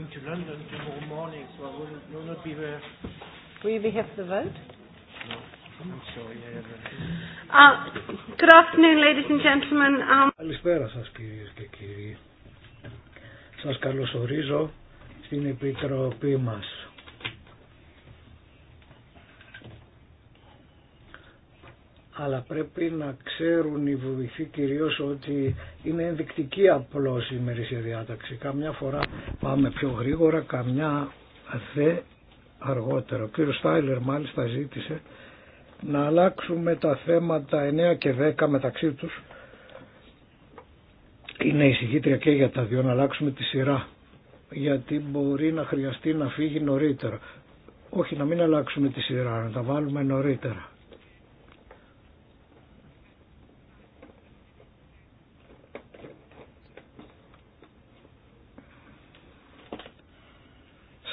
going to London tomorrow morning, so I will not be there. Will you be here for the vote? No. Good afternoon, ladies and gentlemen. Καλησπέρα σας κυρίες και κύριοι. Σας καλωσορίζω στην Επιτροπή μας. αλλά πρέπει να ξέρουν οι βοηθοί κυρίως ότι είναι ενδεικτική απλώς η ημερήσια διάταξη. Καμιά φορά πάμε πιο γρήγορα, καμιά δε αργότερα. Ο κύριος Στάιλερ μάλιστα ζήτησε να αλλάξουμε τα θέματα 9 και 10 μεταξύ τους. Είναι εισηγήτρια και για τα δύο να αλλάξουμε τη σειρά γιατί μπορεί να χρειαστεί να φύγει νωρίτερα. Όχι να μην αλλάξουμε τη σειρά, να τα βάλουμε νωρίτερα.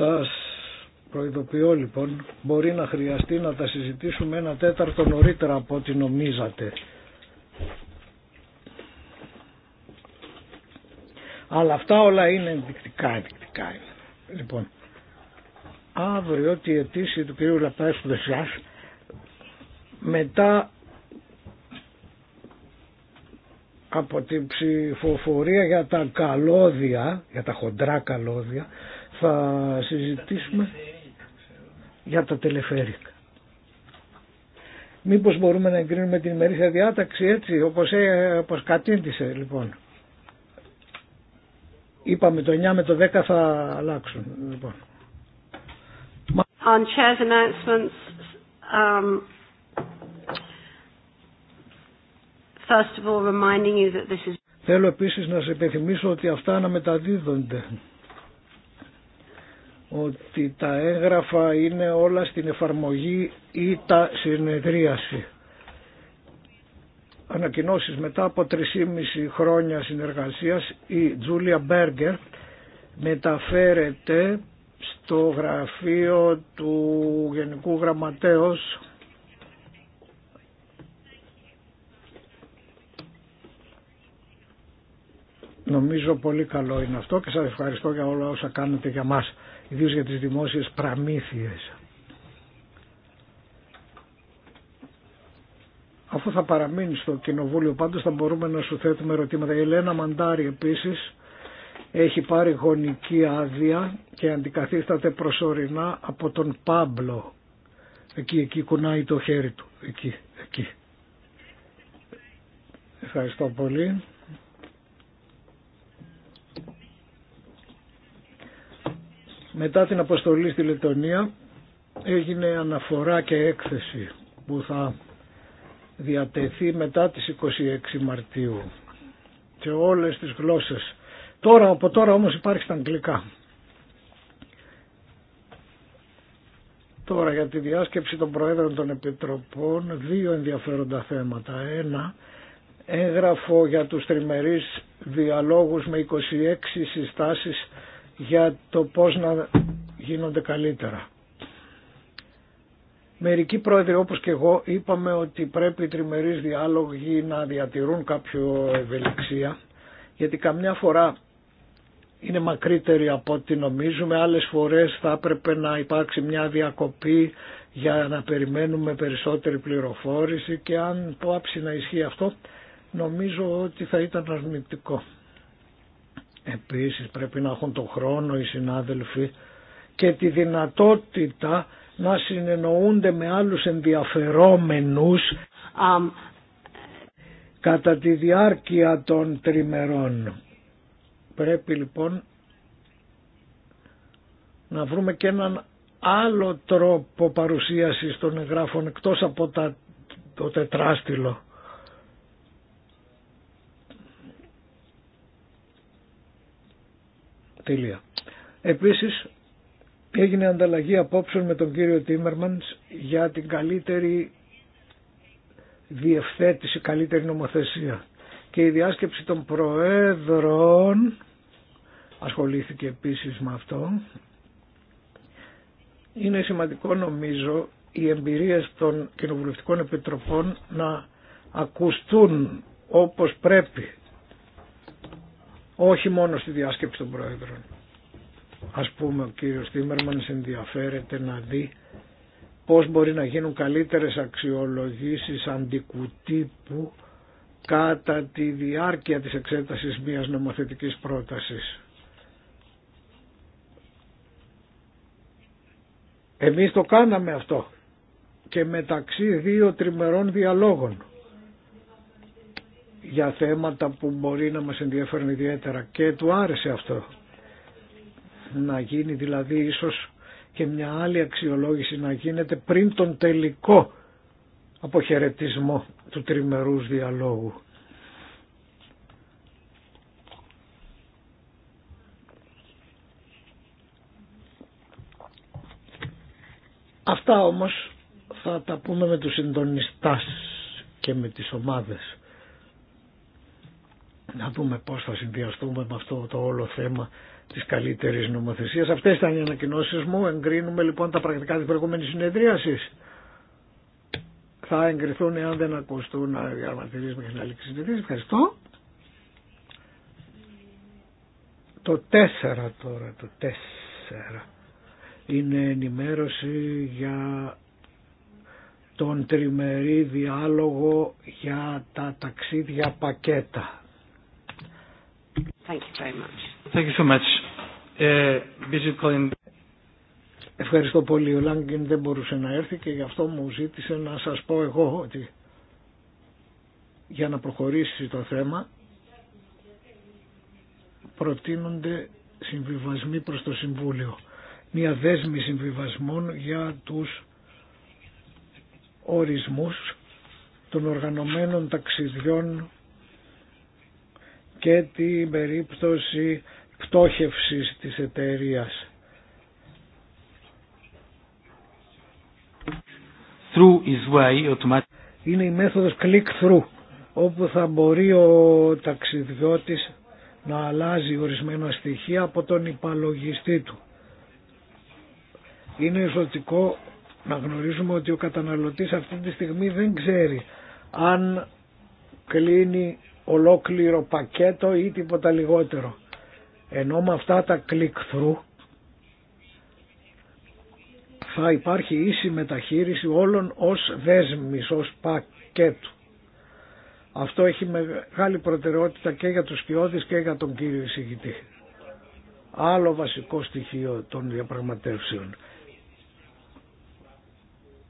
Σας προειδοποιώ λοιπόν, μπορεί να χρειαστεί να τα συζητήσουμε ένα τέταρτο νωρίτερα από ό,τι νομίζατε. Αλλά αυτά όλα είναι ενδεικτικά, ενδεικτικά είναι. Λοιπόν, αύριο τη αιτήση του κ. Λαπάς του Δεσιάς, μετά από την ψηφοφορία για τα καλώδια, για τα χοντρά καλώδια, θα συζητήσουμε για τα τελεφέρικα. Μήπως μπορούμε να εγκρίνουμε την ημερήσια διάταξη έτσι όπως, ε, όπως κατήντησε λοιπόν. Είπαμε το 9 με το 10 θα αλλάξουν λοιπόν. On announcements, um, first of all reminding you that this is... Θέλω επίσης να σε υπενθυμίσω ότι αυτά αναμεταδίδονται ότι τα έγγραφα είναι όλα στην εφαρμογή ή τα συνεδρίαση. Ανακοινώσεις μετά από 3,5 χρόνια συνεργασίας η Τζούλια Μπέργκερ μεταφέρεται στο γραφείο του Γενικού Γραμματέως Νομίζω πολύ καλό είναι αυτό και σας ευχαριστώ για όλα όσα κάνετε για μας ιδίως για τις δημόσιες πραμήθειες. Αφού θα παραμείνει στο κοινοβούλιο πάντως θα μπορούμε να σου θέτουμε ερωτήματα. Η Ελένα Μαντάρη επίσης έχει πάρει γονική άδεια και αντικαθίσταται προσωρινά από τον Πάμπλο. Εκεί, εκεί κουνάει το χέρι του. Εκεί, εκεί. Ευχαριστώ πολύ. Μετά την αποστολή στη Λετωνία έγινε αναφορά και έκθεση που θα διατεθεί μετά τις 26 Μαρτίου σε όλες τις γλώσσες. Τώρα, από τώρα όμως υπάρχει στα αγγλικά. Τώρα για τη διάσκεψη των Προέδρων των Επιτροπών δύο ενδιαφέροντα θέματα. Ένα, έγγραφο για τους τριμερείς διαλόγους με 26 συστάσεις για το πώς να γίνονται καλύτερα. Μερικοί πρόεδροι όπως και εγώ είπαμε ότι πρέπει οι τριμερείς διάλογοι να διατηρούν κάποιο ευελιξία γιατί καμιά φορά είναι μακρύτεροι από ό,τι νομίζουμε, άλλες φορές θα έπρεπε να υπάρξει μια διακοπή για να περιμένουμε περισσότερη πληροφόρηση και αν πάψει να ισχύει αυτό νομίζω ότι θα ήταν αρνητικό. Επίσης πρέπει να έχουν τον χρόνο οι συνάδελφοι και τη δυνατότητα να συνεννοούνται με άλλους ενδιαφερόμενους um. κατά τη διάρκεια των τριμερών. Πρέπει λοιπόν να βρούμε και έναν άλλο τρόπο παρουσίασης των εγγράφων εκτός από τα, το τετράστιλο. Τελεία. Επίσης έγινε ανταλλαγή απόψεων με τον κύριο Τίμερμανς για την καλύτερη διευθέτηση, καλύτερη νομοθεσία. Και η διάσκεψη των Προέδρων ασχολήθηκε επίσης με αυτό. Είναι σημαντικό νομίζω οι εμπειρίες των κοινοβουλευτικών επιτροπών να ακουστούν όπως πρέπει όχι μόνο στη διάσκεψη των Πρόεδρων. Ας πούμε ο κύριος Τίμερμανς ενδιαφέρεται να δει πώς μπορεί να γίνουν καλύτερες αξιολογήσεις τύπου κατά τη διάρκεια της εξέτασης μιας νομοθετικής πρότασης. Εμείς το κάναμε αυτό και μεταξύ δύο τριμερών διαλόγων για θέματα που μπορεί να μας ενδιαφέρουν ιδιαίτερα και του άρεσε αυτό να γίνει δηλαδή ίσως και μια άλλη αξιολόγηση να γίνεται πριν τον τελικό αποχαιρετισμό του τριμερούς διαλόγου. Αυτά όμως θα τα πούμε με τους συντονιστάς και με τις ομάδες να δούμε πώς θα συνδυαστούμε με αυτό το όλο θέμα της καλύτερης νομοθεσίας. Αυτές ήταν οι ανακοινώσεις μου. Εγκρίνουμε λοιπόν τα πρακτικά της προηγούμενης συνεδρίασης. Θα εγκριθούν εάν δεν ακουστούν διαμαρτυρίες μέχρι την αλήξη συνεδρίαση. Ευχαριστώ. Το 4 τώρα, το 4 είναι ενημέρωση για τον τριμερή διάλογο για τα ταξίδια πακέτα. Thank you very much. Thank you so much. Uh, Ευχαριστώ πολύ. Ο Λάγκεν δεν μπορούσε να έρθει και γι' αυτό μου ζήτησε να σας πω εγώ ότι για να προχωρήσει το θέμα προτείνονται συμβιβασμοί προς το Συμβούλιο. Μια δέσμη συμβιβασμών για τους ορισμούς των οργανωμένων ταξιδιών και την περίπτωση πτώχευσης της εταιρείας. Είναι η μέθοδος click-through, όπου θα μπορεί ο ταξιδιώτης να αλλάζει ορισμένα στοιχεία από τον υπαλογιστή του. Είναι ισοτικό να γνωρίζουμε ότι ο καταναλωτής αυτή τη στιγμή δεν ξέρει αν κλείνει ολόκληρο πακέτο ή τίποτα λιγότερο. Ενώ με αυτά τα click-through θα υπάρχει ίση μεταχείριση όλων ως δέσμης, ως πακέτου. Αυτό έχει μεγάλη προτεραιότητα και για τους σκιώδεις και για τον κύριο εισηγητή. Άλλο βασικό στοιχείο των διαπραγματεύσεων.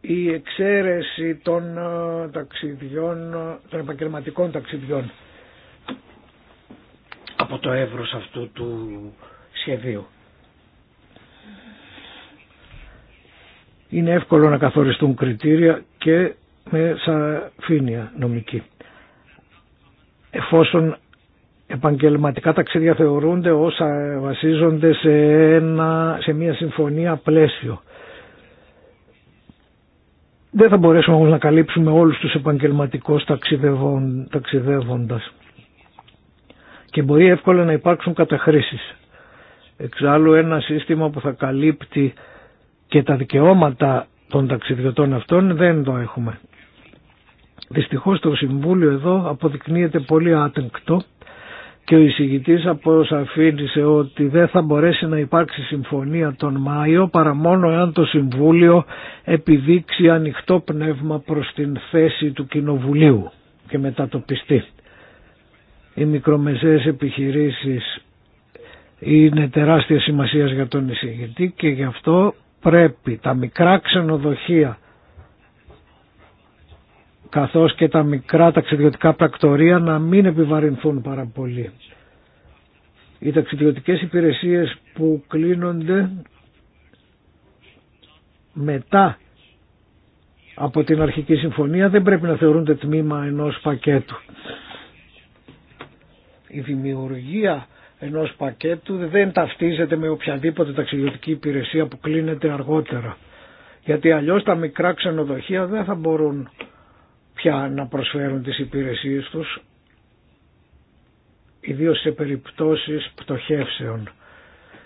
Η εξαίρεση των ε, ταξιδιών, των επαγγελματικών ταξιδιών από το εύρος αυτού του σχεδίου. Είναι εύκολο να καθοριστούν κριτήρια και με σαφήνεια νομική. Εφόσον επαγγελματικά ταξίδια θεωρούνται όσα βασίζονται σε, ένα, σε μια συμφωνία πλαίσιο. Δεν θα μπορέσουμε όμως να καλύψουμε όλους τους επαγγελματικώς ταξιδεύοντας και μπορεί εύκολα να υπάρξουν καταχρήσεις. Εξάλλου ένα σύστημα που θα καλύπτει και τα δικαιώματα των ταξιδιωτών αυτών δεν το έχουμε. Δυστυχώς το Συμβούλιο εδώ αποδεικνύεται πολύ άτεγκτο και ο εισηγητής αποσαφήνισε ότι δεν θα μπορέσει να υπάρξει συμφωνία τον Μάιο παρά μόνο εάν το Συμβούλιο επιδείξει ανοιχτό πνεύμα προς την θέση του Κοινοβουλίου και μετατοπιστεί οι μικρομεσαίες επιχειρήσεις είναι τεράστια σημασίας για τον εισηγητή και γι' αυτό πρέπει τα μικρά ξενοδοχεία καθώς και τα μικρά ταξιδιωτικά πρακτορία να μην επιβαρυνθούν πάρα πολύ. Οι ταξιδιωτικές υπηρεσίες που κλείνονται μετά από την αρχική συμφωνία δεν πρέπει να θεωρούνται τμήμα ενός πακέτου. Η δημιουργία ενός πακέτου δεν ταυτίζεται με οποιαδήποτε ταξιδιωτική υπηρεσία που κλείνεται αργότερα. Γιατί αλλιώς τα μικρά ξενοδοχεία δεν θα μπορούν πια να προσφέρουν τις υπηρεσίες τους, ιδίως σε περιπτώσεις πτωχεύσεων.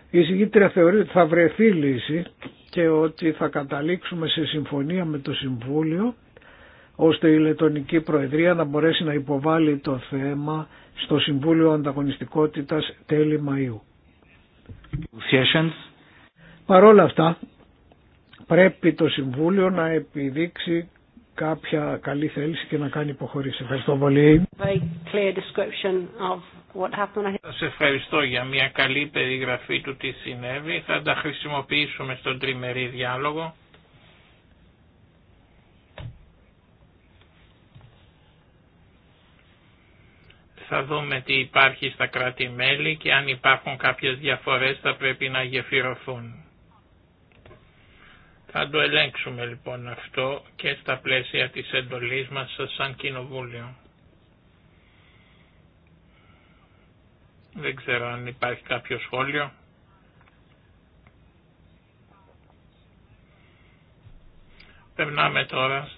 Η συγκήτρια θεωρεί ότι θα βρεθεί λύση και ότι θα καταλήξουμε σε συμφωνία με το Συμβούλιο ώστε η Λετωνική Προεδρία να μπορέσει να υποβάλει το θέμα στο Συμβούλιο Ανταγωνιστικότητας τέλη Μαΐου. όλα αυτά, πρέπει το Συμβούλιο να επιδείξει κάποια καλή θέληση και να κάνει υποχωρήσει. Ευχαριστώ πολύ. Σας ευχαριστώ για μια καλή περιγραφή του τι συνέβη. Θα τα χρησιμοποιήσουμε στον τριμερή διάλογο. θα δούμε τι υπάρχει στα κράτη-μέλη και αν υπάρχουν κάποιες διαφορές θα πρέπει να γεφυρωθούν. Θα το ελέγξουμε λοιπόν αυτό και στα πλαίσια της εντολής μας σαν κοινοβούλιο. Δεν ξέρω αν υπάρχει κάποιο σχόλιο. Περνάμε τώρα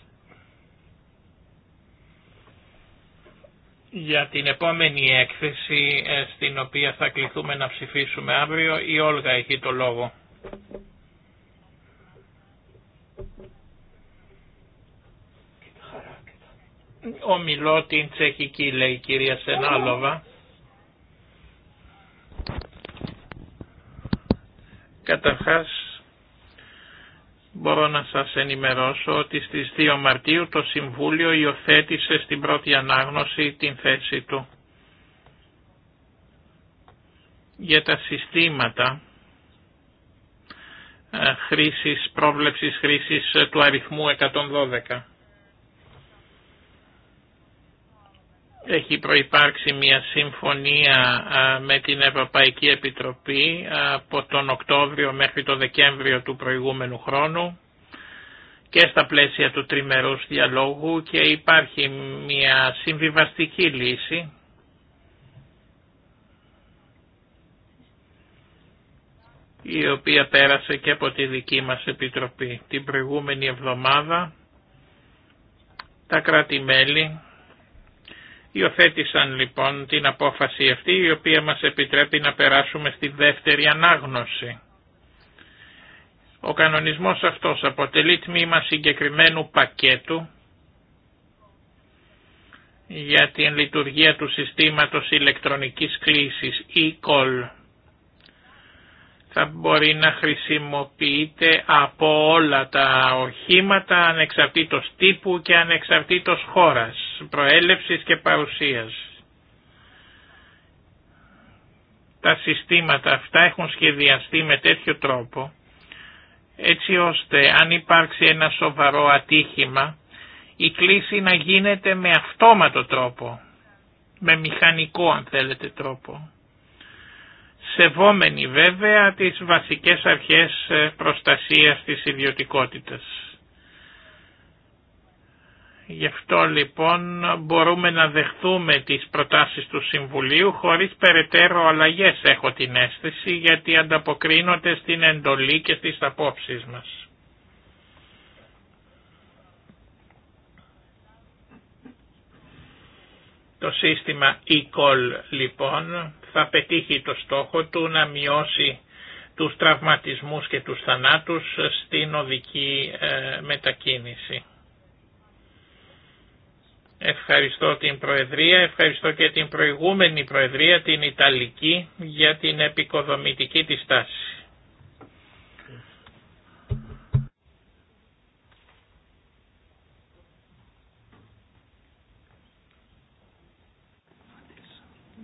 για την επόμενη έκθεση ε, στην οποία θα κληθούμε να ψηφίσουμε αύριο. Η Όλγα έχει το λόγο. Ομιλώ την τσεχική, λέει η κυρία Σενάλοβα. Καταρχάς μπορώ να σας ενημερώσω ότι στις 2 Μαρτίου το Συμβούλιο υιοθέτησε στην πρώτη ανάγνωση την θέση του για τα συστήματα ε, χρήσης, πρόβλεψης χρήσης ε, του αριθμού 112. Έχει προϋπάρξει μια συμφωνία με την Ευρωπαϊκή Επιτροπή από τον Οκτώβριο μέχρι τον Δεκέμβριο του προηγούμενου χρόνου και στα πλαίσια του τριμερούς διαλόγου και υπάρχει μια συμβιβαστική λύση η οποία πέρασε και από τη δική μας Επιτροπή την προηγούμενη εβδομάδα τα κράτη-μέλη Υιοθέτησαν λοιπόν την απόφαση αυτή η οποία μας επιτρέπει να περάσουμε στη δεύτερη ανάγνωση. Ο κανονισμός αυτός αποτελεί τμήμα συγκεκριμένου πακέτου για την λειτουργία του συστήματος ηλεκτρονικής κλήσης e-call θα μπορεί να χρησιμοποιείται από όλα τα οχήματα ανεξαρτήτως τύπου και ανεξαρτήτως χώρας, προέλευσης και παρουσίας. Τα συστήματα αυτά έχουν σχεδιαστεί με τέτοιο τρόπο έτσι ώστε αν υπάρξει ένα σοβαρό ατύχημα η κλίση να γίνεται με αυτόματο τρόπο, με μηχανικό αν θέλετε τρόπο σεβόμενοι βέβαια τις βασικές αρχές ε, προστασίας της ιδιωτικότητας. Γι' αυτό λοιπόν μπορούμε να δεχθούμε τις προτάσεις του Συμβουλίου χωρίς περαιτέρω αλλαγές έχω την αίσθηση γιατί ανταποκρίνονται στην εντολή και στις απόψεις μας. Το σύστημα λοιπόν θα πετύχει το στόχο του να μειώσει τους τραυματισμούς και τους θανάτους στην οδική ε, μετακίνηση. Ευχαριστώ την Προεδρία, ευχαριστώ και την προηγούμενη Προεδρία, την Ιταλική, για την επικοδομητική της τάση.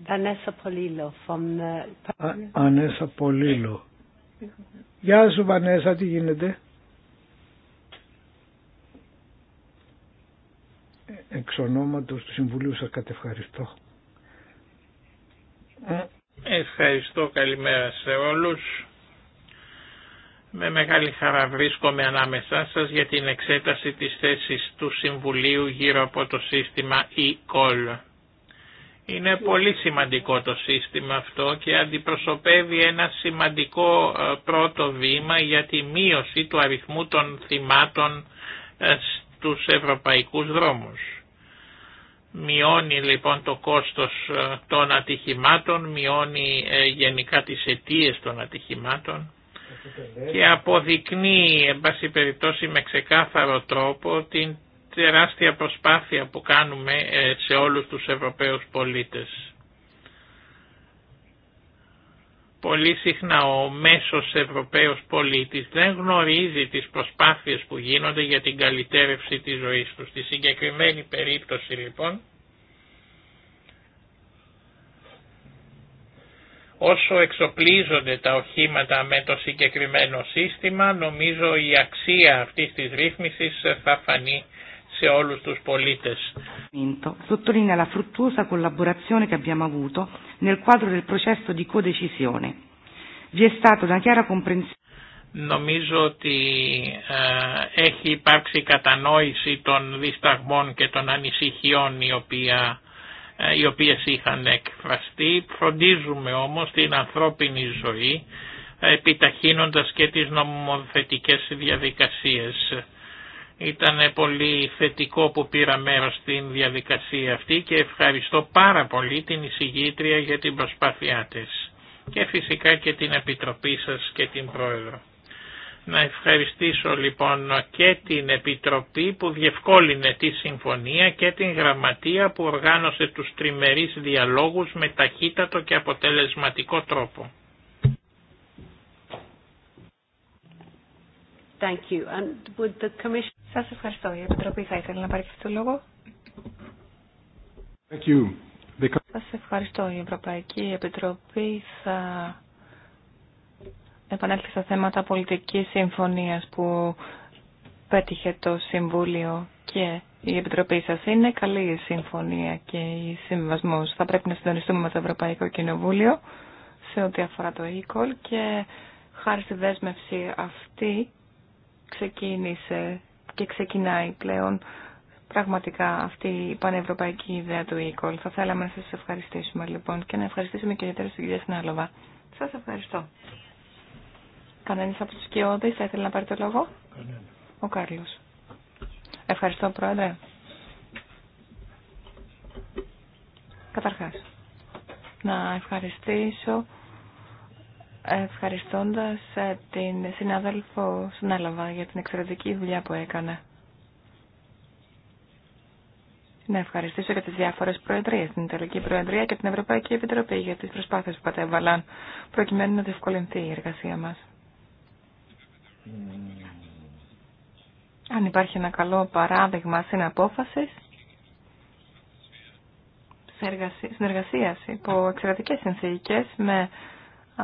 Ανέσα Πολύλο. Ανέσα Πολύλο. Γεια σου Βανέσα, τι γίνεται. Ε, εξ ονόματος του Συμβουλίου σας κατευχαριστώ. Ε, Ευχαριστώ, καλημέρα σε όλους. Με μεγάλη χαρά βρίσκομαι ανάμεσά σας για την εξέταση της θέσης του Συμβουλίου γύρω από το σύστημα e-call. Είναι πολύ σημαντικό το σύστημα αυτό και αντιπροσωπεύει ένα σημαντικό ε, πρώτο βήμα για τη μείωση του αριθμού των θυμάτων ε, στους ευρωπαϊκούς δρόμους. Μειώνει λοιπόν το κόστος ε, των ατυχημάτων, μειώνει γενικά τις αιτίες των ατυχημάτων και αποδεικνύει, εν πάση περιπτώσει, με ξεκάθαρο τρόπο την τεράστια προσπάθεια που κάνουμε ε, σε όλους τους Ευρωπαίους πολίτες. Πολύ συχνά ο μέσος Ευρωπαίος πολίτης δεν γνωρίζει τις προσπάθειες που γίνονται για την καλυτέρευση της ζωής του. Στη συγκεκριμένη περίπτωση λοιπόν, όσο εξοπλίζονται τα οχήματα με το συγκεκριμένο σύστημα, νομίζω η αξία αυτής της ρύθμισης θα φανεί σε όλους τους πολίτες. Sottolinea la fruttuosa collaborazione che abbiamo avuto nel quadro del processo di codecisione. Vi è stata una chiara comprensione Νομίζω ότι ε, έχει υπάρξει κατανόηση των δισταγμών και των ανησυχιών οι, οποία, ε, οι οποίες είχαν εκφραστεί. Φροντίζουμε όμως την ανθρώπινη ζωή ε, επιταχύνοντας και τις νομοθετικές διαδικασίες. Ήταν πολύ θετικό που πήρα μέρος στην διαδικασία αυτή και ευχαριστώ πάρα πολύ την εισηγήτρια για την προσπάθειά της και φυσικά και την Επιτροπή σας και την Πρόεδρο. Να ευχαριστήσω λοιπόν και την Επιτροπή που διευκόλυνε τη συμφωνία και την Γραμματεία που οργάνωσε τους τριμερείς διαλόγους με ταχύτατο και αποτελεσματικό τρόπο. Thank you. And would the commission... Σας ευχαριστώ. Η Επιτροπή θα ήθελε να παρέχει το λόγο. Thank you. Σας ευχαριστώ. Η Ευρωπαϊκή Επιτροπή θα επανέλθει στα θέματα πολιτικής συμφωνίας που πέτυχε το Συμβούλιο και η Επιτροπή σας. Είναι καλή η συμφωνία και η συμβασμός. Θα πρέπει να συντονιστούμε με το Ευρωπαϊκό Κοινοβούλιο σε ό,τι αφορά το e και χάρη στη δέσμευση αυτή ξεκίνησε και ξεκινάει πλέον πραγματικά αυτή η πανευρωπαϊκή ιδέα του e Θα θέλαμε να σας ευχαριστήσουμε λοιπόν και να ευχαριστήσουμε και ιδιαίτερα στην κυρία Σνάλοβα. Σας ευχαριστώ. Κανένα από του κοιόδες θα ήθελε να πάρει το λόγο. Ο Κάρλο. Ευχαριστώ πρόεδρε. Καταρχά. να ευχαριστήσω ευχαριστώντας ε, την συνάδελφο Σνάλαβα για την εξαιρετική δουλειά που έκανε. Να ευχαριστήσω για τις διάφορες προεδρίες, την Ιταλική Προεδρία και την Ευρωπαϊκή Επιτροπή για τις προσπάθειες που κατέβαλαν προκειμένου να διευκολυνθεί η εργασία μας. Αν υπάρχει ένα καλό παράδειγμα συναπόφασης, συνεργασίας υπό εξαιρετικές συνθήκες με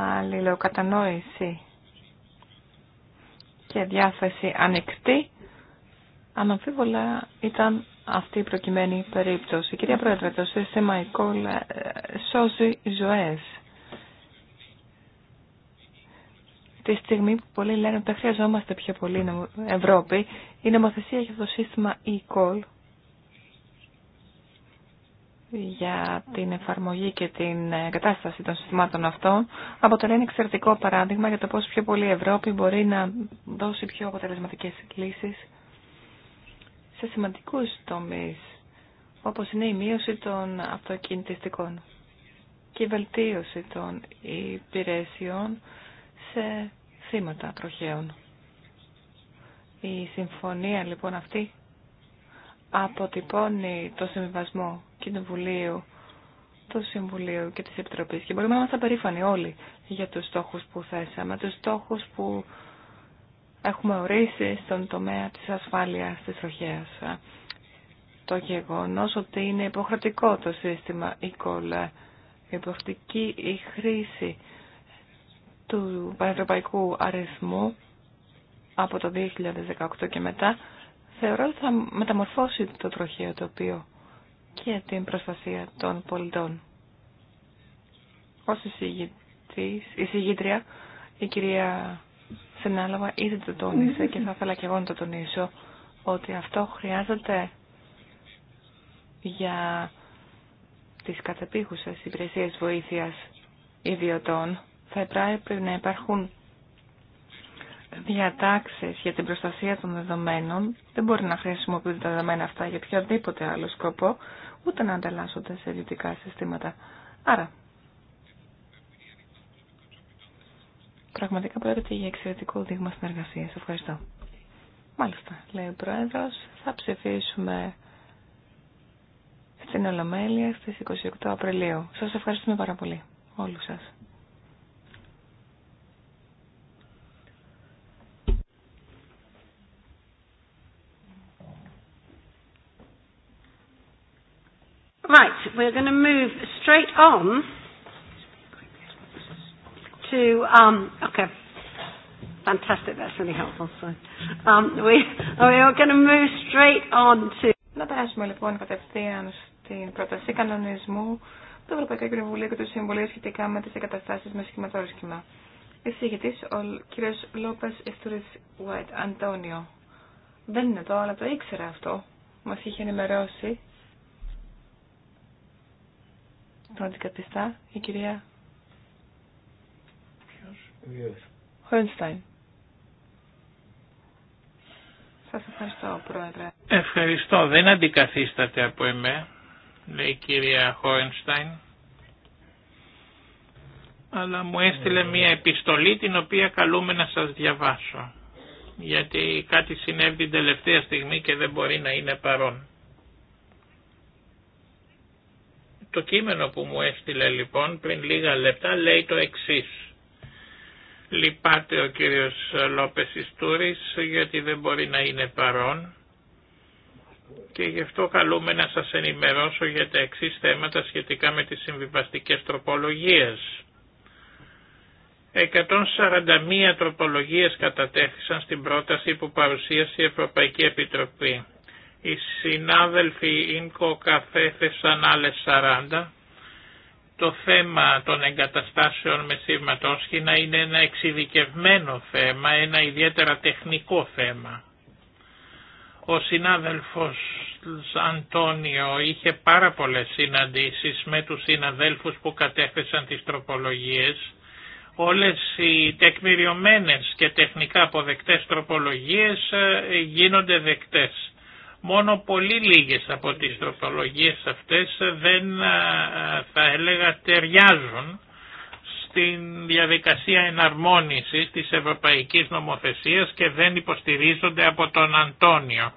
αλληλοκατανόηση και διάθεση ανοιχτή, αναμφίβολα ήταν αυτή η προκειμένη περίπτωση. Κυρία Πρόεδρε, το σύστημα E-Call ε, σώζει ζωές. Τη στιγμή που πολλοί λένε ότι δεν χρειαζόμαστε πιο πολύ Ευρώπη, η νομοθεσία για το σύστημα για την εφαρμογή και την κατάσταση των συστημάτων αυτών αποτελεί ένα εξαιρετικό παράδειγμα για το πώς πιο πολύ η Ευρώπη μπορεί να δώσει πιο αποτελεσματικές λύσεις σε σημαντικούς τομείς όπως είναι η μείωση των αυτοκινητιστικών και η βελτίωση των υπηρεσιών σε θύματα τροχαίων. Η συμφωνία λοιπόν αυτή αποτυπώνει το συμβιβασμό Κοινοβουλίου, του Συμβουλίου και της Επιτροπής και μπορούμε να είμαστε περήφανοι όλοι για τους στόχους που θέσαμε, τους στόχους που έχουμε ορίσει στον τομέα της ασφάλειας της τροχέας. Το γεγονός ότι είναι υποχρεωτικό το σύστημα e-call, υποχρεωτική η χρήση του πανευρωπαϊκού αριθμού από το 2018 και μετά, θεωρώ ότι θα μεταμορφώσει το τροχαίο το οποίο και την προστασία των πολιτών. Ως εισηγήτρια, η κυρία Σενάλαβα ήδη το τόνισε και θα ήθελα και εγώ να το τονίσω ότι αυτό χρειάζεται για τις κατεπίχουσες υπηρεσίες βοήθειας ιδιωτών. Θα πρέπει να υπάρχουν διατάξεις για την προστασία των δεδομένων. Δεν μπορεί να χρησιμοποιούνται τα δεδομένα αυτά για οποιοδήποτε άλλο σκοπό ούτε να ανταλλάσσονται σε ιδιωτικά συστήματα. Άρα, πραγματικά πρόκειται για εξαιρετικό δείγμα συνεργασία. Ευχαριστώ. Μάλιστα, λέει ο Πρόεδρος, θα ψηφίσουμε στην Ολομέλεια στις 28 Απριλίου. Σας ευχαριστούμε πάρα πολύ, όλους σας. we're going to move straight on to, um, okay, fantastic, that's really helpful. So, um, we, we are going to move straight on to... Να περάσουμε λοιπόν κατευθείαν στην πρόταση κανονισμού του Ευρωπαϊκού Κοινοβουλίου και του Συμβουλίου σχετικά με τις εγκαταστάσεις με σχηματόρυσκημα. Εισηγητής ο κύριος Λόπες Ιστούρις Βουέτ, Αντώνιο. Δεν είναι εδώ, αλλά το ήξερα αυτό. Μας είχε ενημερώσει τον αντικαθιστά ευχαριστώ, Ευχαριστώ. Δεν αντικαθίσταται από εμέ, λέει η κυρία Χόενστάιν. Αλλά μου έστειλε ναι. μία επιστολή την οποία καλούμε να σας διαβάσω. Γιατί κάτι συνέβη την τελευταία στιγμή και δεν μπορεί να είναι παρόν. Το κείμενο που μου έστειλε λοιπόν πριν λίγα λεπτά λέει το εξής. Λυπάται ο κύριος Λόπες Ιστούρης γιατί δεν μπορεί να είναι παρόν και γι' αυτό καλούμε να σας ενημερώσω για τα εξή θέματα σχετικά με τις συμβιβαστικές τροπολογίες. 141 τροπολογίες κατατέθησαν στην πρόταση που παρουσίασε η Ευρωπαϊκή Επιτροπή. Οι συνάδελφοι Ίνκο καθέθεσαν θέσαν 40. Το θέμα των εγκαταστάσεων με σύρματόσχηνα είναι ένα εξειδικευμένο θέμα, ένα ιδιαίτερα τεχνικό θέμα. Ο συνάδελφος Αντώνιο είχε πάρα πολλές συναντήσεις με τους συναδέλφους που κατέθεσαν τις τροπολογίες. Όλες οι τεκμηριωμένες και τεχνικά αποδεκτές τροπολογίες ε, γίνονται δεκτές. Μόνο πολύ λίγες από τις τροφολογίες αυτές δεν θα έλεγα ταιριάζουν στην διαδικασία εναρμόνισης της ευρωπαϊκής νομοθεσίας και δεν υποστηρίζονται από τον Αντώνιο.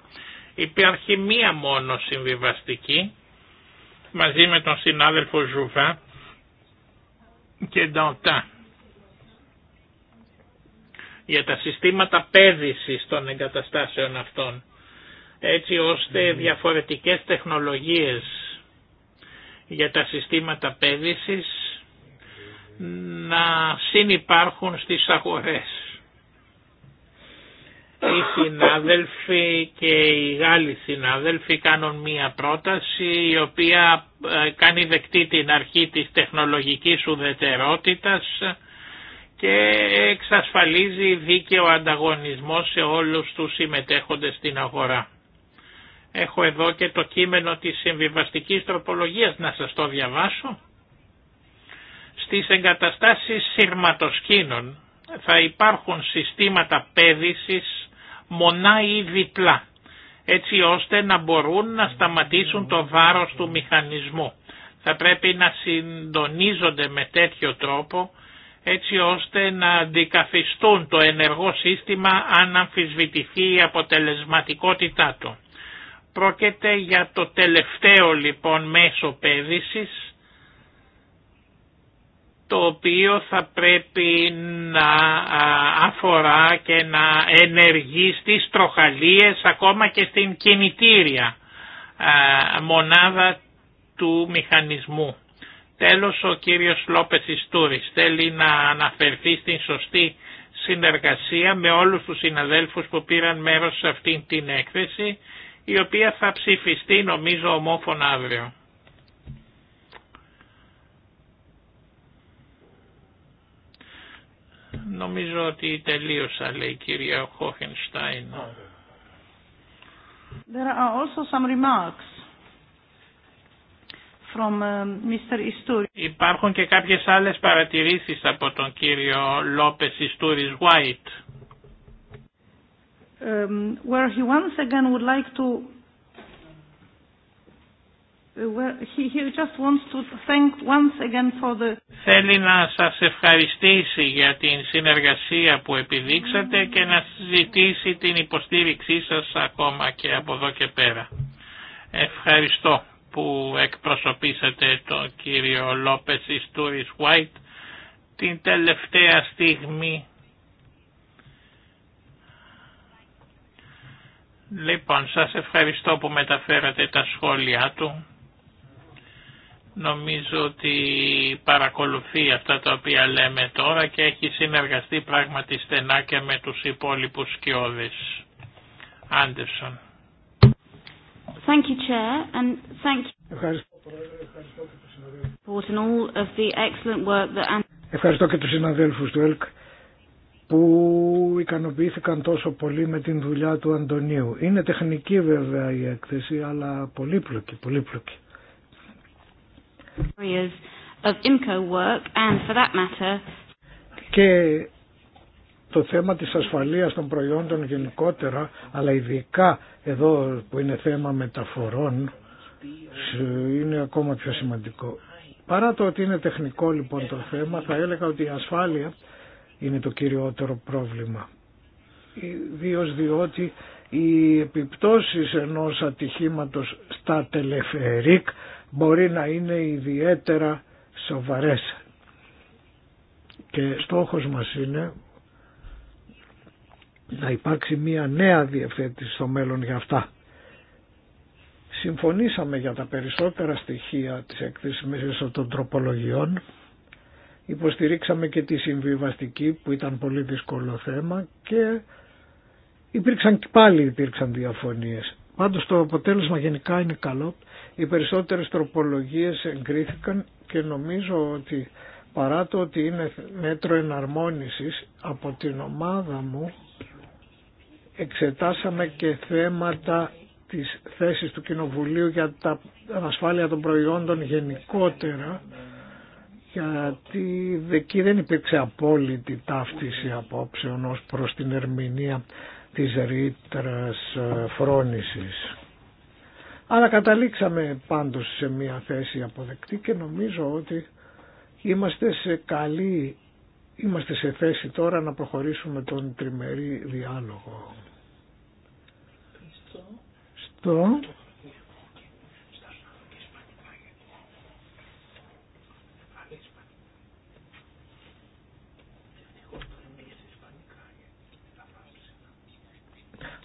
Υπάρχει μία μόνο συμβιβαστική μαζί με τον συνάδελφο Ζουβά και Νταντά για τα συστήματα πέδησης των εγκαταστάσεων αυτών έτσι ώστε διαφορετικές τεχνολογίες για τα συστήματα πέδησης να συνυπάρχουν στις αγορές. Οι συνάδελφοι και οι Γάλλοι συνάδελφοι κάνουν μία πρόταση η οποία ε, κάνει δεκτή την αρχή της τεχνολογικής ουδετερότητας και εξασφαλίζει δίκαιο ανταγωνισμό σε όλους τους συμμετέχοντες στην αγορά. Έχω εδώ και το κείμενο της συμβιβαστικής τροπολογίας να σας το διαβάσω. Στις εγκαταστάσεις σειρματοσκήνων θα υπάρχουν συστήματα πέδησης μονά ή διπλά, έτσι ώστε να μπορούν να σταματήσουν το βάρος του μηχανισμού. Θα πρέπει να συντονίζονται με τέτοιο τρόπο, έτσι ώστε να αντικαθιστούν το ενεργό σύστημα αν αμφισβητηθεί η αποτελεσματικότητά του. Πρόκειται για το τελευταίο λοιπόν μέσο πέδησης το οποίο θα πρέπει να αφορά και να ενεργεί στις τροχαλίες ακόμα και στην κινητήρια μονάδα του μηχανισμού. Τέλος ο κύριος Λόπες Ιστούρης θέλει να αναφερθεί στην σωστή συνεργασία με όλους τους συναδέλφους που πήραν μέρος σε αυτήν την έκθεση η οποία θα ψηφιστεί νομίζω ομόφωνα αύριο. Νομίζω ότι τελείωσα, λέει η κυρία Χόχενστάιν. There from uh, Mr. Υπάρχουν και κάποιες άλλες παρατηρήσεις από τον κύριο Λόπες Ιστούρις White. Um, where he once again would Θέλει να σας ευχαριστήσει για την συνεργασία που επιδείξατε και να ζητήσει την υποστήριξή σας ακόμα και από εδώ και πέρα. Ευχαριστώ που εκπροσωπήσατε τον κύριο Λόπες Ιστούρις White την τελευταία στιγμή Λοιπόν, σας ευχαριστώ που μεταφέρατε τα σχόλιά του. Νομίζω ότι παρακολουθεί αυτά τα οποία λέμε τώρα και έχει συνεργαστεί πράγματι στενά και με τους υπόλοιπους σκιώδες. Άντερσον. Ευχαριστώ, και τους Ευχαριστώ και του ΕΛΚ που ικανοποιήθηκαν τόσο πολύ με την δουλειά του Αντωνίου. Είναι τεχνική βέβαια η έκθεση, αλλά πολύπλοκη, πολύπλοκη. Και το θέμα της ασφαλείας των προϊόντων γενικότερα, αλλά ειδικά εδώ που είναι θέμα μεταφορών, είναι ακόμα πιο σημαντικό. Παρά το ότι είναι τεχνικό λοιπόν το θέμα, θα έλεγα ότι η ασφάλεια είναι το κυριότερο πρόβλημα. Ιδίω διότι οι επιπτώσεις ενός ατυχήματος στα τελεφερίκ μπορεί να είναι ιδιαίτερα σοβαρές. Και στόχος μας είναι να υπάρξει μία νέα διευθέτηση στο μέλλον για αυτά. Συμφωνήσαμε για τα περισσότερα στοιχεία της εκτίμησης μέσα των τροπολογιών Υποστηρίξαμε και τη συμβιβαστική που ήταν πολύ δύσκολο θέμα και υπήρξαν και πάλι υπήρξαν διαφωνίες. Πάντως το αποτέλεσμα γενικά είναι καλό. Οι περισσότερες τροπολογίες εγκρίθηκαν και νομίζω ότι παρά το ότι είναι μέτρο εναρμόνισης από την ομάδα μου εξετάσαμε και θέματα της θέσης του Κοινοβουλίου για τα ασφάλεια των προϊόντων γενικότερα γιατί εκεί δεν υπήρξε απόλυτη ταύτιση απόψεων ως προς την ερμηνεία της ρήτρα ε, φρόνησης. Αλλά καταλήξαμε πάντως σε μια θέση αποδεκτή και νομίζω ότι είμαστε σε καλή, είμαστε σε θέση τώρα να προχωρήσουμε τον τριμερή διάλογο. Στο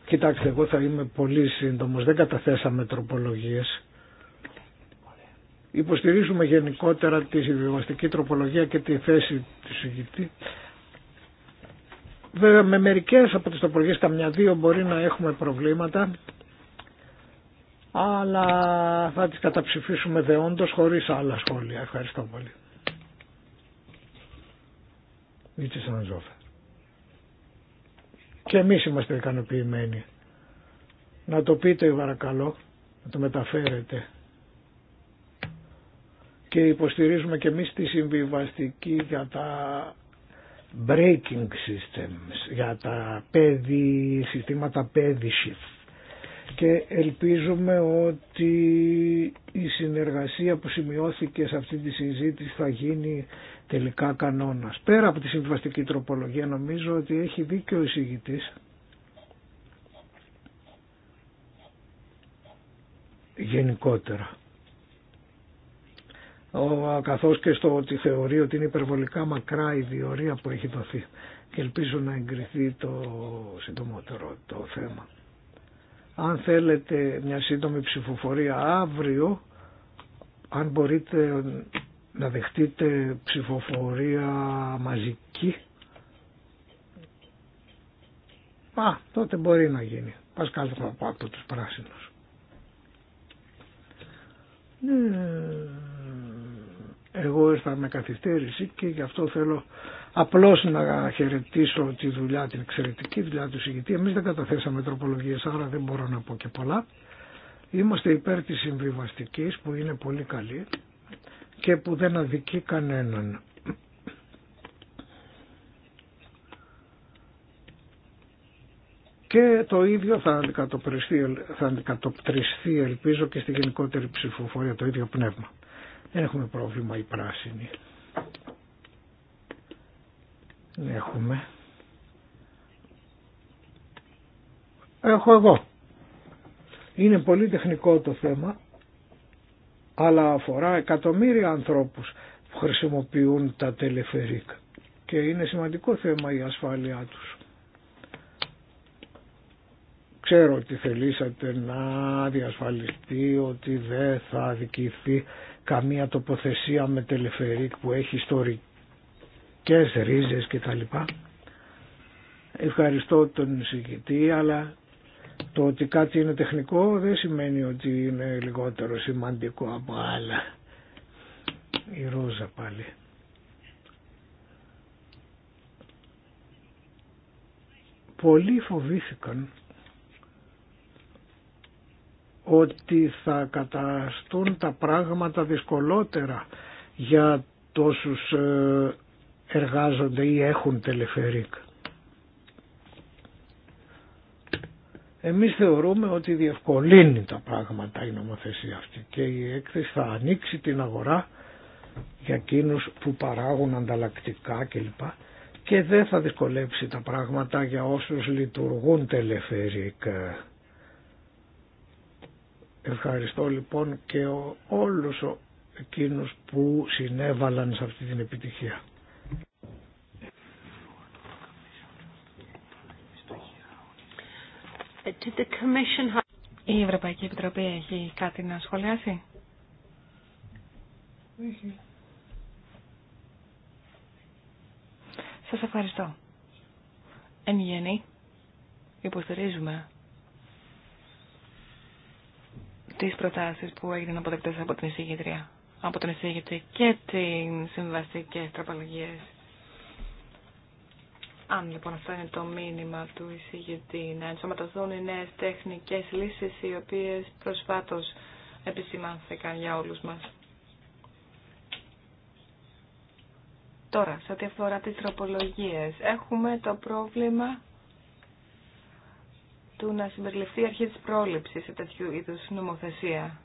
Κοιτάξτε, εγώ θα είμαι πολύ σύντομο δεν καταθέσαμε τροπολογίε. Υποστηρίζουμε γενικότερα τη συμβιβαστική τροπολογία και τη θέση της συγκητή. Βέβαια με μερικές από τις τροπολογίες, καμιά δύο μπορεί να έχουμε προβλήματα, αλλά θα τις καταψηφίσουμε δεόντως χωρίς άλλα σχόλια. Ευχαριστώ πολύ. Και εμείς είμαστε ικανοποιημένοι. Να το πείτε παρακαλώ, να το μεταφέρετε. Και υποστηρίζουμε και εμείς τη συμβιβαστική για τα breaking systems, για τα παιδι, συστήματα παιδισης. Και ελπίζουμε ότι η συνεργασία που σημειώθηκε σε αυτή τη συζήτηση θα γίνει τελικά κανόνας. Πέρα από τη συμβαστική τροπολογία νομίζω ότι έχει δίκιο ο εισηγητής γενικότερα. Ο, καθώς και στο ότι θεωρεί ότι είναι υπερβολικά μακρά η διορία που έχει δοθεί και ελπίζω να εγκριθεί το συντομότερο το θέμα. Αν θέλετε μια σύντομη ψηφοφορία αύριο, αν μπορείτε να δεχτείτε ψηφοφορία μαζική. Α, τότε μπορεί να γίνει. Πας κάτω από τους πράσινους. Ναι. Εγώ ήρθα με καθυστέρηση και γι' αυτό θέλω απλώς να χαιρετήσω τη δουλειά, την εξαιρετική δουλειά του συγητή. Εμείς δεν καταθέσαμε τροπολογίες, άρα δεν μπορώ να πω και πολλά. Είμαστε υπέρ της συμβιβαστικής που είναι πολύ καλή και που δεν αδικεί κανέναν. Και το ίδιο θα αντικατοπτριστεί, θα ελπίζω και στη γενικότερη ψηφοφορία το ίδιο πνεύμα. Δεν έχουμε πρόβλημα οι πράσινοι. έχουμε. Έχω εγώ. Είναι πολύ τεχνικό το θέμα αλλά αφορά εκατομμύρια ανθρώπους που χρησιμοποιούν τα τελεφερίκ και είναι σημαντικό θέμα η ασφάλειά τους. Ξέρω ότι θελήσατε να διασφαλιστεί ότι δεν θα αδικηθεί καμία τοποθεσία με τελεφερίκ που έχει ιστορικές ρίζες κτλ. Ευχαριστώ τον εισηγητή αλλά το ότι κάτι είναι τεχνικό δεν σημαίνει ότι είναι λιγότερο σημαντικό από άλλα. Η Ρόζα πάλι. Πολλοί φοβήθηκαν ότι θα καταστούν τα πράγματα δυσκολότερα για τόσους ε, εργάζονται ή έχουν τελεφερήκ. Εμείς θεωρούμε ότι διευκολύνει τα πράγματα η νομοθεσία αυτή και η έκθεση θα ανοίξει την αγορά για εκείνους που παράγουν ανταλλακτικά κλπ. Και δεν θα δυσκολέψει τα πράγματα για όσους λειτουργούν τελεφερικ. Ευχαριστώ λοιπόν και όλους εκείνους που συνέβαλαν σε αυτή την επιτυχία. Η Ευρωπαϊκή Επιτροπή έχει κάτι να σχολιάσει. Σας ευχαριστώ. Εν γέννη, υποστηρίζουμε τις προτάσεις που έγιναν αποδεκτές από την εισηγητρία, από την εισηγητή και τι συμβαστικέ τροπολογίες. Αν λοιπόν αυτό είναι το μήνυμα του εισηγητή, να ενσωματωθούν οι νέες τεχνικές λύσεις οι οποίες προσφάτως επισημάνθηκαν για όλους μας. Τώρα, σε ό,τι αφορά τις τροπολογίες, έχουμε το πρόβλημα του να συμπεριληφθεί η αρχή της πρόληψης σε τέτοιου είδους νομοθεσία.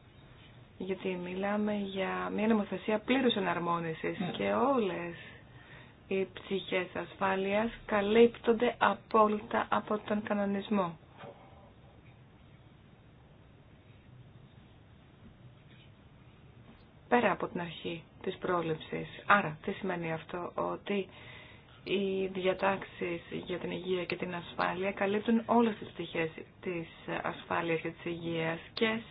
Γιατί μιλάμε για μια νομοθεσία πλήρους εναρμόνισης ναι. και όλες οι ψυχές ασφάλειας καλύπτονται απόλυτα από τον κανονισμό. Πέρα από την αρχή της πρόληψης. Άρα, τι σημαίνει αυτό, ότι οι διατάξεις για την υγεία και την ασφάλεια καλύπτουν όλες τις πτυχές της ασφάλειας και της υγείας και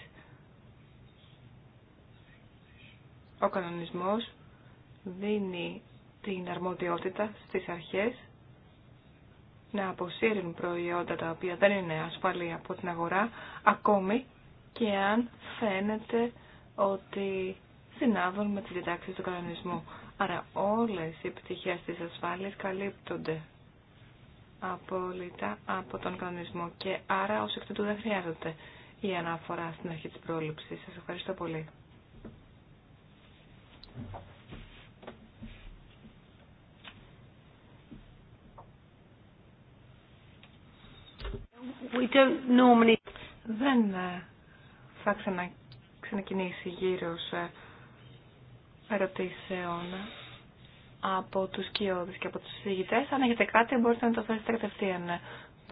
ο κανονισμός δίνει την αρμοδιότητα στις αρχές να αποσύρουν προϊόντα τα οποία δεν είναι ασφαλή από την αγορά, ακόμη και αν φαίνεται ότι συνάδουν με τις διδάξεις του κανονισμού. Άρα όλες οι επιτυχίες της ασφάλειας καλύπτονται απόλυτα από τον κανονισμό και άρα ως εκ τούτου δεν χρειάζεται η αναφορά στην αρχή της πρόληψης. Σας ευχαριστώ πολύ. We don't Δεν ε, θα ξανα... ξανακινήσει γύρος ε, ερωτήσεων από τους κοιόδους και από τους συζητητές. Αν έχετε κάτι μπορείτε να το θέσετε κατευθείαν ε,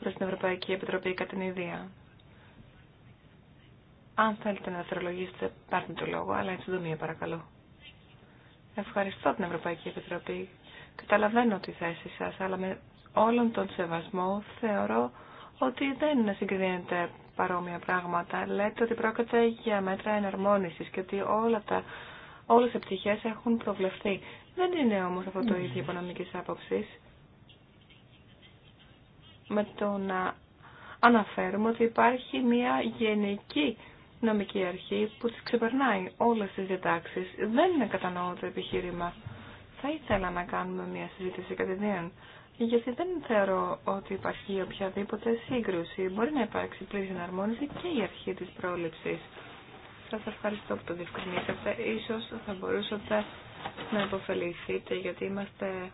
προς την Ευρωπαϊκή Επιτροπή κατά την ιδία. Αν θέλετε να δευτερολογήσετε, πάρτε το λόγο, αλλά εν συντομία παρακαλώ. Ευχαριστώ την Ευρωπαϊκή Επιτροπή. Καταλαβαίνω τη θέση σας, αλλά με όλον τον σεβασμό θεωρώ ότι δεν συγκρίνεται παρόμοια πράγματα. Λέτε ότι πρόκειται για μέτρα εναρμόνισης και ότι όλα τα, όλες οι πτυχές έχουν προβλεφθεί. Δεν είναι όμως αυτό το ναι. ίδιο οικονομικής άποψης. Με το να αναφέρουμε ότι υπάρχει μια γενική νομική αρχή που τις ξεπερνάει όλες τις διατάξεις. Δεν είναι κατανοώ το επιχείρημα. Θα ήθελα να κάνουμε μια συζήτηση κατηδίαν γιατί δεν θεωρώ ότι υπάρχει οποιαδήποτε σύγκρουση. Μπορεί να υπάρξει πλήρη εναρμόνιση και η αρχή της πρόληψης. Σας ευχαριστώ που το διευκρινίσατε. Ίσως θα μπορούσατε να υποφεληθείτε γιατί είμαστε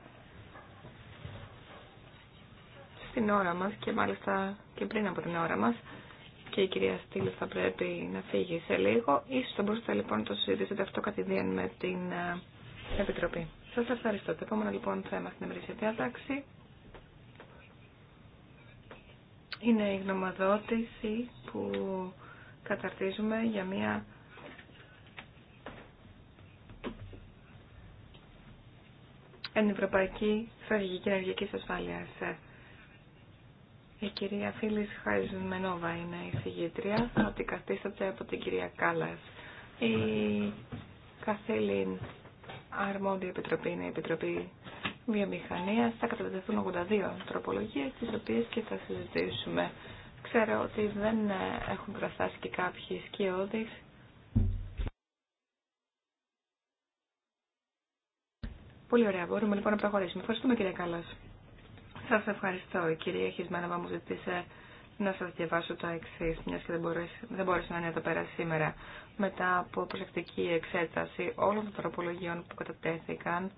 στην ώρα μας και μάλιστα και πριν από την ώρα μας και η κυρία Στήλη θα πρέπει να φύγει σε λίγο. Ίσως θα μπορούσατε λοιπόν να το συζητήσετε αυτό κατηδίαν με την ε, Επιτροπή. Σα ευχαριστώ. Το επόμενο λοιπόν θέμα στην εμερήσια διάταξη είναι η γνωμοδότηση που καταρτίζουμε για μια ενευρωπαϊκή στρατηγική ενεργειακή ασφάλεια. Η κυρία Φίλη Μενόβα είναι η συγγήτρια. την καθίσταται από την κυρία Κάλλας. Η Καθήλυν αρμόδια επιτροπή είναι η Επιτροπή Βιομηχανία. Θα καταδεχθούν 82 τροπολογίε, τι οποίε και θα συζητήσουμε. Ξέρω ότι δεν έχουν καταστάσει και κάποιοι σκιώδει. Πολύ ωραία. Μπορούμε λοιπόν να προχωρήσουμε. Ευχαριστούμε κύριε Κάλλας. Σας ευχαριστώ. Η κυρία Χισμένα μου ζητήσε να σας διαβάσω τα εξή, μια και δεν μπόρεσα, να είναι εδώ πέρα σήμερα. Μετά από προσεκτική εξέταση όλων των τροπολογιών που κατατέθηκαν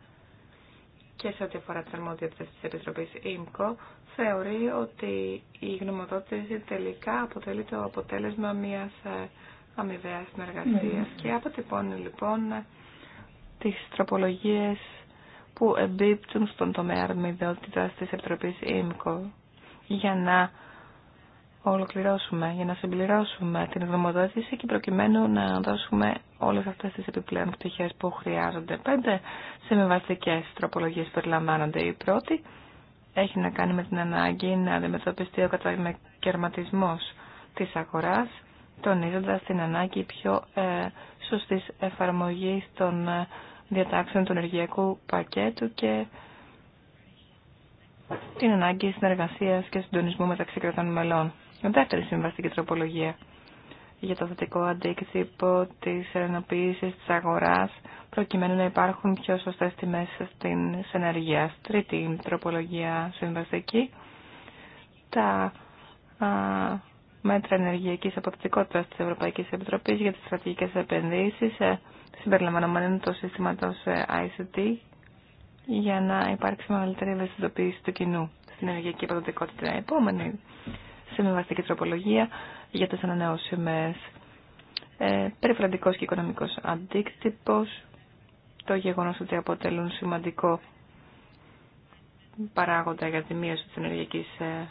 και σε ό,τι αφορά τι αρμόδιε τη Επιτροπή ΙΜΚΟ, θεωρεί ότι η γνωμοδότηση τελικά αποτελεί το αποτέλεσμα μιας ε, αμοιβαίας συνεργασίας ναι. και αποτυπώνει λοιπόν τι τροπολογίε που εμπίπτουν στον τομέα αρμοδιότητα τη επιτροπή ΙΜΚΟ για να ολοκληρώσουμε, για να συμπληρώσουμε την γνωμοδότηση και προκειμένου να δώσουμε όλες αυτές τις επιπλέον πτυχές που χρειάζονται. Πέντε συμβιβαστικές τροπολογίες περιλαμβάνονται. Η πρώτη έχει να κάνει με την ανάγκη να αντιμετωπιστεί ο κατακαιρματισμός της αγοράς, τονίζοντας την ανάγκη πιο ε, σωστής εφαρμογής των ε, διατάξεων του ενεργειακού πακέτου και την ανάγκη συνεργασίας και συντονισμού μεταξύ κρατών μελών. Δεύτερη συμβαστική τροπολογία για το θετικό αντίκτυπο τη ενοποίηση τη αγορά προκειμένου να υπάρχουν πιο σωστέ τιμέ στην ενεργεία. Τρίτη τροπολογία συμβαστική. Τα α, μέτρα ενεργειακή αποδοτικότητα τη Ευρωπαϊκή Επιτροπή για τι στρατηγικέ επενδύσει ε, συμπεριλαμβανομένου το σύστημα ε, ICT για να υπάρξει μεγαλύτερη ευαισθητοποίηση του κοινού στην ενεργειακή αποδοτικότητα. Επόμενη συμβαστική τροπολογία για τις ανανεώσιμες ε, περιφραντικός και οικονομικός αντίκτυπος, το γεγονός ότι αποτελούν σημαντικό παράγοντα για τη μείωση της ενεργειακής ε,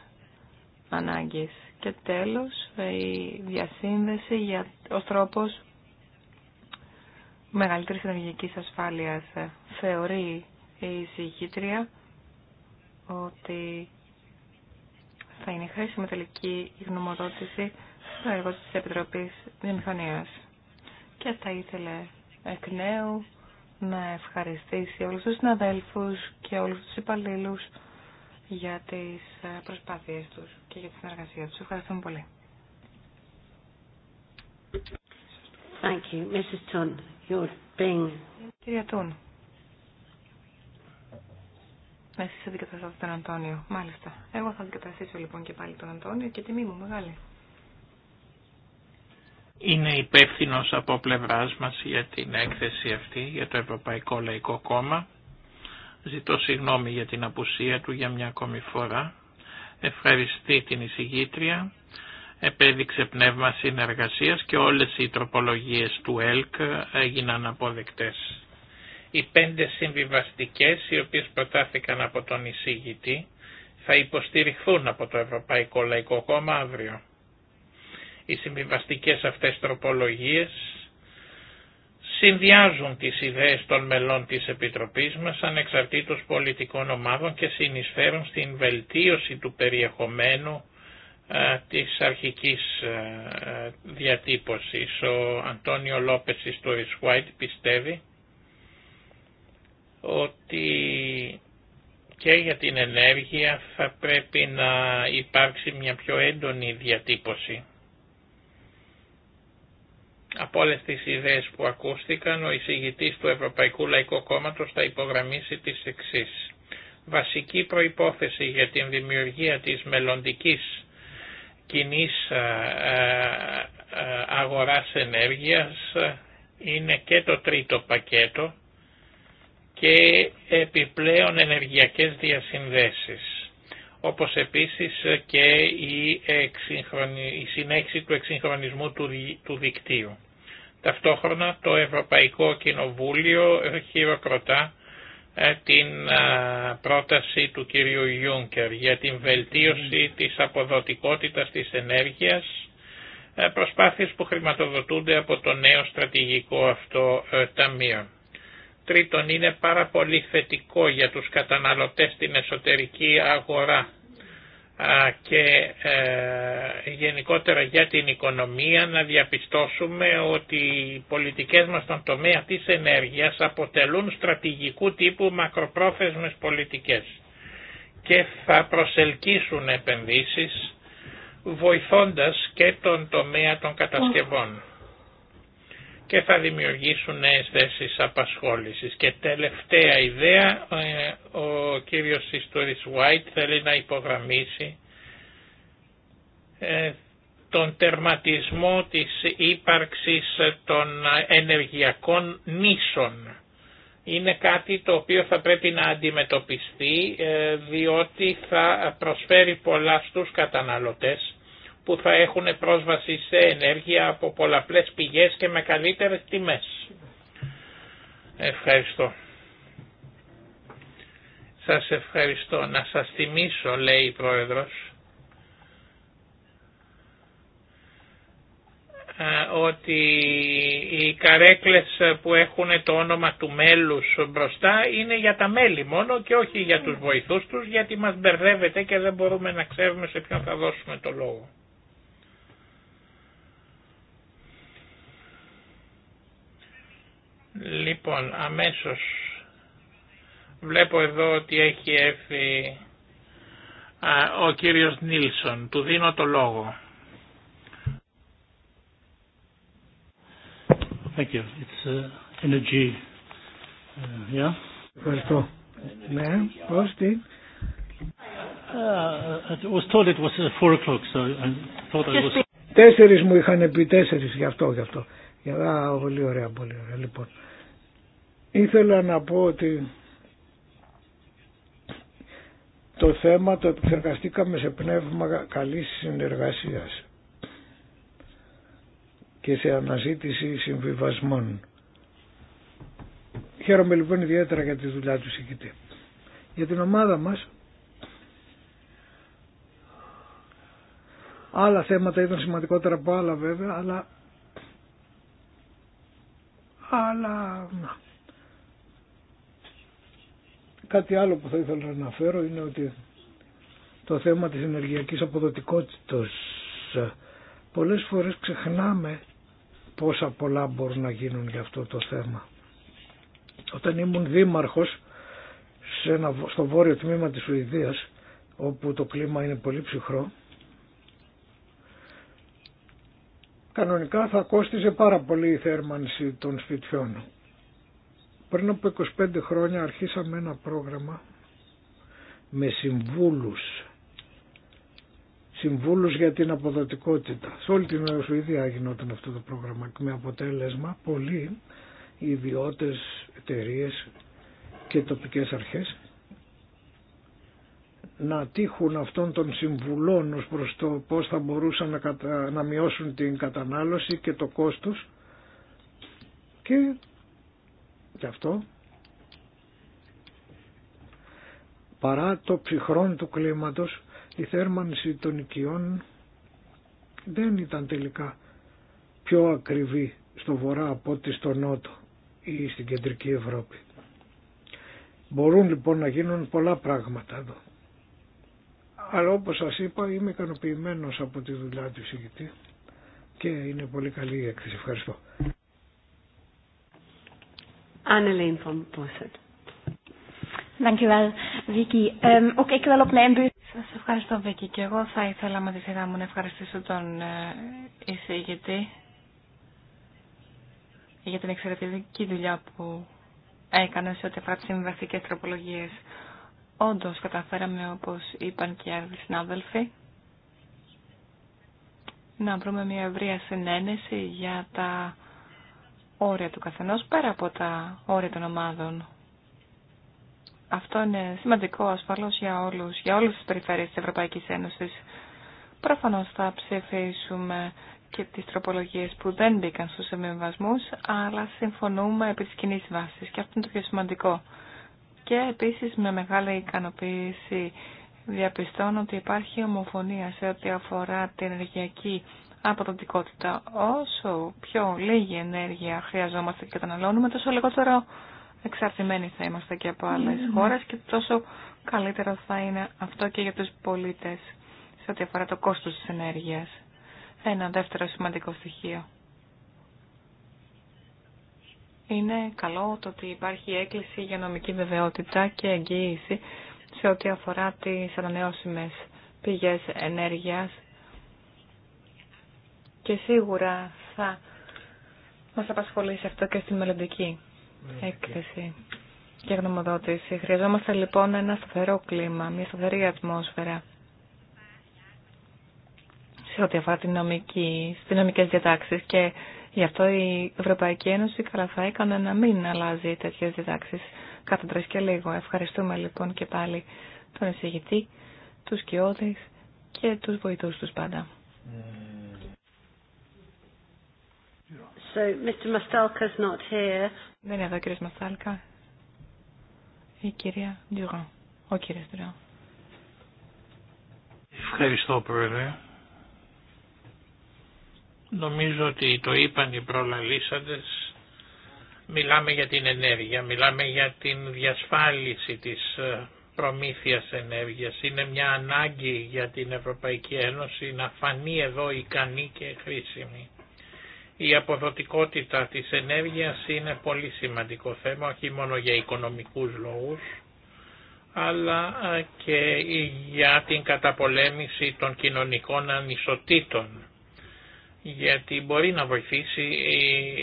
ανάγκης. Και τέλος, ε, η διασύνδεση για, ως τρόπος μεγαλύτερης ενεργειακής ασφάλειας. Ε, θεωρεί η συγχύτρια ότι θα είναι χρήσιμη τελική γνωμοδότηση στο έργο τη Επιτροπή Διαμηχανία. Και θα ήθελε εκ νέου να ευχαριστήσει όλους τους συναδέλφους και όλους τους υπαλλήλους για τις ε, προσπάθειές τους και για τη συνεργασία τους. Ευχαριστούμε πολύ. Thank you. Mrs. Κυρία Τούν, εσείς αντικαταστάτε τον Αντώνιο. Μάλιστα. Εγώ θα αντικαταστήσω λοιπόν και πάλι τον Αντώνιο και τιμή μου μεγάλη. Είναι υπεύθυνο από πλευρά μα για την έκθεση αυτή, για το Ευρωπαϊκό Λαϊκό Κόμμα. Ζητώ συγγνώμη για την απουσία του για μια ακόμη φορά. Ευχαριστεί την εισηγήτρια. Επέδειξε πνεύμα συνεργασίας και όλες οι τροπολογίες του ΕΛΚ έγιναν αποδεκτές. Οι πέντε συμβιβαστικές οι οποίες προτάθηκαν από τον εισήγητη θα υποστηριχθούν από το Ευρωπαϊκό Λαϊκό Κόμμα αύριο. Οι συμβιβαστικές αυτές τροπολογίες συνδυάζουν τις ιδέες των μελών της Επιτροπής μας ανεξαρτήτως πολιτικών ομάδων και συνεισφέρουν στην βελτίωση του περιεχομένου ε, της αρχικής ε, ε, διατύπωσης. Ο Αντώνιο του του White πιστεύει ότι και για την ενέργεια θα πρέπει να υπάρξει μια πιο έντονη διατύπωση. Από όλε τις ιδέες που ακούστηκαν, ο εισηγητής του Ευρωπαϊκού Λαϊκού Κόμματος θα υπογραμμίσει τις εξή. Βασική προϋπόθεση για την δημιουργία της μελλοντικής κοινής αγοράς ενέργειας είναι και το τρίτο πακέτο, και επιπλέον ενεργειακές διασυνδέσεις όπως επίσης και η, η συνέχιση του εξυγχρονισμού του, του δικτύου. Ταυτόχρονα το Ευρωπαϊκό Κοινοβούλιο χειροκροτά ε, την ε, πρόταση του κυρίου Ιούνκερ για την βελτίωση ναι. της αποδοτικότητας της ενέργειας, ε, προσπάθειες που χρηματοδοτούνται από το νέο στρατηγικό αυτό ταμείο. Τρίτον, είναι πάρα πολύ θετικό για τους καταναλωτές στην εσωτερική αγορά και ε, γενικότερα για την οικονομία να διαπιστώσουμε ότι οι πολιτικές μας στον τομέα της ενέργειας αποτελούν στρατηγικού τύπου μακροπρόθεσμες πολιτικές και θα προσελκύσουν επενδύσεις βοηθώντας και τον τομέα των κατασκευών και θα δημιουργήσουν νέες θέσεις απασχόλησης. Και τελευταία ιδέα, ε, ο κύριος Σίστουρι White θέλει να υπογραμμίσει ε, τον τερματισμό της ύπαρξης των ενεργειακών νήσων. Είναι κάτι το οποίο θα πρέπει να αντιμετωπιστεί ε, διότι θα προσφέρει πολλά στους καταναλωτές που θα έχουν πρόσβαση σε ενέργεια από πολλαπλές πηγές και με καλύτερες τιμές. Ευχαριστώ. Σας ευχαριστώ. Να σας θυμίσω, λέει η Πρόεδρος, ότι οι καρέκλες που έχουν το όνομα του μέλους μπροστά είναι για τα μέλη μόνο και όχι για τους mm. βοηθούς τους γιατί μας μπερδεύεται και δεν μπορούμε να ξέρουμε σε ποιον θα δώσουμε το λόγο. Λοιπόν, αμέσως βλέπω εδώ ότι έχει έρθει α, ο κύριος Νίλσον. Του δίνω το λόγο. Thank you. It's uh, energy. Uh, Yeah. Ευχαριστώ. Ναι, πώς τι. Τέσσερις μου είχαν πει τέσσερις γι' αυτό, γι' αυτό. Α, πολύ ωραία, πολύ ωραία. Λοιπόν, ήθελα να πω ότι το θέμα το επεξεργαστήκαμε σε πνεύμα καλής συνεργασίας και σε αναζήτηση συμβιβασμών. Χαίρομαι λοιπόν ιδιαίτερα για τη δουλειά του συγκητή. Για την ομάδα μας άλλα θέματα ήταν σημαντικότερα από άλλα βέβαια αλλά αλλά κάτι άλλο που θα ήθελα να αναφέρω είναι ότι το θέμα της ενεργειακής αποδοτικότητας. Πολλές φορές ξεχνάμε πόσα πολλά μπορούν να γίνουν για αυτό το θέμα. Όταν ήμουν δήμαρχος σε ένα, στο βόρειο τμήμα της Σουηδίας, όπου το κλίμα είναι πολύ ψυχρό, κανονικά θα κόστιζε πάρα πολύ η θέρμανση των σπιτιών. Πριν από 25 χρόνια αρχίσαμε ένα πρόγραμμα με συμβούλους συμβούλους για την αποδοτικότητα. Σε όλη την Σουηδία γινόταν αυτό το πρόγραμμα και με αποτέλεσμα πολλοί ιδιώτες, εταιρείε και τοπικές αρχές να τύχουν αυτών των συμβουλών ως προς το πώς θα μπορούσαν να, να μειώσουν την κατανάλωση και το κόστος και γι' αυτό παρά το ψυχρόν του κλίματος η θέρμανση των οικειών δεν ήταν τελικά πιο ακριβή στο βορρά από ό,τι στο νότο ή στην κεντρική Ευρώπη. Μπορούν λοιπόν να γίνουν πολλά πράγματα εδώ. Αλλά όπως σας είπα είμαι ικανοποιημένο από τη δουλειά του εισηγητή και είναι πολύ καλή η έκθεση. Ευχαριστώ. Σας ευχαριστώ Βίκυ και εγώ θα ήθελα με τη σειρά μου να ευχαριστήσω τον ε, εισηγητή για την εξαιρετική δουλειά που έκανε σε ό,τι αφορά τι συμβαστικέ τροπολογίε. Όντως καταφέραμε, όπως είπαν και οι άλλοι συνάδελφοι, να βρούμε μια ευρεία συνένεση για τα όρια του καθενός πέρα από τα όρια των ομάδων. Αυτό είναι σημαντικό ασφαλώς για όλους, για όλες τις περιφέρειες της Ευρωπαϊκής Ένωσης. Προφανώς θα ψηφίσουμε και τις τροπολογίες που δεν μπήκαν στους συμβιβασμούς, αλλά συμφωνούμε επί της κοινής βάσης και αυτό είναι το πιο σημαντικό. Και επίσης με μεγάλη ικανοποίηση διαπιστώνω ότι υπάρχει ομοφωνία σε ό,τι αφορά την ενεργειακή αποδοτικότητα. Όσο πιο λίγη ενέργεια χρειαζόμαστε και καταναλώνουμε, τόσο λιγότερο εξαρτημένοι θα είμαστε και από άλλες ναι, ναι. χώρες και τόσο καλύτερο θα είναι αυτό και για τους πολίτες σε ό,τι αφορά το κόστος της ενέργειας. Ένα δεύτερο σημαντικό στοιχείο. Είναι καλό το ότι υπάρχει έκκληση για νομική βεβαιότητα και εγγύηση σε ό,τι αφορά τις ανανεώσιμες πηγές ενέργειας και σίγουρα θα μας απασχολήσει αυτό και στη μελλοντική ναι, έκθεση και γνωμοδότηση. Χρειαζόμαστε λοιπόν ένα σταθερό κλίμα, μια σταθερή ατμόσφαιρα σε ό,τι αφορά την νομική, τις νομικές διατάξεις και Γι' αυτό η Ευρωπαϊκή Ένωση καλά θα έκανε να μην αλλάζει τέτοιε διδάξει κάθε και λίγο. Ευχαριστούμε λοιπόν και πάλι τον εισηγητή, του κοιόδη και του βοηθού του πάντα. Δεν είναι εδώ ο κύριος Μαστάλκα. Η κυρία Ντουραν. Ο κύριος Ντουραν. Ευχαριστώ, Πρόεδρε. Νομίζω ότι το είπαν οι προλαλήσαντες. Μιλάμε για την ενέργεια, μιλάμε για την διασφάλιση της ε, προμήθειας ενέργειας. Είναι μια ανάγκη για την Ευρωπαϊκή Ένωση να φανεί εδώ ικανή και χρήσιμη. Η αποδοτικότητα της ενέργειας είναι πολύ σημαντικό θέμα, όχι μόνο για οικονομικούς λόγους, αλλά ε, και για την καταπολέμηση των κοινωνικών ανισοτήτων γιατί μπορεί να βοηθήσει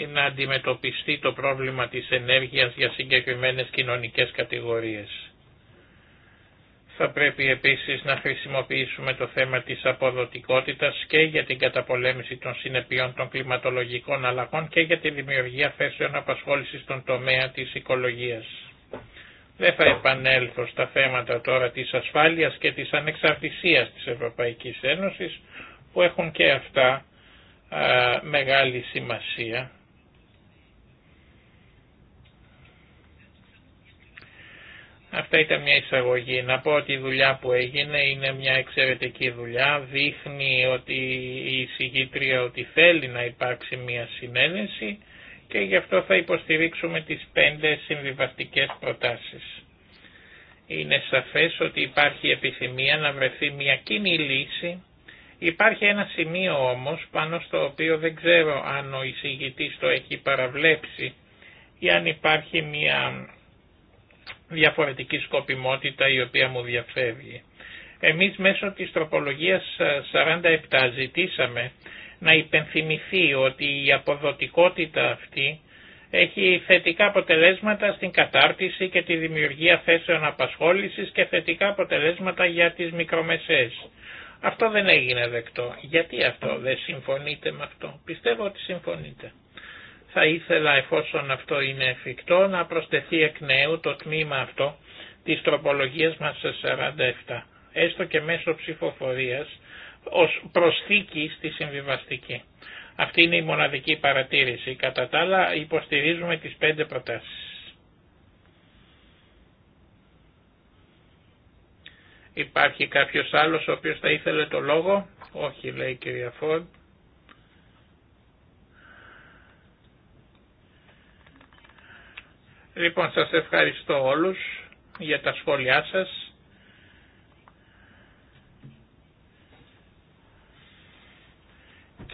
ε, να αντιμετωπιστεί το πρόβλημα της ενέργειας για συγκεκριμένες κοινωνικές κατηγορίες. Θα πρέπει επίσης να χρησιμοποιήσουμε το θέμα της αποδοτικότητας και για την καταπολέμηση των συνεπειών των κλιματολογικών αλλαγών και για τη δημιουργία θέσεων απασχόλησης στον τομέα της οικολογίας. Δεν θα επανέλθω στα θέματα τώρα της ασφάλειας και της ανεξαρτησίας της Ευρωπαϊκής Ένωσης που έχουν και αυτά μεγάλη σημασία. Αυτά ήταν μια εισαγωγή. Να πω ότι η δουλειά που έγινε είναι μια εξαιρετική δουλειά. Δείχνει ότι η εισηγήτρια ότι θέλει να υπάρξει μια συνένεση και γι' αυτό θα υποστηρίξουμε τις πέντε συμβιβαστικές προτάσεις. Είναι σαφές ότι υπάρχει επιθυμία να βρεθεί μια κοινή λύση Υπάρχει ένα σημείο όμως πάνω στο οποίο δεν ξέρω αν ο εισηγητής το έχει παραβλέψει ή αν υπάρχει μια διαφορετική σκοπιμότητα η οποία μου διαφεύγει. Εμείς μέσω της τροπολογίας 47 ζητήσαμε να υπενθυμηθεί ότι η αποδοτικότητα αυτή έχει θετικά αποτελέσματα στην κατάρτιση και τη δημιουργία θέσεων απασχόλησης και θετικά αποτελέσματα για τις μικρομεσαίες. Αυτό δεν έγινε δεκτό. Γιατί αυτό δεν συμφωνείτε με αυτό. Πιστεύω ότι συμφωνείτε. Θα ήθελα εφόσον αυτό είναι εφικτό να προσθεθεί εκ νέου το τμήμα αυτό της τροπολογίας μας σε 47, έστω και μέσω ψηφοφορίας, ως προσθήκη στη συμβιβαστική. Αυτή είναι η μοναδική παρατήρηση. Κατά τα άλλα υποστηρίζουμε τις πέντε προτάσεις. Υπάρχει κάποιος άλλος ο οποίος θα ήθελε το λόγο. Όχι λέει η κυρία Φόρντ. Λοιπόν σας ευχαριστώ όλους για τα σχόλιά σας.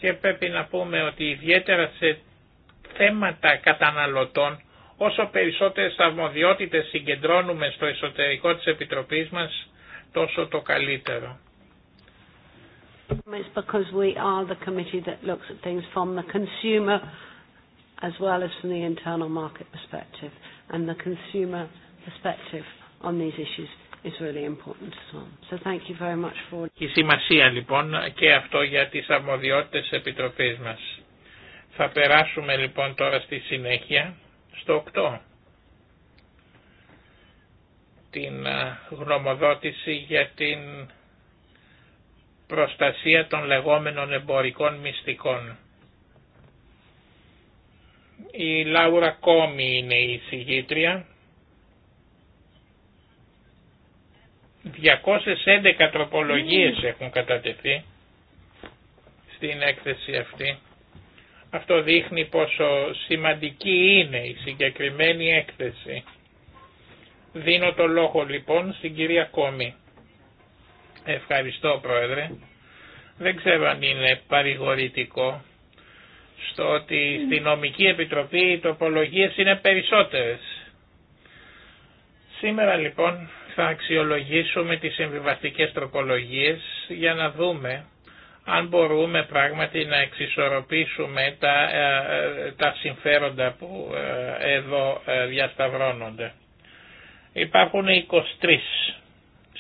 Και πρέπει να πούμε ότι ιδιαίτερα σε θέματα καταναλωτών όσο περισσότερες αρμοδιότητες συγκεντρώνουμε στο εσωτερικό της Επιτροπής μας τόσο το καλύτερο. It's because we are the committee that looks at things from the consumer as well as from the internal market perspective. And the consumer perspective on these issues is really important as well. So thank you very much for... Η σημασία λοιπόν και αυτό για τις αρμοδιότητες Επιτροπής μας. Θα περάσουμε λοιπόν τώρα στη συνέχεια στο 8 την ε, γνωμοδότηση για την προστασία των λεγόμενων εμπορικών μυστικών. Η Λάουρα Κόμη είναι η συγγήτρια. 211 τροπολογίες έχουν κατατεθεί στην έκθεση αυτή. Αυτό δείχνει πόσο σημαντική είναι η συγκεκριμένη έκθεση. Δίνω το λόγο λοιπόν στην κυρία Κόμη. Ευχαριστώ Πρόεδρε. Δεν ξέρω αν είναι παρηγορητικό στο ότι στη νομική επιτροπή οι τοπολογίες είναι περισσότερες. Σήμερα λοιπόν θα αξιολογήσουμε τις συμβιβαστικέ τροπολογίες για να δούμε αν μπορούμε πράγματι να εξισορροπήσουμε τα, ε, ε, τα συμφέροντα που ε, εδώ διασταυρώνονται. Υπάρχουν 23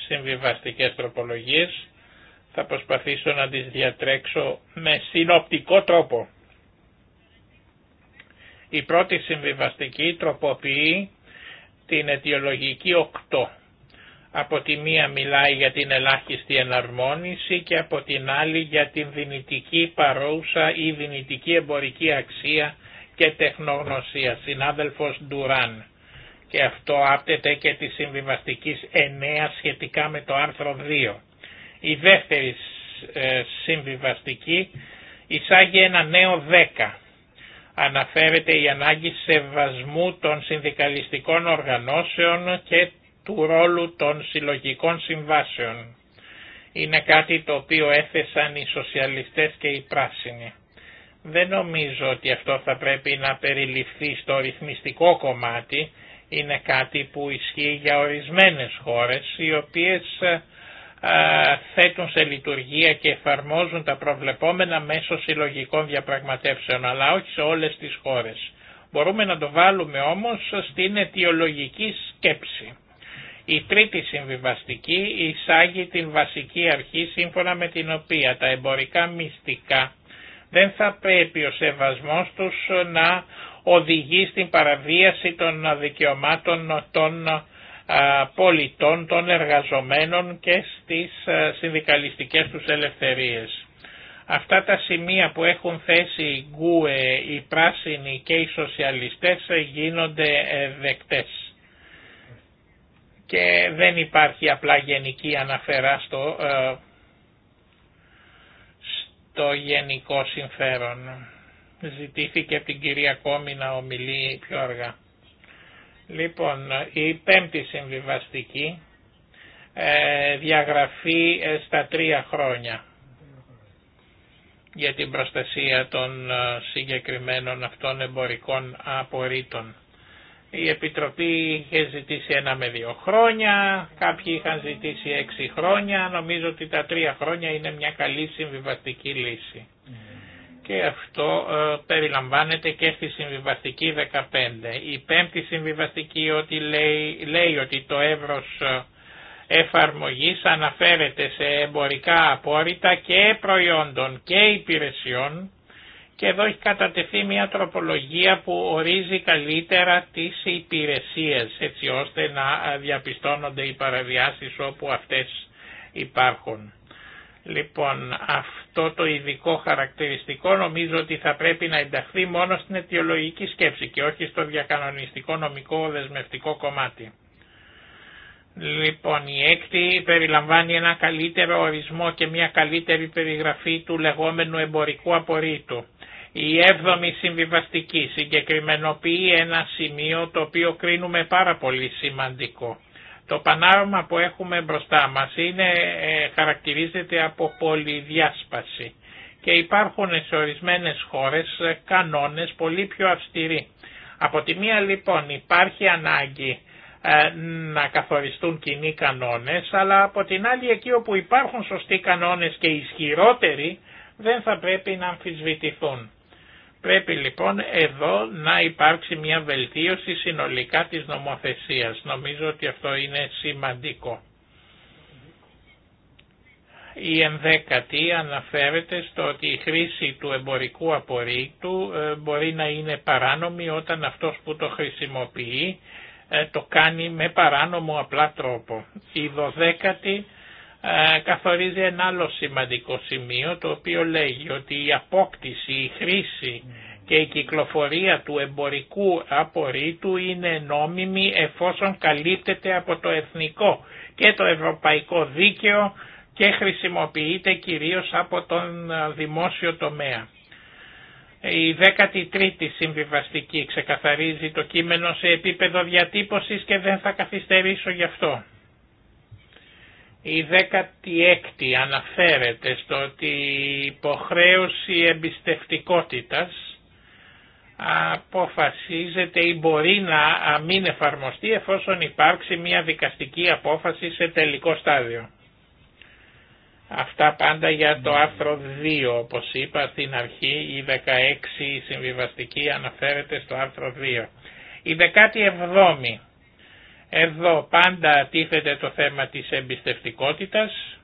συμβιβαστικές τροπολογίες. Θα προσπαθήσω να τις διατρέξω με συνοπτικό τρόπο. Η πρώτη συμβιβαστική τροποποιεί την αιτιολογική 8. Από τη μία μιλάει για την ελάχιστη εναρμόνιση και από την άλλη για την δυνητική παρούσα ή δυνητική εμπορική αξία και τεχνογνωσία. Συνάδελφος Ντουράν και αυτό άπτεται και τη συμβιβαστικής 9 σχετικά με το άρθρο 2. Η δεύτερη ε, συμβιβαστική εισάγει ένα νέο 10. Αναφέρεται η ανάγκη σεβασμού των συνδικαλιστικών οργανώσεων και του ρόλου των συλλογικών συμβάσεων. Είναι κάτι το οποίο έθεσαν οι σοσιαλιστές και οι πράσινοι. Δεν νομίζω ότι αυτό θα πρέπει να περιληφθεί στο ρυθμιστικό κομμάτι, είναι κάτι που ισχύει για ορισμένες χώρες οι οποίες ε, ε, θέτουν σε λειτουργία και εφαρμόζουν τα προβλεπόμενα μέσω συλλογικών διαπραγματεύσεων, αλλά όχι σε όλες τις χώρες. Μπορούμε να το βάλουμε όμως στην αιτιολογική σκέψη. Η τρίτη συμβιβαστική εισάγει την βασική αρχή σύμφωνα με την οποία τα εμπορικά μυστικά δεν θα πρέπει ο σεβασμός τους να οδηγεί στην παραβίαση των δικαιωμάτων των πολιτών, των εργαζομένων και στις συνδικαλιστικές τους ελευθερίες. Αυτά τα σημεία που έχουν θέσει οι γκουε, οι πράσινοι και οι σοσιαλιστές γίνονται ε, δεκτές. Και δεν υπάρχει απλά γενική αναφερά στο ε, το γενικό συμφέρον. Ζητήθηκε από την κυρία Κόμη να ομιλεί πιο αργά. Λοιπόν, η πέμπτη συμβιβαστική ε, διαγραφή ε, στα τρία χρόνια για την προστασία των ε, συγκεκριμένων αυτών εμπορικών απορρίτων. Η Επιτροπή είχε ζητήσει ένα με δύο χρόνια, κάποιοι είχαν ζητήσει έξι χρόνια, νομίζω ότι τα τρία χρόνια είναι μια καλή συμβιβαστική λύση. Και αυτό ε, περιλαμβάνεται και στη συμβιβαστική 15. Η πέμπτη συμβιβαστική ότι λέει, λέει ότι το εύρος ε, εφαρμογής αναφέρεται σε εμπορικά απόρριτα και προϊόντων και υπηρεσιών και εδώ έχει κατατεθεί μια τροπολογία που ορίζει καλύτερα τις υπηρεσίες έτσι ώστε να διαπιστώνονται οι παραβιάσεις όπου αυτές υπάρχουν. Λοιπόν, αυτό το ειδικό χαρακτηριστικό νομίζω ότι θα πρέπει να ενταχθεί μόνο στην αιτιολογική σκέψη και όχι στο διακανονιστικό νομικό δεσμευτικό κομμάτι. Λοιπόν, η έκτη περιλαμβάνει ένα καλύτερο ορισμό και μια καλύτερη περιγραφή του λεγόμενου εμπορικού απορρίτου. Η έβδομη συμβιβαστική συγκεκριμενοποιεί ένα σημείο το οποίο κρίνουμε πάρα πολύ σημαντικό. Το πανάρωμα που έχουμε μπροστά μας είναι, ε, χαρακτηρίζεται από πολυδιάσπαση και υπάρχουν σε ορισμένες χώρες ε, κανόνες πολύ πιο αυστηροί. Από τη μία λοιπόν υπάρχει ανάγκη ε, να καθοριστούν κοινοί κανόνες, αλλά από την άλλη εκεί όπου υπάρχουν σωστοί κανόνες και ισχυρότεροι δεν θα πρέπει να αμφισβητηθούν. Πρέπει λοιπόν εδώ να υπάρξει μια βελτίωση συνολικά της νομοθεσίας. Νομίζω ότι αυτό είναι σημαντικό. Η ενδέκατη αναφέρεται στο ότι η χρήση του εμπορικού απορρίτου ε, μπορεί να είναι παράνομη όταν αυτός που το χρησιμοποιεί ε, το κάνει με παράνομο απλά τρόπο. Η δωδέκατη απόκτηση, η χρήση και η κυκλοφορία του εμπορικού απορρίτου είναι νόμιμη εφόσον καλύπτεται από το εθνικό και το ευρωπαϊκό δίκαιο και χρησιμοποιείται κυρίως από τον ε, δημόσιο τομέα. Η 13η συμβιβαστική ξεκαθαρίζει το κείμενο σε επίπεδο διατύπωσης και δεν θα καθυστερήσω γι' αυτό. Η 16η αναφέρεται στο ότι η υποχρέωση εμπιστευτικότητας αποφασίζεται ή μπορεί να μην εφαρμοστεί εφόσον υπάρξει μια δικαστική απόφαση σε τελικό στάδιο. Αυτά πάντα για το άρθρο 2. Όπως είπα στην αρχή η 16 η συμβιβαστική αναφέρεται στο άρθρο 2. Η 17η. Εδώ πάντα τίθεται το θέμα της εμπιστευτικότητας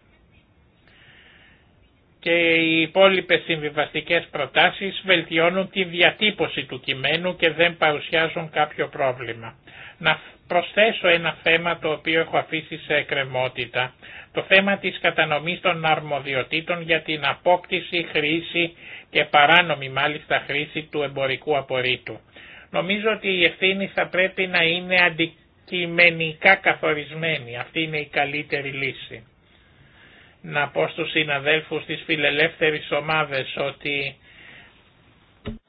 και οι υπόλοιπε συμβιβαστικέ προτάσεις βελτιώνουν τη διατύπωση του κειμένου και δεν παρουσιάζουν κάποιο πρόβλημα. Να προσθέσω ένα θέμα το οποίο έχω αφήσει σε εκκρεμότητα. Το θέμα της κατανομής των αρμοδιοτήτων για την απόκτηση, χρήση και παράνομη μάλιστα χρήση του εμπορικού απορρίτου. Νομίζω ότι η ευθύνη θα πρέπει να είναι αντικειμενικά καθορισμένη. Αυτή είναι η καλύτερη λύση να πω στους συναδέλφους της φιλελεύθερης ομάδες ότι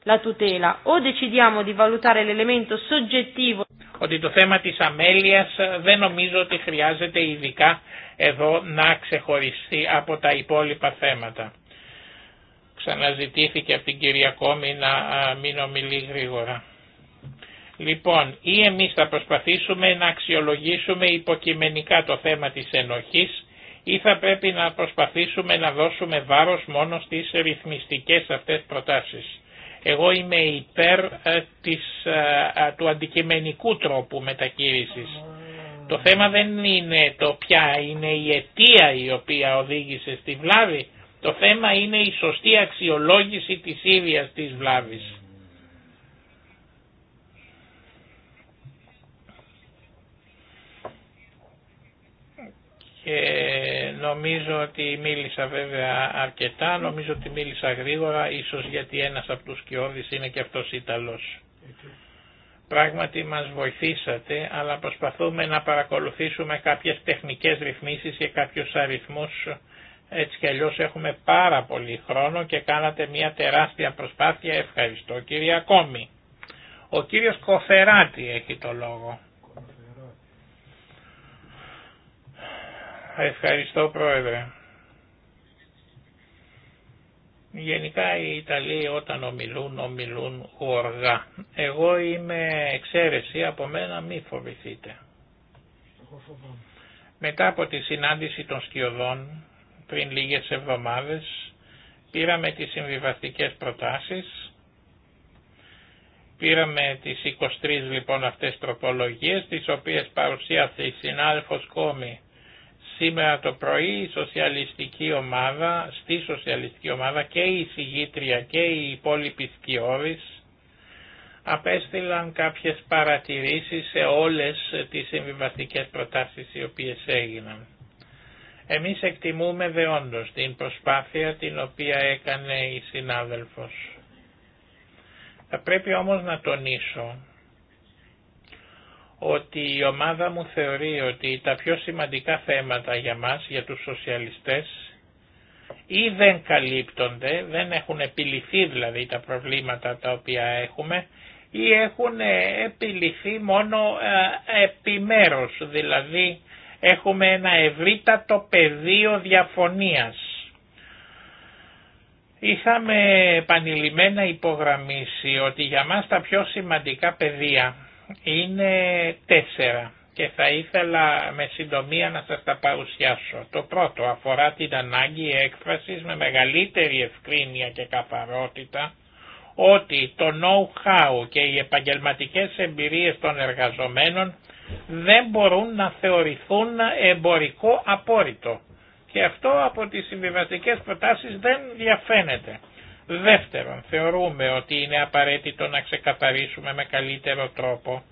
decidiamo di valutare Ότι το θέμα της αμέλειας ε, δεν νομίζω ότι χρειάζεται ειδικά εδώ να ξεχωριστεί από τα υπόλοιπα θέματα. Ξαναζητήθηκε από την κυρία Κόμη να ε, μην ομιλεί γρήγορα. Λοιπόν, ή εμείς θα προσπαθήσουμε να αξιολογήσουμε υποκειμενικά το θέμα της ενοχής ή θα πρέπει να προσπαθήσουμε να δώσουμε βάρος μόνο στις ρυθμιστικές αυτές προτάσεις. Εγώ είμαι υπέρ ε, της, ε, ε, του αντικειμενικού τρόπου μετακήρυσης. Το θέμα δεν είναι το ποια είναι η αιτία η οποία οδήγησε στη βλάβη. Το θέμα είναι η σωστή αξιολόγηση της ίδιας της βλάβης. και νομίζω ότι μίλησα βέβαια αρκετά, νομίζω ότι μίλησα γρήγορα, ίσως γιατί ένας από τους κοιόδης είναι και αυτός Ιταλός. Πράγματι μας βοηθήσατε, αλλά προσπαθούμε να παρακολουθήσουμε κάποιες τεχνικές ρυθμίσεις και κάποιους αριθμούς. Έτσι κι αλλιώς έχουμε πάρα πολύ χρόνο και κάνατε μια τεράστια προσπάθεια. Ευχαριστώ κύριε Ακόμη. Ο κύριος Κοφεράτη έχει το λόγο. Ευχαριστώ Πρόεδρε. Γενικά οι Ιταλοί όταν ομιλούν, ομιλούν οργά. Εγώ είμαι εξαίρεση, από μένα μη φοβηθείτε. Μετά από τη συνάντηση των σκιωδών, πριν λίγες εβδομάδες, πήραμε τις συμβιβαστικές προτάσεις, πήραμε τις 23 λοιπόν αυτές τροπολογίες, τις οποίες παρουσίασε η συνάδελφος Κόμη Σήμερα το πρωί η σοσιαλιστική ομάδα, στη σοσιαλιστική ομάδα και η συγγήτρια και οι υπόλοιποι σκιώδεις απέστειλαν κάποιες παρατηρήσεις σε όλες τις συμβιβαστικές προτάσεις οι οποίες έγιναν. Εμείς εκτιμούμε δεόντως την προσπάθεια την οποία έκανε η συνάδελφος. Θα πρέπει όμως να τονίσω ότι η ομάδα μου θεωρεί ότι τα πιο σημαντικά θέματα για μας, για τους σοσιαλιστές, ή δεν καλύπτονται, δεν έχουν επιληθεί δηλαδή τα προβλήματα τα οποία έχουμε, ή έχουν ε, επιληθεί μόνο ε, επιμέρους, δηλαδή έχουμε ένα ευρύτατο πεδίο διαφωνίας. Είχαμε επανειλημμένα υπογραμμίσει ότι για μας τα πιο σημαντικά πεδία είναι τέσσερα και θα ήθελα με συντομία να σας τα παρουσιάσω. Το πρώτο αφορά την ανάγκη έκφρασης με μεγαλύτερη ευκρίνεια και καθαρότητα ότι το know-how και οι επαγγελματικές εμπειρίες των εργαζομένων δεν μπορούν να θεωρηθούν εμπορικό απόρριτο. Και αυτό από τις συμβιβαστικές προτάσεις δεν διαφαίνεται. Δεύτερον, θεωρούμε ότι είναι απαραίτητο να ξεκαθαρίσουμε με καλύτερο τρόπο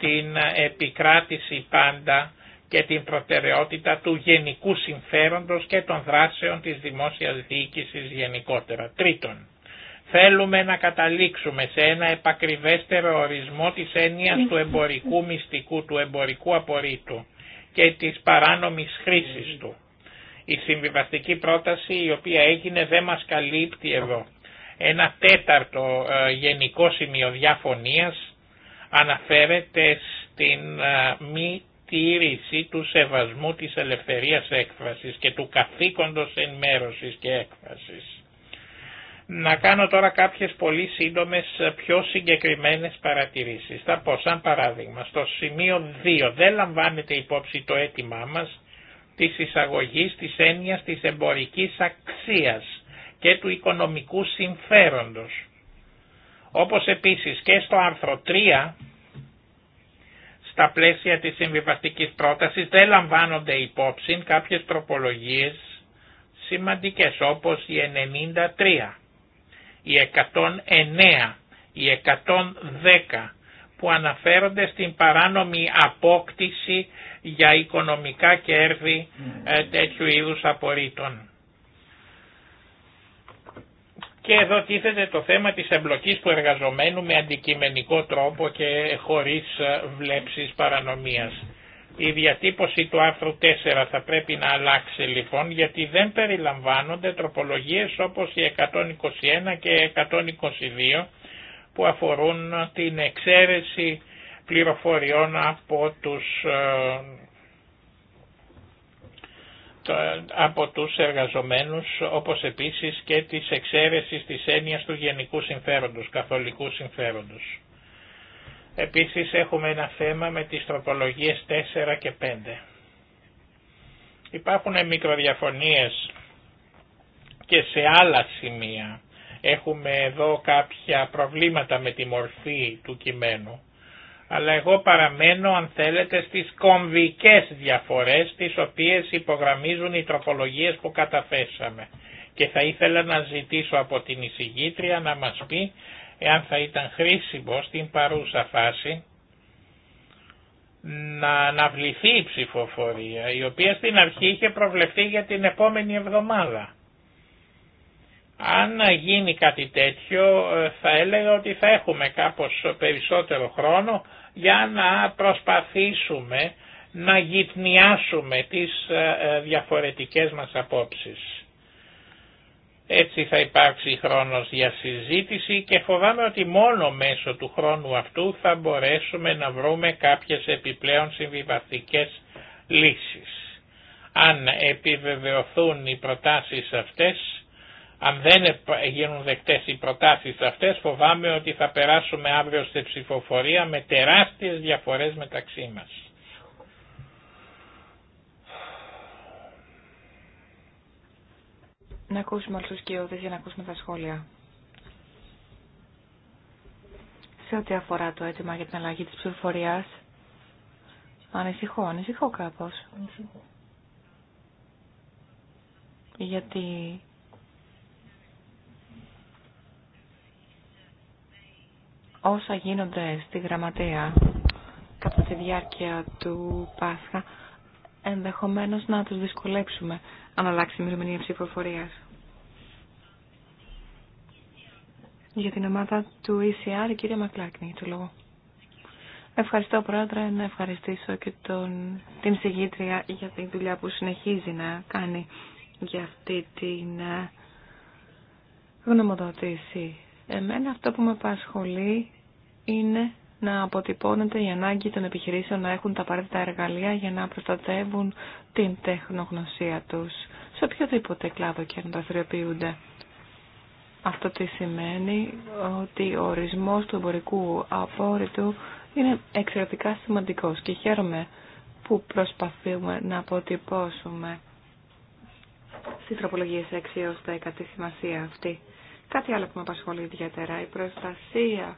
την επικράτηση πάντα και την προτεραιότητα του γενικού συμφέροντος και των δράσεων της δημόσιας διοίκησης γενικότερα. Τρίτον, θέλουμε να καταλήξουμε σε ένα επακριβέστερο ορισμό της έννοιας του εμπορικού μυστικού, του εμπορικού απορρίτου και της παράνομης χρήσης του. Η συμβιβαστική πρόταση η οποία έγινε δεν μας καλύπτει εδώ. Ένα τέταρτο ε, γενικό σημείο διαφωνίας αναφέρεται στην ε, μη τήρηση του σεβασμού της ελευθερίας έκφρασης και του καθήκοντος ενημέρωσης και έκφρασης. Να κάνω τώρα κάποιες πολύ σύντομες ε, πιο συγκεκριμένες παρατηρήσεις. Θα πω σαν παράδειγμα στο σημείο 2 δεν λαμβάνεται υπόψη το αίτημά μας της εισαγωγής της έννοιας της εμπορικής αξίας και του οικονομικού συμφέροντος. Όπως επίσης και στο άρθρο 3, στα πλαίσια της συμβιβαστικής πρότασης δεν λαμβάνονται υπόψη κάποιες τροπολογίες σημαντικές όπως η 93, η 109, η 110, που αναφέρονται στην παράνομη απόκτηση για οικονομικά κέρδη ε, mm. τέτοιου είδους απορρίτων. Και εδώ τίθεται το θέμα της εμπλοκής του εργαζομένου με αντικειμενικό τρόπο και χωρίς ε, βλέψεις παρανομίας. Η διατύπωση του άρθρου 4 θα πρέπει να αλλάξει λοιπόν γιατί δεν περιλαμβάνονται τροπολογίες όπως οι 121 και 122 που αφορούν την εξαίρεση πληροφοριών από τους, ε, από τους εργαζομένους, όπως επίσης και της εξαίρεσης της έννοιας του γενικού συμφέροντος, καθολικού συμφέροντος. Επίσης έχουμε ένα θέμα με τις τροπολογίες 4 και 5. Υπάρχουν μικροδιαφωνίες και σε άλλα σημεία Έχουμε εδώ κάποια προβλήματα με τη μορφή του κειμένου. Αλλά εγώ παραμένω αν θέλετε στις κομβικές διαφορές τις οποίες υπογραμμίζουν οι τροπολογίες που καταφέσαμε. Και θα ήθελα να ζητήσω από την εισηγήτρια να μας πει εάν θα ήταν χρήσιμο στην παρούσα φάση να αναβληθεί η ψηφοφορία η οποία στην αρχή είχε προβλεφθεί για την επόμενη εβδομάδα. Αν γίνει κάτι τέτοιο ε, θα έλεγα ότι θα έχουμε κάπως περισσότερο χρόνο για να προσπαθήσουμε να γυπνιάσουμε τις ε, ε, διαφορετικές μας απόψεις. Έτσι θα υπάρξει χρόνος για συζήτηση και φοβάμαι ότι μόνο μέσω του χρόνου αυτού θα μπορέσουμε να βρούμε κάποιες επιπλέον συμβιβαστικές λύσεις. Αν επιβεβαιωθούν οι προτάσεις αυτές αν δεν γίνουν δεκτές οι προτάσεις αυτές φοβάμαι ότι θα περάσουμε αύριο σε ψηφοφορία με τεράστιες διαφορές μεταξύ μας. Να ακούσουμε όλους τους κύριους για να ακούσουμε τα σχόλια. Σε ό,τι αφορά το αίτημα για την αλλαγή της ψηφοφορίας, ανησυχώ, ανησυχώ κάπως. Ανησυχώ. Γιατί όσα γίνονται στη γραμματεία κατά τη διάρκεια του Πάσχα ενδεχομένως να τους δυσκολέψουμε αν αλλάξει η ψηφοφορίας. Για την ομάδα του ECR, η κυρία Μακλάκνη, το λόγο. Ευχαριστώ Πρόεδρε, να ευχαριστήσω και την συγγήτρια για τη δουλειά που συνεχίζει να κάνει για αυτή την ε, γνωμοδότηση. Εμένα αυτό που με απασχολεί είναι να αποτυπώνεται η ανάγκη των επιχειρήσεων να έχουν τα απαραίτητα εργαλεία για να προστατεύουν την τεχνογνωσία τους σε οποιοδήποτε κλάδο και να δραστηριοποιούνται. Αυτό τι σημαίνει ότι ο ορισμός του εμπορικού απόρριτου είναι εξαιρετικά σημαντικός και χαίρομαι που προσπαθούμε να αποτυπώσουμε στις τροπολογίες 6 έως 10 τη σημασία αυτή. Κάτι άλλο που με απασχολεί ιδιαίτερα, η προστασία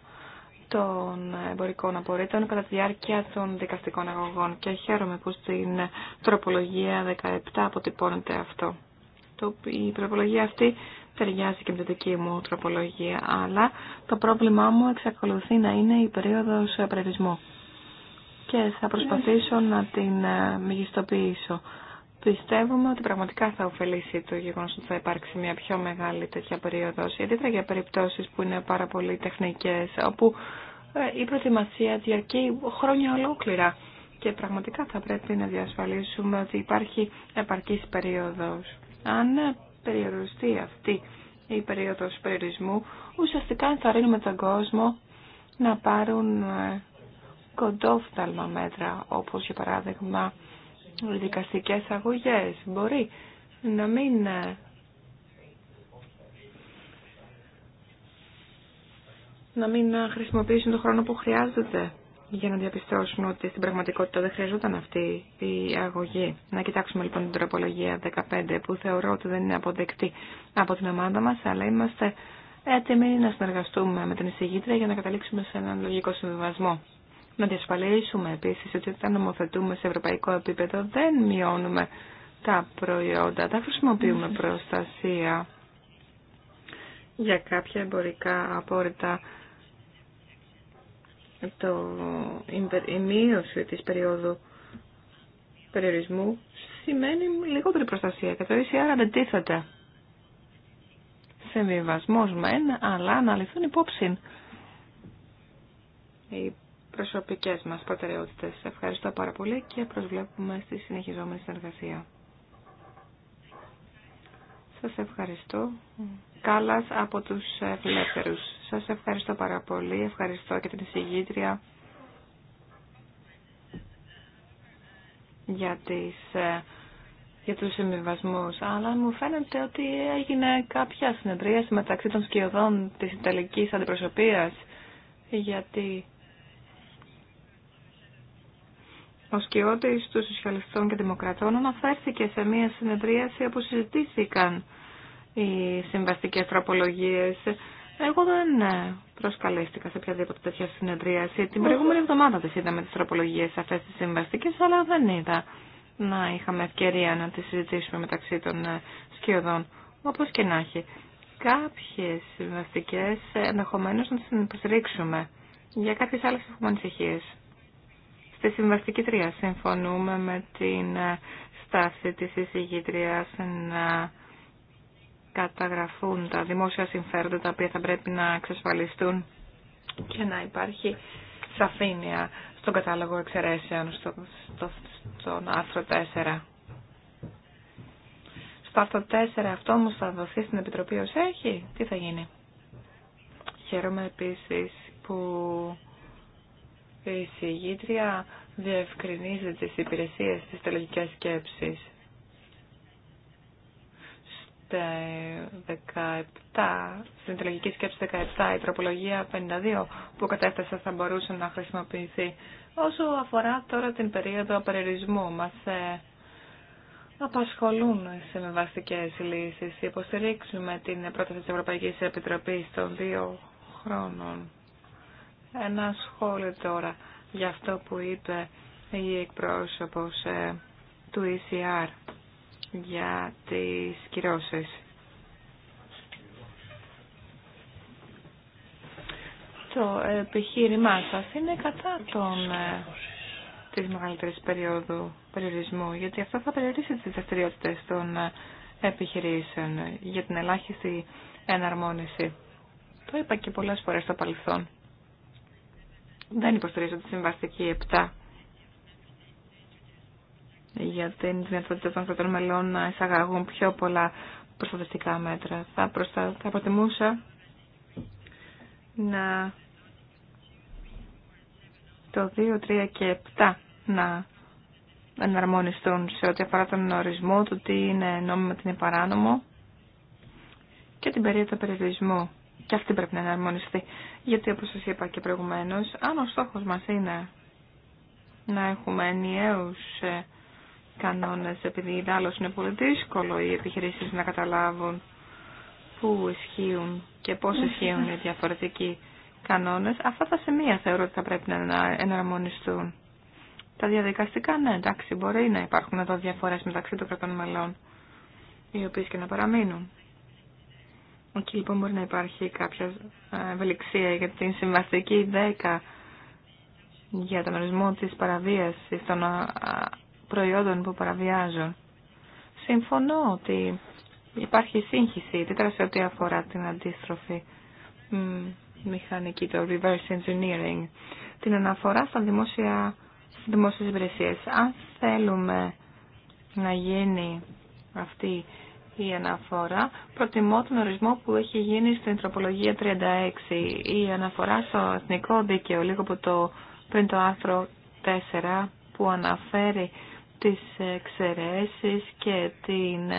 των εμπορικών απορρίτων κατά τη διάρκεια των δικαστικών αγωγών και χαίρομαι που στην τροπολογία 17 αποτυπώνεται αυτό. Η τροπολογία αυτή ταιριάζει και με την δική μου τροπολογία, αλλά το πρόβλημά μου εξακολουθεί να είναι η περίοδος απρεβισμού και θα προσπαθήσω να την ε, μεγιστοποιήσω. Πιστεύουμε ότι πραγματικά θα ωφελήσει το γεγονό ότι θα υπάρξει μια πιο μεγάλη τέτοια περίοδο, ιδιαίτερα για περιπτώσει που είναι πάρα πολύ τεχνικέ, όπου ε, η προετοιμασία διαρκεί χρόνια ολόκληρα. Και πραγματικά θα πρέπει να διασφαλίσουμε ότι υπάρχει επαρκή περίοδο. Αν ε, περιοριστεί αυτή η περίοδο περιορισμού, ουσιαστικά θα ρίχνουμε τον κόσμο να πάρουν ε, κοντόφθαλμα μέτρα, όπως για παράδειγμα δικαστικές αγωγές. Μπορεί να μην ε, να μην ε, χρησιμοποιήσουν τον χρόνο που χρειάζεται για να διαπιστώσουν ότι στην πραγματικότητα δεν χρειαζόταν αυτή η αγωγή. Να κοιτάξουμε λοιπόν την τροπολογία 15 που θεωρώ ότι δεν είναι αποδεκτή από την ομάδα μας, αλλά είμαστε έτοιμοι να συνεργαστούμε με την εισηγήτρια για να καταλήξουμε σε έναν λογικό συμβιβασμό. Να διασφαλίσουμε επίσης ότι όταν νομοθετούμε σε ευρωπαϊκό επίπεδο δεν μειώνουμε τα προϊόντα, δεν χρησιμοποιούμε προστασία για κάποια εμπορικά απόρριτα το, η μείωση της περίοδου περιορισμού σημαίνει λιγότερη προστασία και το δεν τίθεται σε μεν, αλλά να ληφθούν υπόψη οι προσωπικές μας προτεραιότητες. Ευχαριστώ πάρα πολύ και προσβλέπουμε στη συνεχιζόμενη συνεργασία. Σας ευχαριστώ. Κάλλας από τους φιλεύθερους. Σας ευχαριστώ πάρα πολύ. Ευχαριστώ και την εισηγήτρια για, τις, ε, για τους συμβιβασμούς. Αλλά μου φαίνεται ότι έγινε κάποια συνεδρίαση μεταξύ των σκιωδών της Ιταλικής Αντιπροσωπείας γιατί ο σκιώτης των Σοσιαλιστών και Δημοκρατών αναφέρθηκε σε μια συνεδρίαση όπου συζητήθηκαν οι συμβαστικές τροπολογίες. Εγώ δεν ε, προσκαλέστηκα σε οποιαδήποτε τέτοια συνεδρίαση. Την προηγούμενη εβδομάδα τις είδαμε τις τροπολογίες αυτές τι συμβαστικές, αλλά δεν είδα να είχαμε ευκαιρία να τις συζητήσουμε μεταξύ των ε, σκιωδών, όπως και να έχει. Κάποιες συμβαστικές ενδεχομένως να τις υποστηρίξουμε. Για κάποιες άλλες έχουμε ανησυχίες. Στη συμβαστική τρία συμφωνούμε με την ε, στάση της εισηγήτριας να καταγραφούν τα δημόσια συμφέροντα τα οποία θα πρέπει να εξασφαλιστούν και να υπάρχει σαφήνεια στον κατάλογο εξαιρέσεων στο, στο, στον άρθρο 4. Στο άρθρο 4 αυτό όμως θα δοθεί στην Επιτροπή ως έχει. Τι θα γίνει. Χαίρομαι επίσης που η συγγήτρια διευκρινίζει τις υπηρεσίες της τελογικής σκέψης. Στα 17, στην τελογική σκέψη 17 η τροπολογία 52 που κατέφτασε θα μπορούσε να χρησιμοποιηθεί. Όσο αφορά τώρα την περίοδο απεριορισμού, μας ε, απασχολούν οι μεβαστικές λύσεις. Υποστηρίξουμε την πρόταση της Ευρωπαϊκής Επιτροπής των δύο χρόνων ένα σχόλιο τώρα για αυτό που είπε η εκπρόσωπος ε, του ECR για τις κυρώσεις. Το επιχείρημά σας είναι κατά τον, ε, της μεγαλύτερης περίοδου περιορισμού, γιατί αυτό θα περιορίσει τις δραστηριότητε των ε, επιχειρήσεων για την ελάχιστη εναρμόνιση. Το είπα και πολλές φορές στο παρελθόν. Δεν υποστηρίζω τη συμβαστική 7 για την δυνατότητα των κρατών μελών να εισαγαγούν πιο πολλά προστατευτικά μέτρα. Θα, προστα... θα προτιμούσα να το 2, 3 και 7 να εναρμονιστούν σε ό,τι αφορά τον ορισμό του τι είναι νόμιμο, τι είναι παράνομο και την περίοδο περιορισμού και αυτή πρέπει να εναρμονιστεί. Γιατί όπως σας είπα και προηγουμένως, αν ο στόχος μας είναι να έχουμε ενιαίους ε, κανόνες, επειδή άλλως είναι πολύ δύσκολο οι επιχειρήσεις να καταλάβουν πού ισχύουν και πώς ναι. ισχύουν οι διαφορετικοί κανόνες, αυτά τα σημεία θεωρώ ότι θα πρέπει να εναρμονιστούν. Τα διαδικαστικά, ναι, εντάξει, μπορεί να υπάρχουν εδώ διαφορές μεταξύ των κρατών μελών, οι οποίες και να παραμείνουν. Εκεί λοιπόν μπορεί να υπάρχει κάποια ε, ευελιξία για την συμβαστική 10 για τον ορισμό της παραβίασης των προϊόντων που παραβιάζουν. Συμφωνώ ότι υπάρχει σύγχυση, τι σε ό,τι αφορά την αντίστροφη μηχανική, το reverse engineering, την αναφορά στα δημόσια, δημόσιες υπηρεσίες. Αν θέλουμε να γίνει αυτή η αναφορά, προτιμώ τον ορισμό που έχει γίνει στην τροπολογία 36. Η αναφορά στο εθνικό δίκαιο, λίγο από το πριν το άρθρο 4, που αναφέρει τις εξαιρέσεις και την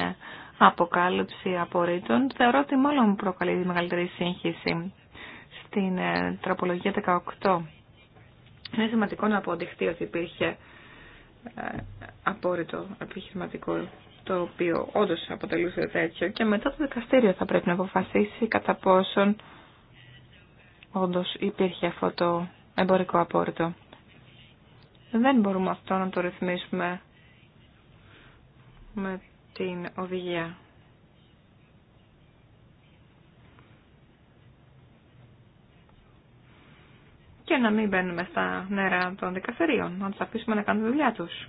αποκάλυψη απορρίτων, θεωρώ ότι μάλλον προκαλεί τη μεγαλύτερη σύγχυση στην ε, τροπολογία 18. Είναι σημαντικό να αποδειχθεί ότι υπήρχε ε, απόρριτο επιχειρηματικό το οποίο όντως αποτελούσε τέτοιο και μετά το δικαστήριο θα πρέπει να αποφασίσει κατά πόσον όντως υπήρχε αυτό το εμπορικό απόρριτο. Δεν μπορούμε αυτό να το ρυθμίσουμε με την οδηγία. Και να μην μπαίνουμε στα νερά των δικαστηρίων, να τους αφήσουμε να κάνουν τη δουλειά τους.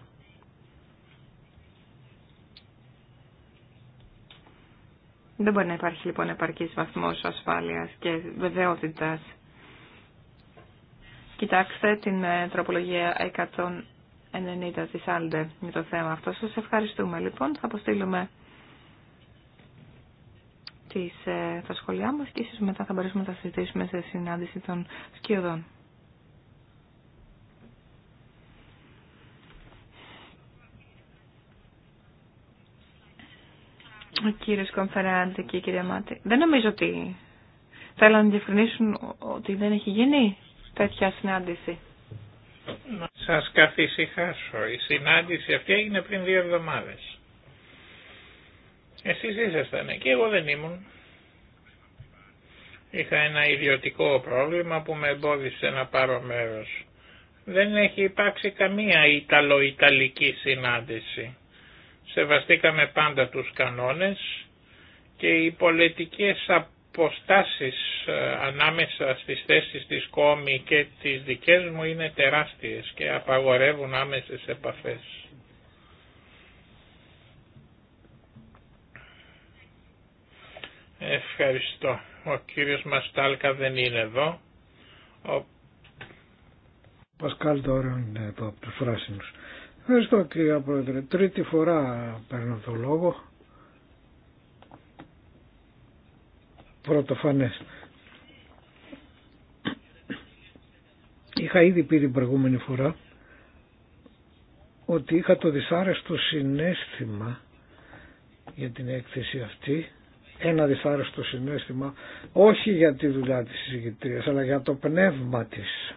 Δεν μπορεί να υπάρχει λοιπόν επαρκής βαθμός ασφάλειας και βεβαιότητας. Κοιτάξτε την ε, τροπολογία 190 της Άλντε με το θέμα αυτό. Σας ευχαριστούμε λοιπόν. Θα αποστείλουμε τις, ε, τα σχολιά μας και ίσως μετά θα μπορέσουμε να τα συζητήσουμε σε συνάντηση των σκιωδών. Ο κύριος Κομφεράντη και η κυρία Δεν νομίζω ότι θέλουν να διευκρινίσουν ότι δεν έχει γίνει τέτοια συνάντηση. Να σας καθησυχάσω. Η συνάντηση αυτή έγινε πριν δύο εβδομάδες. Εσείς ήσασταν εκεί, εγώ δεν ήμουν. Είχα ένα ιδιωτικό πρόβλημα που με εμπόδισε να πάρω μέρος. Δεν έχει υπάρξει καμία Ιταλο-Ιταλική συνάντηση σεβαστήκαμε πάντα τους κανόνες και οι πολιτικές αποστάσεις ε, ανάμεσα στις θέσεις της κόμη και τις δικές μου είναι τεράστιες και απαγορεύουν άμεσες επαφές. Ευχαριστώ. Ο κύριος Μαστάλκα δεν είναι εδώ. Ο Πασκάλ τώρα είναι από Ευχαριστώ κύριε Πρόεδρε. Τρίτη φορά παίρνω το λόγο. Πρωτοφανές. Είχα ήδη πει την προηγούμενη φορά ότι είχα το δυσάρεστο συνέστημα για την έκθεση αυτή ένα δυσάρεστο συνέστημα όχι για τη δουλειά της συζητηρίας αλλά για το πνεύμα της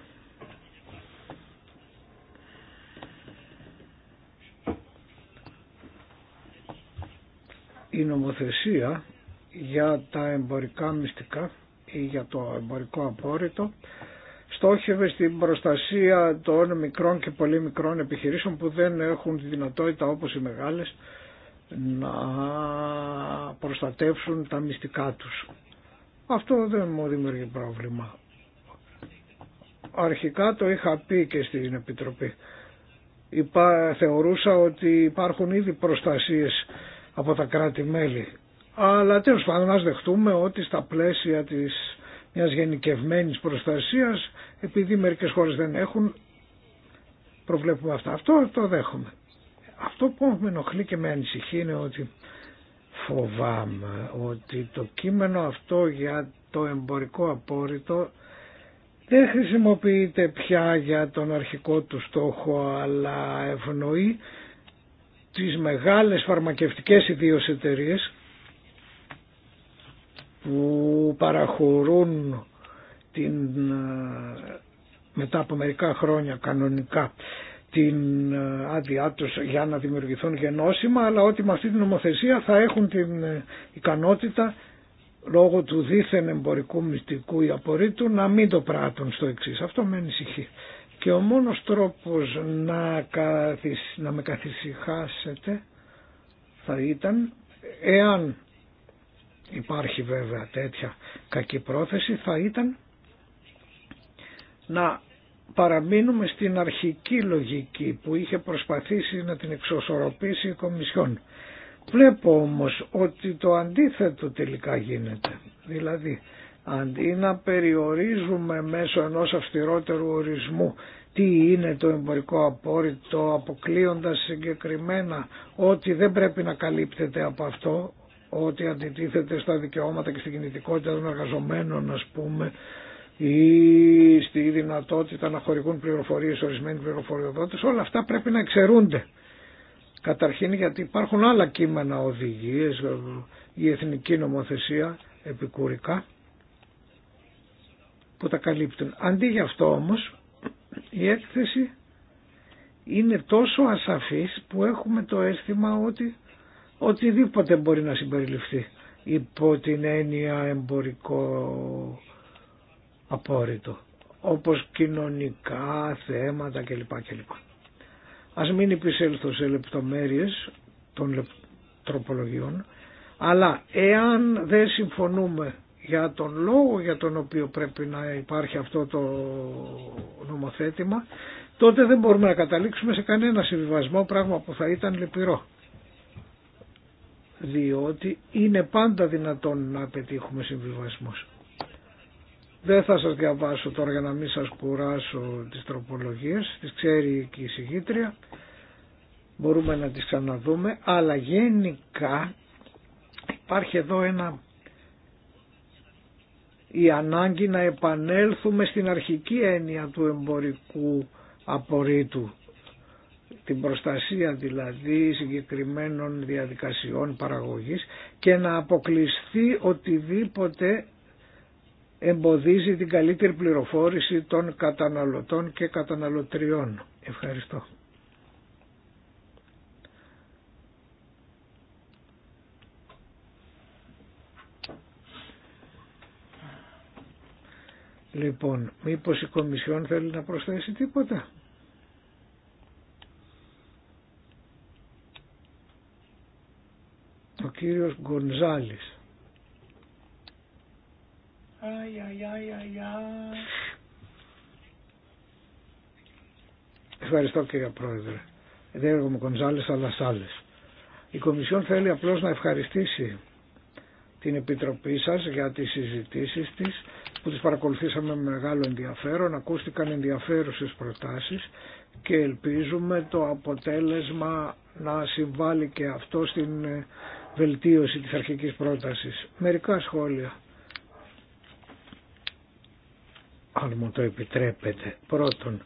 η νομοθεσία για τα εμπορικά μυστικά ή για το εμπορικό απόρριτο στόχευε στην προστασία των μικρών και πολύ μικρών επιχειρήσεων που δεν έχουν τη δυνατότητα όπως οι μεγάλες να προστατεύσουν τα μυστικά τους. Αυτό δεν μου δημιουργεί πρόβλημα. Αρχικά το είχα πει και στην Επιτροπή. Υπά, θεωρούσα ότι υπάρχουν ήδη προστασίες από τα κράτη-μέλη. Αλλά τέλος πάντων ας δεχτούμε ότι στα πλαίσια της μιας γενικευμένης προστασίας, επειδή μερικές χώρες δεν έχουν, προβλέπουμε αυτά. Αυτό το δέχομαι. Αυτό που με ενοχλεί και με ανησυχεί είναι ότι φοβάμαι ότι το κείμενο αυτό για το εμπορικό απόρριτο δεν χρησιμοποιείται πια για τον αρχικό του στόχο αλλά ευνοεί τις μεγάλες φαρμακευτικές ιδίως εταιρείε που παραχωρούν την, μετά από μερικά χρόνια κανονικά την άδειά τους για να δημιουργηθούν γενώσιμα αλλά ότι με αυτή την νομοθεσία θα έχουν την ικανότητα λόγω του δίθεν εμπορικού μυστικού ή απορρίτου να μην το πράττουν στο εξή. Αυτό με ανησυχεί. Και ο μόνος τρόπος να, να με καθησυχάσετε θα ήταν εάν υπάρχει βέβαια τέτοια κακή πρόθεση θα ήταν να παραμείνουμε στην αρχική λογική που είχε προσπαθήσει να την εξωσορροπήσει η Κομισιόν. Βλέπω όμως ότι το αντίθετο τελικά γίνεται. Δηλαδή Αντί να περιορίζουμε μέσω ενός αυστηρότερου ορισμού τι είναι το εμπορικό απόρριτο αποκλείοντας συγκεκριμένα ότι δεν πρέπει να καλύπτεται από αυτό, ότι αντιτίθεται στα δικαιώματα και στην κινητικότητα των εργαζομένων πούμε ή στη δυνατότητα να χορηγούν πληροφορίες ορισμένοι πληροφοριοδότες, όλα αυτά πρέπει να εξαιρούνται. Καταρχήν γιατί υπάρχουν άλλα κείμενα οδηγίες, η εθνική νομοθεσία επικουρικά που τα καλύπτουν. Αντί για αυτό όμως η έκθεση είναι τόσο ασαφής που έχουμε το αίσθημα ότι οτιδήποτε μπορεί να συμπεριληφθεί υπό την έννοια εμπορικό απόρριτο όπως κοινωνικά θέματα κλπ. κλπ. Ας μην υπησέλθω σε λεπτομέρειες των τροπολογιών αλλά εάν δεν συμφωνούμε για τον λόγο για τον οποίο πρέπει να υπάρχει αυτό το νομοθέτημα, τότε δεν μπορούμε να καταλήξουμε σε κανένα συμβιβασμό, πράγμα που θα ήταν λυπηρό. Διότι είναι πάντα δυνατόν να πετύχουμε συμβιβασμούς. Δεν θα σας διαβάσω τώρα για να μην σας κουράσω τις τροπολογίες, τις ξέρει και η συγγήτρια, μπορούμε να τις ξαναδούμε, αλλά γενικά υπάρχει εδώ ένα η ανάγκη να επανέλθουμε στην αρχική έννοια του εμπορικού απορρίτου την προστασία δηλαδή συγκεκριμένων διαδικασιών παραγωγής και να αποκλειστεί οτιδήποτε εμποδίζει την καλύτερη πληροφόρηση των καταναλωτών και καταναλωτριών. Ευχαριστώ. Λοιπόν, μήπως η Κομισιόν θέλει να προσθέσει τίποτα. Ο κύριος Γκονζάλης. Αι, αι, αι, Ευχαριστώ κύριε Πρόεδρε. Δεν έρχομαι Γκονζάλης αλλά σ' άλλες. Η Κομισιόν θέλει απλώς να ευχαριστήσει την Επιτροπή σας για τις συζητήσεις της που τις παρακολουθήσαμε με μεγάλο ενδιαφέρον, ακούστηκαν ενδιαφέρουσες προτάσεις και ελπίζουμε το αποτέλεσμα να συμβάλλει και αυτό στην ε, βελτίωση της αρχικής πρότασης. Μερικά σχόλια, αν μου το επιτρέπετε. Πρώτον,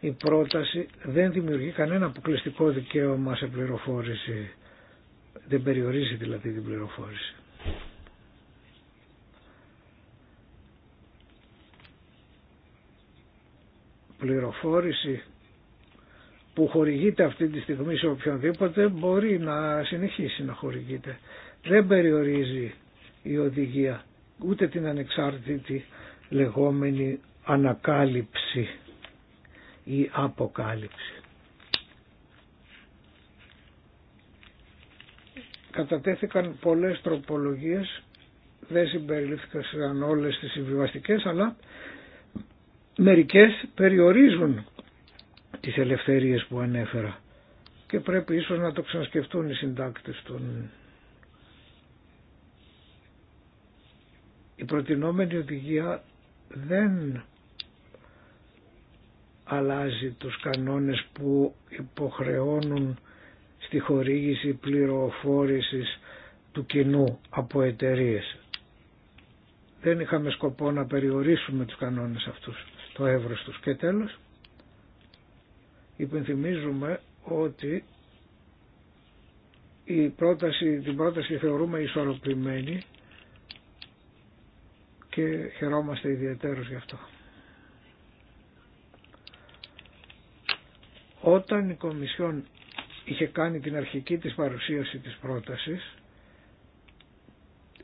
η πρόταση δεν δημιουργεί κανένα αποκλειστικό δικαίωμα σε πληροφόρηση, δεν περιορίζει δηλαδή την πληροφόρηση. πληροφόρηση που χορηγείται αυτή τη στιγμή σε οποιονδήποτε μπορεί να συνεχίσει να χορηγείται. Δεν περιορίζει η οδηγία ούτε την ανεξάρτητη λεγόμενη ανακάλυψη ή αποκάλυψη. Κατατέθηκαν πολλές τροπολογίες, δεν συμπεριλήφθηκαν όλες τις συμβιβαστικές, αλλά μερικές περιορίζουν τις ελευθερίες που ανέφερα και πρέπει ίσως να το ξανασκεφτούν οι συντάκτες των Η προτινόμενη οδηγία δεν αλλάζει τους κανόνες που υποχρεώνουν στη χορήγηση πληροφόρησης του κοινού από εταιρείε. Δεν είχαμε σκοπό να περιορίσουμε τους κανόνες αυτούς το εύρος τους. Και τέλος, υπενθυμίζουμε ότι η πρόταση, την πρόταση θεωρούμε ισορροπημένη και χαιρόμαστε ιδιαίτερως γι' αυτό. Όταν η Κομισιόν είχε κάνει την αρχική της παρουσίαση της πρότασης,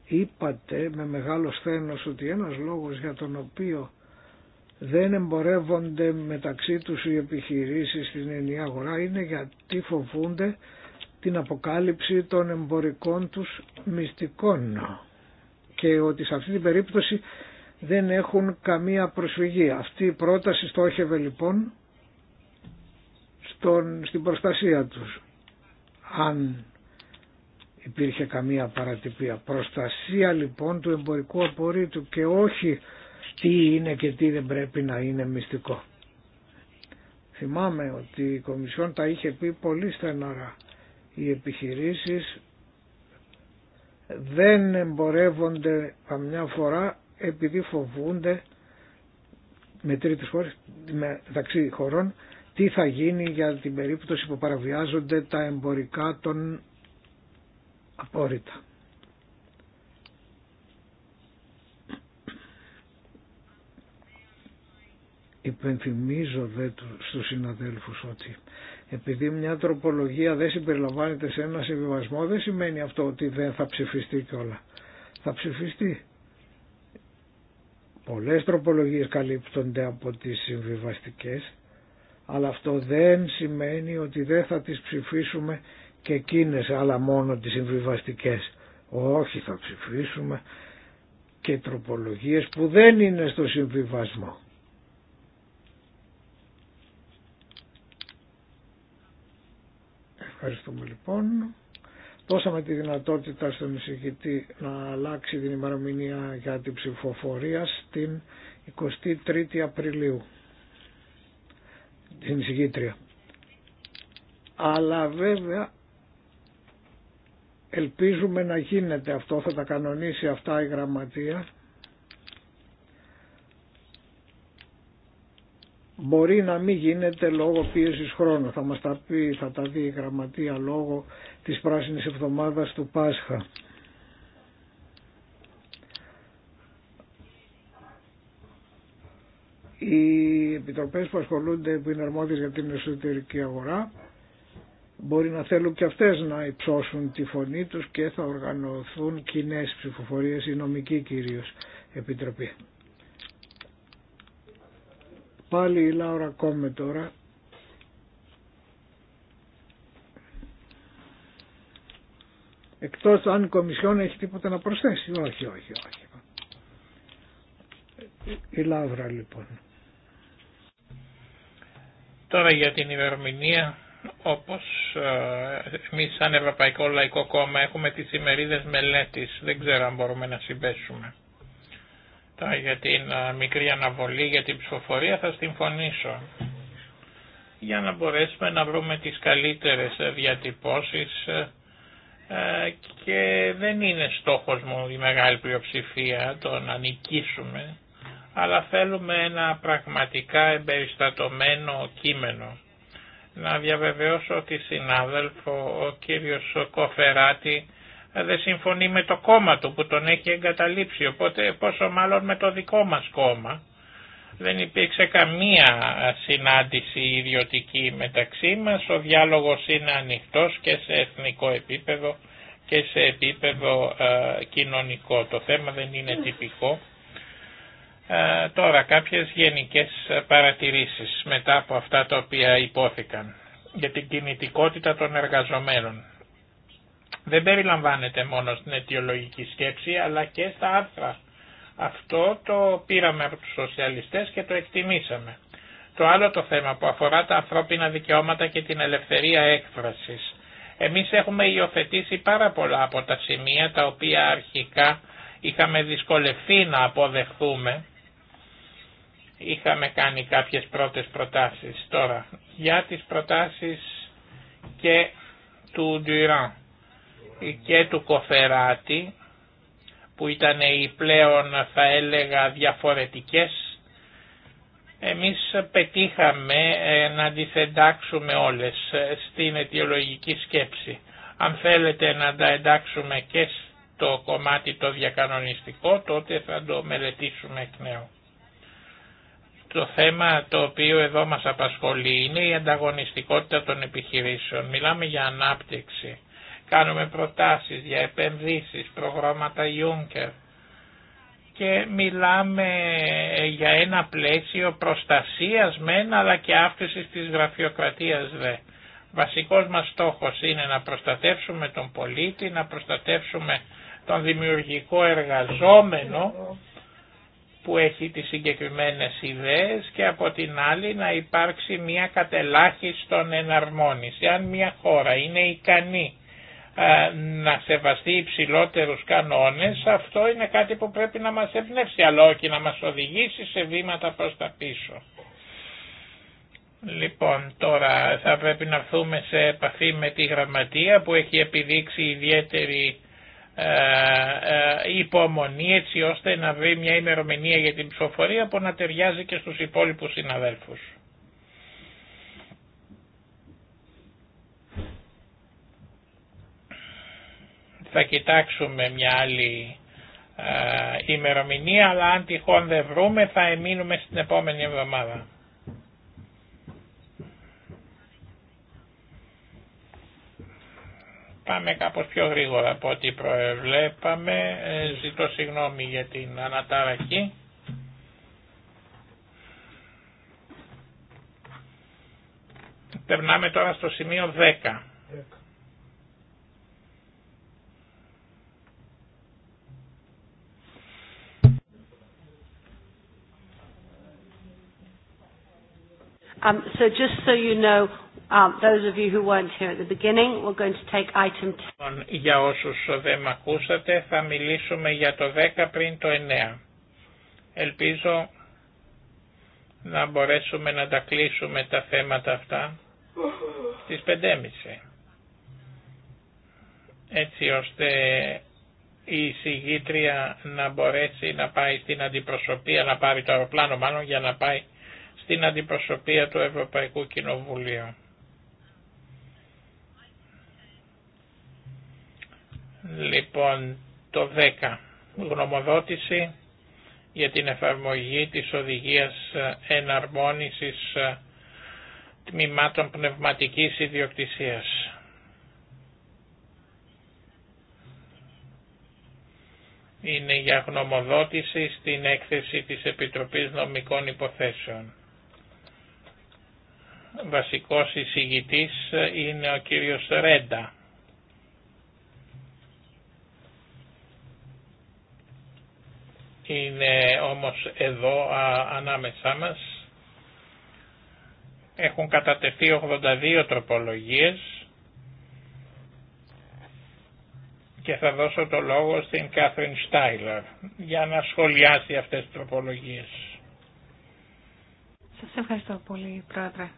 είπατε με μεγάλο σθένος ότι ένας λόγος για τον οποίο δεν εμπορεύονται μεταξύ τους οι επιχειρήσεις στην ενιαία αγορά είναι γιατί φοβούνται την αποκάλυψη των εμπορικών τους μυστικών και ότι σε αυτή την περίπτωση δεν έχουν καμία προσφυγή. Αυτή η πρόταση στόχευε λοιπόν στον, στην προστασία τους. Αν υπήρχε καμία παρατυπία. Προστασία λοιπόν του εμπορικού απορρίτου και όχι τι είναι και τι δεν πρέπει να είναι μυστικό. Θυμάμαι ότι η Κομισιόν τα είχε πει πολύ στεναρά. Οι επιχειρήσεις δεν εμπορεύονται καμιά φορά επειδή φοβούνται με τρίτες χώρες, μεταξύ χωρών, τι θα γίνει για την περίπτωση που παραβιάζονται τα εμπορικά των απόρριτα. υπενθυμίζω δε στους συναδέλφους ότι επειδή μια τροπολογία δεν συμπεριλαμβάνεται σε ένα συμβιβασμό δεν σημαίνει αυτό ότι δεν θα ψηφιστεί κιόλα. Θα ψηφιστεί. Πολλές τροπολογίες καλύπτονται από τις συμβιβαστικές αλλά αυτό δεν σημαίνει ότι δεν θα τις ψηφίσουμε και εκείνες αλλά μόνο τις συμβιβαστικές. Όχι θα ψηφίσουμε και τροπολογίες που δεν είναι στο συμβιβασμό. Ευχαριστούμε λοιπόν. Δώσαμε τη δυνατότητα στον εισηγητή να αλλάξει την ημερομηνία για την ψηφοφορία στην 23η Απριλίου. Την εισηγήτρια. Αλλά βέβαια ελπίζουμε να γίνεται αυτό, θα τα κανονίσει αυτά η γραμματεία μπορεί να μην γίνεται λόγω πίεσης χρόνου. Θα μας τα πει, θα τα δει η γραμματεία λόγω της πράσινης εβδομάδας του Πάσχα. Οι επιτροπές που ασχολούνται, που είναι αρμόδιες για την εσωτερική αγορά, μπορεί να θέλουν και αυτές να υψώσουν τη φωνή τους και θα οργανωθούν κοινές ψηφοφορίες, η νομική κυρίως επιτροπή. Πάλι η Λάουρα Κόμε τώρα. Εκτός αν η Κομισιόν έχει τίποτα να προσθέσει. Όχι, όχι, όχι. Η Λάουρα λοιπόν. Τώρα για την ημερομηνία, όπως ε, εμείς σαν Ευρωπαϊκό Λαϊκό Κόμμα έχουμε τις ημερίδες μελέτης, δεν ξέρω αν μπορούμε να συμπέσουμε για την μικρή αναβολή για την ψηφοφορία θα συμφωνήσω. Για να μπορέσουμε να βρούμε τις καλύτερες ε, διατυπώσεις ε, ε, και δεν είναι στόχος μου η μεγάλη πλειοψηφία το να νικήσουμε αλλά θέλουμε ένα πραγματικά εμπεριστατωμένο κείμενο. Να διαβεβαιώσω ότι συνάδελφο ο κύριος Κοφεράτη ε, δεν συμφωνεί με το κόμμα του που τον έχει εγκαταλείψει. Οπότε πόσο μάλλον με το δικό μας κόμμα. Δεν υπήρξε καμία συνάντηση ιδιωτική μεταξύ μας. Ο διάλογος είναι ανοιχτός και σε εθνικό επίπεδο και σε επίπεδο ε, κοινωνικό. Το θέμα δεν είναι τυπικό. Ε, τώρα κάποιες γενικές παρατηρήσεις μετά από αυτά τα οποία υπόθηκαν για την κινητικότητα των εργαζομένων δεν περιλαμβάνεται μόνο στην αιτιολογική σκέψη αλλά και στα άρθρα. Αυτό το πήραμε από τους σοσιαλιστές και το εκτιμήσαμε. Το άλλο το θέμα που αφορά τα ανθρώπινα δικαιώματα και την ελευθερία έκφρασης. Εμείς έχουμε υιοθετήσει πάρα πολλά από τα σημεία τα οποία αρχικά είχαμε δυσκολευτεί να αποδεχθούμε. Είχαμε κάνει κάποιες πρώτες προτάσεις τώρα για τις προτάσεις και του Ντουιράν και του Κοφεράτη που ήταν οι πλέον θα έλεγα διαφορετικές εμείς πετύχαμε ε, να τις εντάξουμε όλες ε, στην αιτιολογική σκέψη. Αν θέλετε να τα εντάξουμε και στο κομμάτι το διακανονιστικό τότε θα το μελετήσουμε εκ νέου. Το θέμα το οποίο εδώ μας απασχολεί είναι η ανταγωνιστικότητα των επιχειρήσεων. Μιλάμε για ανάπτυξη Κάνουμε προτάσεις για επενδύσεις, προγράμματα Juncker και μιλάμε ε, για ένα πλαίσιο προστασίας μεν αλλά και αύξησης της γραφειοκρατίας δε. Βασικός μας στόχος είναι να προστατεύσουμε τον πολίτη, να προστατεύσουμε τον δημιουργικό εργαζόμενο που έχει τις συγκεκριμένες ιδέες και από την άλλη να υπάρξει μια κατελάχιστον εναρμόνιση. Αν μια χώρα είναι ικανή ε, να σεβαστεί υψηλότερους κανόνες, αυτό είναι κάτι που πρέπει να μας εμπνεύσει, αλλά όχι να μας οδηγήσει σε βήματα προς τα πίσω. Λοιπόν, τώρα θα πρέπει να έρθουμε σε επαφή με τη γραμματεία που έχει επιδείξει ιδιαίτερη ε, ε, υπομονή έτσι ώστε να βρει μια ημερομηνία για την ψηφοφορία που να ταιριάζει και στους υπόλοιπους συναδέλφους. Θα κοιτάξουμε μια άλλη ημερομηνία, αλλά αν τυχόν δεν βρούμε θα εμείνουμε στην επόμενη εβδομάδα. Πάμε κάπως πιο γρήγορα από ό,τι προεβλέπαμε. Ε, ζητώ συγγνώμη για την αναταραχή. Περνάμε τώρα στο σημείο 10. Για όσους δεν με ακούσατε, θα μιλήσουμε για το 10 πριν το 9. Ελπίζω να μπορέσουμε να τα κλείσουμε τα θέματα αυτά στις 5.30. Έτσι ώστε η συγγήτρια να μπορέσει να πάει στην αντιπροσωπεία, να πάρει το αεροπλάνο μάλλον για να πάει την αντιπροσωπεία του Ευρωπαϊκού Κοινοβουλίου. Λοιπόν, το 10. Γνωμοδότηση για την εφαρμογή της οδηγίας εναρμόνισης τμήματων πνευματικής ιδιοκτησίας. Είναι για γνωμοδότηση στην έκθεση της Επιτροπής Νομικών Υποθέσεων βασικός εισηγητής ε, είναι ο κύριος Ρέντα. Είναι όμως εδώ ανάμεσά μας. Έχουν κατατεθεί 82 τροπολογίες και θα δώσω το λόγο στην Κάθριν Στάιλερ για να σχολιάσει αυτές τις τροπολογίες. Σας ευχαριστώ πολύ, Πρόεδρε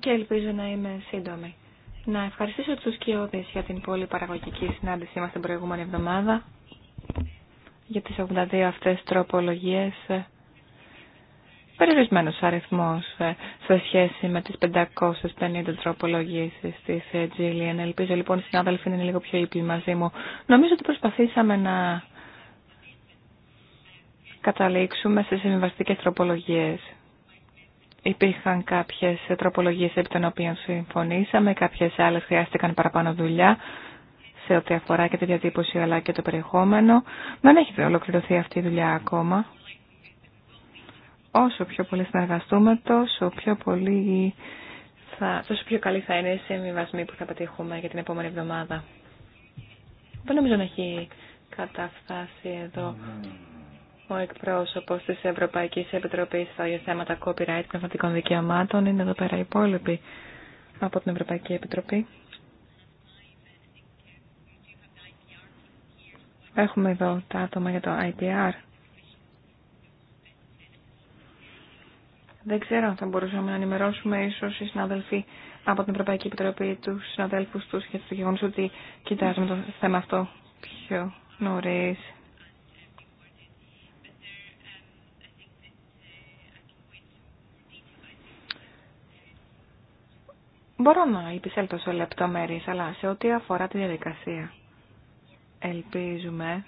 και ελπίζω να είμαι σύντομη. Να ευχαριστήσω τους Κιώδης για την πολύ παραγωγική συνάντησή μας την προηγούμενη εβδομάδα για τις 82 αυτές τροπολογίες περιορισμένος αριθμός ε, σε σχέση με τις 550 τροπολογίες της Jillian. Ε, ελπίζω λοιπόν οι συνάδελφοι είναι λίγο πιο ήπιοι μαζί μου. Νομίζω ότι προσπαθήσαμε να καταλήξουμε σε συμβαστικές τροπολογίες. Υπήρχαν κάποιες τροπολογίες επί των οποίων συμφωνήσαμε, κάποιες άλλες χρειάστηκαν παραπάνω δουλειά σε ό,τι αφορά και τη διατύπωση αλλά και το περιεχόμενο. Δεν έχει ολοκληρωθεί αυτή η δουλειά ακόμα. Όσο πιο πολύ συνεργαστούμε, τόσο πιο πολύ θα, τόσο πιο καλή θα είναι η συμβιβασμή που θα πετύχουμε για την επόμενη εβδομάδα. Δεν νομίζω να έχει καταφτάσει εδώ ο εκπρόσωπος της Ευρωπαϊκής Επιτροπής για θέματα copyright πνευματικών δικαιωμάτων είναι εδώ πέρα υπόλοιποι από την Ευρωπαϊκή Επιτροπή. Έχουμε εδώ τα άτομα για το IPR. Δεν ξέρω αν θα μπορούσαμε να ενημερώσουμε ίσω οι συνάδελφοι από την Ευρωπαϊκή Επιτροπή του συναδέλφου του για το γεγονό ότι κοιτάζουμε το θέμα αυτό πιο νωρί. Μπορώ να επισέλθω σε λεπτομέρειες, αλλά σε ό,τι αφορά τη διαδικασία. Ελπίζουμε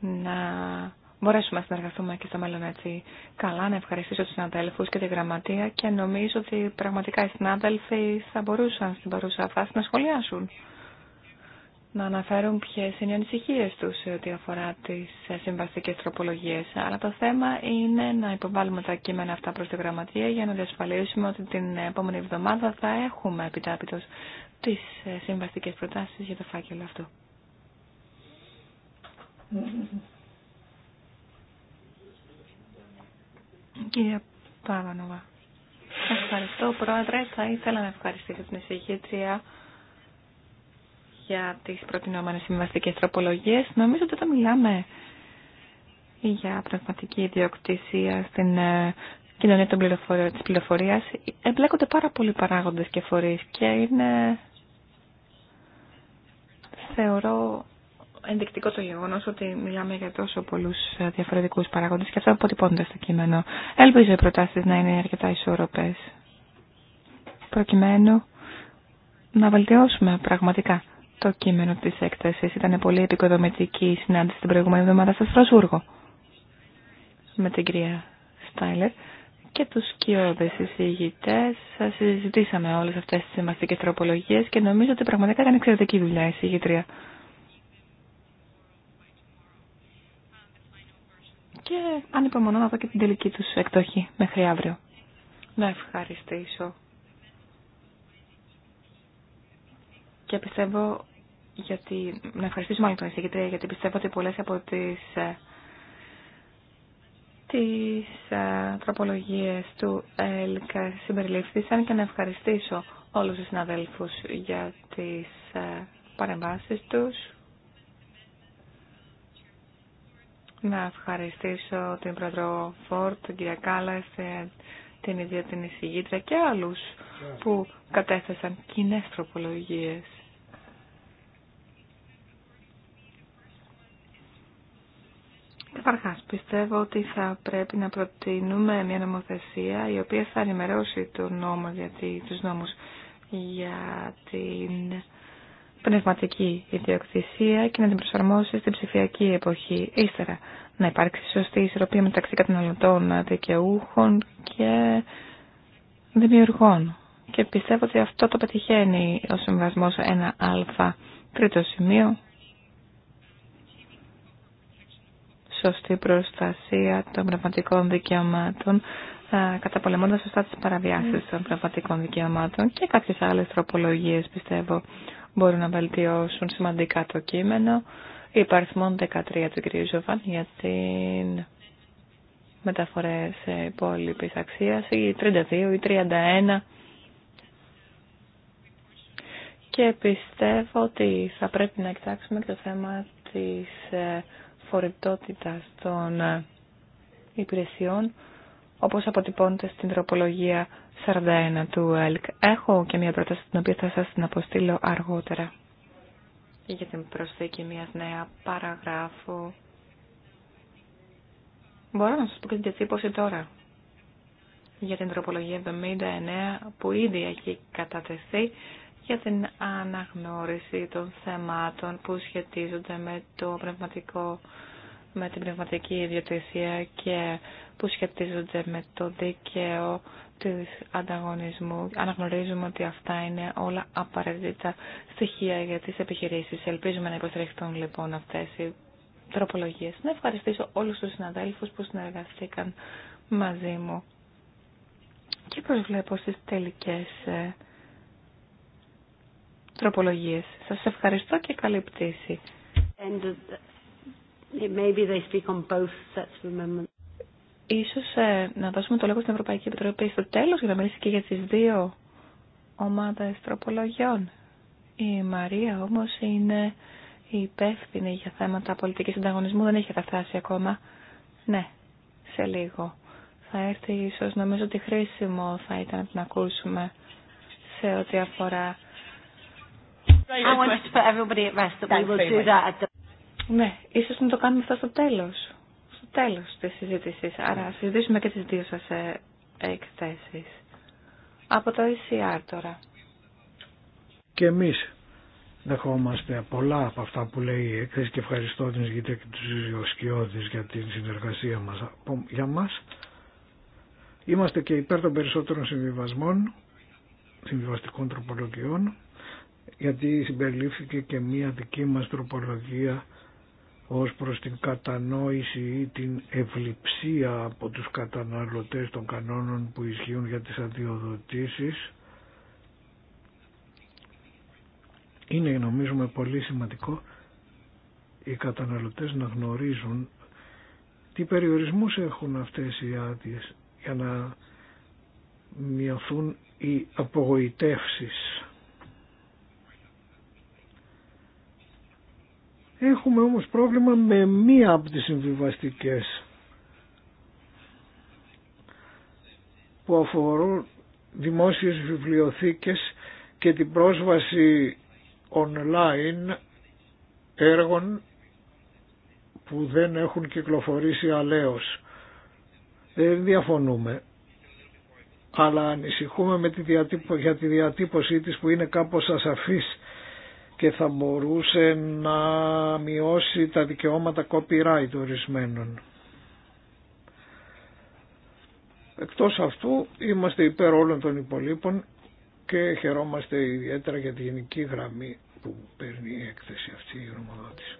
να μπορέσουμε να συνεργαστούμε και στο μέλλον έτσι καλά, να ευχαριστήσω τους συναδέλφους και τη γραμματεία και νομίζω ότι πραγματικά οι συνάδελφοι θα μπορούσαν στην παρούσα φάση να σχολιάσουν να αναφέρουν ποιε είναι οι ανησυχίε του σε ό,τι αφορά τι ε, συμβαστικέ τροπολογίε. Αλλά το θέμα είναι να υποβάλουμε τα κείμενα αυτά προ τη γραμματεία για να διασφαλίσουμε ότι την επόμενη εβδομάδα θα έχουμε επιτάπητο τι ε, συμβαστικέ προτάσει για το φάκελο αυτό. Κύριε Πάβανοβα, ευχαριστώ πρόεδρε. Θα ήθελα να ευχαριστήσω την εισηγήτρια για τις προτινόμενες συμβαστικές τροπολογίες. Νομίζω ότι όταν μιλάμε για πραγματική ιδιοκτησία στην ε, κοινωνία τη πληροφορία, της πληροφορίας εμπλέκονται πάρα πολλοί παράγοντες και φορείς και είναι θεωρώ ενδεικτικό το γεγονό ότι μιλάμε για τόσο πολλού ε, διαφορετικού παράγοντε και αυτό αποτυπώνεται στο κείμενο. Ελπίζω οι προτάσει να είναι αρκετά ισόρροπε. Προκειμένου να βελτιώσουμε πραγματικά το κείμενο της έκθεσης. Ήταν πολύ επικοδομητική η συνάντηση την προηγούμενη εβδομάδα στο Στρασβούργο με την κυρία Στάιλερ και τους σκιώδες εισηγητές. Σας συζητήσαμε όλες αυτές τις σημαντικές τροπολογίες και νομίζω ότι πραγματικά ήταν εξαιρετική δουλειά η εισηγητρία. Και ανυπομονώ να δω και την τελική τους εκτόχη μέχρι αύριο. Να ευχαριστήσω. Και πιστεύω γιατί, να ευχαριστήσω μάλλον τον εισηγητρία, γιατί πιστεύω ότι πολλές από τις, ε, τις ε, τροπολογίες του ΕΛΚ συμπεριληφθήσαν και να ευχαριστήσω όλους τους συναδέλφους για τις ε, παρεμβάσεις τους. Να ευχαριστήσω την Πρόεδρο Φόρτ, την κυρία Κάλλας, την ίδια την εισηγήτρια και άλλους που κατέθεσαν κοινέ τροπολογίες. Καταρχά, πιστεύω ότι θα πρέπει να προτείνουμε μια νομοθεσία η οποία θα ενημερώσει το νόμο για τους νόμους για την πνευματική ιδιοκτησία και να την προσαρμόσει στην ψηφιακή εποχή. Ύστερα, να υπάρξει σωστή ισορροπία μεταξύ καταναλωτών, δικαιούχων και δημιουργών. Και πιστεύω ότι αυτό το πετυχαίνει ο συμβασμος ένα 1α. Τρίτο σημείο, σωστή προστασία των πνευματικών δικαιωμάτων, ε, καταπολεμώντα σωστά τις παραβιάσεις των πνευματικών δικαιωμάτων και κάποιε άλλε τροπολογίε, πιστεύω μπορούν να βελτιώσουν σημαντικά το κείμενο. Υπάρχουν 13 του κ. Ζωβάν για την μεταφορέ υπόλοιπη αξία ή 32 ή 31 και πιστεύω ότι θα πρέπει να εκτάξουμε και το θέμα της ε, φορετότητας των ε, υπηρεσιών, όπως αποτυπώνεται στην τροπολογία 41 του ΕΛΚ. Έχω και μια πρόταση την οποία θα σας την αποστείλω αργότερα για την προσθήκη μια νέα παραγράφου. Μπορώ να σας πω και την διατύπωση τώρα για την τροπολογία 79 που ήδη έχει κατατεθεί για την αναγνώριση των θεμάτων που σχετίζονται με, το πνευματικό, με την πνευματική ιδιοτησία και που σχετίζονται με το δίκαιο του ανταγωνισμού. Αναγνωρίζουμε ότι αυτά είναι όλα απαραίτητα στοιχεία για τις επιχειρήσεις. Ελπίζουμε να υποστηριχθούν λοιπόν αυτές οι τροπολογίες. Να ευχαριστήσω όλους τους συναδέλφους που συνεργαστήκαν μαζί μου και προσβλέπω στις τελικές ε, τροπολογίες. Σας ευχαριστώ και καλή πτήση. And uh, Ίσως ε, να δώσουμε το λόγο στην Ευρωπαϊκή Επιτροπή στο τέλος για να μιλήσει και για τις δύο ομάδες τροπολογιών. Η Μαρία όμως είναι η υπεύθυνη για θέματα πολιτικής ανταγωνισμού, δεν έχει καταφτάσει ακόμα. Ναι, σε λίγο. Θα έρθει ίσως, νομίζω ότι χρήσιμο θα ήταν να την ακούσουμε σε ό,τι αφορά ναι, ίσως να το κάνουμε αυτό στο τέλος. Στο τέλος της συζήτησης. Άρα συζητήσουμε και τις δύο σας ε, εκθέσεις. Από το ECR τώρα. Και εμείς δεχόμαστε πολλά από αυτά που λέει η έκθεση και ευχαριστώ την Ζητή και τους Ιωσκιώδης για την συνεργασία μας. Για μας είμαστε και υπέρ των περισσότερων συμβιβασμών, συμβιβαστικών τροπολογιών γιατί συμπεριλήφθηκε και μία δική μας τροπολογία ως προς την κατανόηση ή την ευληψία από τους καταναλωτές των κανόνων που ισχύουν για τις αδειοδοτήσεις είναι νομίζουμε πολύ σημαντικό οι καταναλωτές να γνωρίζουν τι περιορισμούς έχουν αυτές οι άδειες για να μειωθούν οι απογοητεύσεις Έχουμε όμως πρόβλημα με μία από τις συμβιβαστικές που αφορούν δημόσιες βιβλιοθήκες και την πρόσβαση online έργων που δεν έχουν κυκλοφορήσει αλέως. Δεν διαφωνούμε, αλλά ανησυχούμε με τη διατύπω, για τη διατύπωσή της που είναι κάπως ασαφής και θα μπορούσε να μειώσει τα δικαιώματα copyright ορισμένων. Εκτός αυτού είμαστε υπέρ όλων των υπολείπων και χαιρόμαστε ιδιαίτερα για τη γενική γραμμή που παίρνει η έκθεση αυτή η γνωμοδότηση.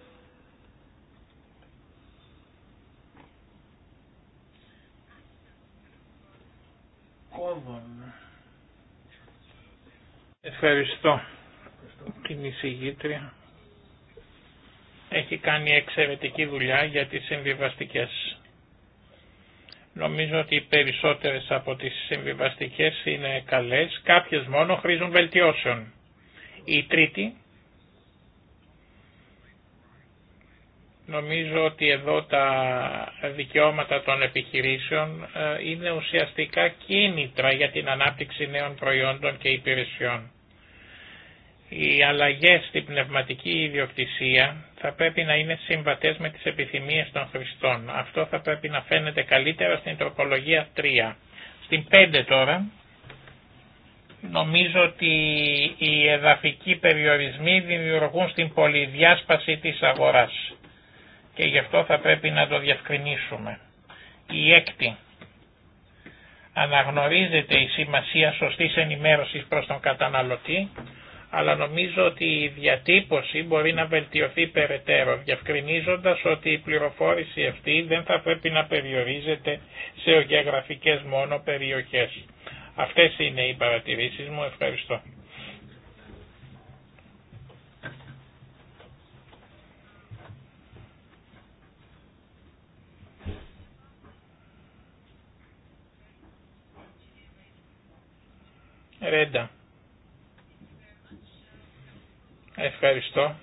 Ευχαριστώ. Η εισηγήτρια. Έχει κάνει εξαιρετική δουλειά για τις συμβιβαστικές. Νομίζω ότι οι περισσότερες από τις συμβιβαστικές είναι καλές, κάποιες μόνο χρήζουν βελτιώσεων. Η τρίτη, νομίζω ότι εδώ τα δικαιώματα των επιχειρήσεων ε, είναι ουσιαστικά κίνητρα για την ανάπτυξη νέων προϊόντων και υπηρεσιών. Οι αλλαγές στην πνευματική ιδιοκτησία θα πρέπει να είναι συμβατές με τις επιθυμίες των χρηστών. Αυτό θα πρέπει να φαίνεται καλύτερα στην τροπολογία 3. Στην 5 τώρα, νομίζω ότι οι εδαφικοί περιορισμοί δημιουργούν στην πολυδιάσπαση της αγοράς και γι' αυτό θα πρέπει να το διευκρινίσουμε. Η έκτη αναγνωρίζεται η σημασία σωστής ενημέρωσης προς τον καταναλωτή αλλά νομίζω ότι η διατύπωση μπορεί να βελτιωθεί περαιτέρω, διευκρινίζοντας ότι η πληροφόρηση αυτή δεν θα πρέπει να περιορίζεται σε γεωγραφικές μόνο περιοχές. Αυτές είναι οι παρατηρήσεις μου. Ευχαριστώ. Ρέντα. Ευχαριστώ.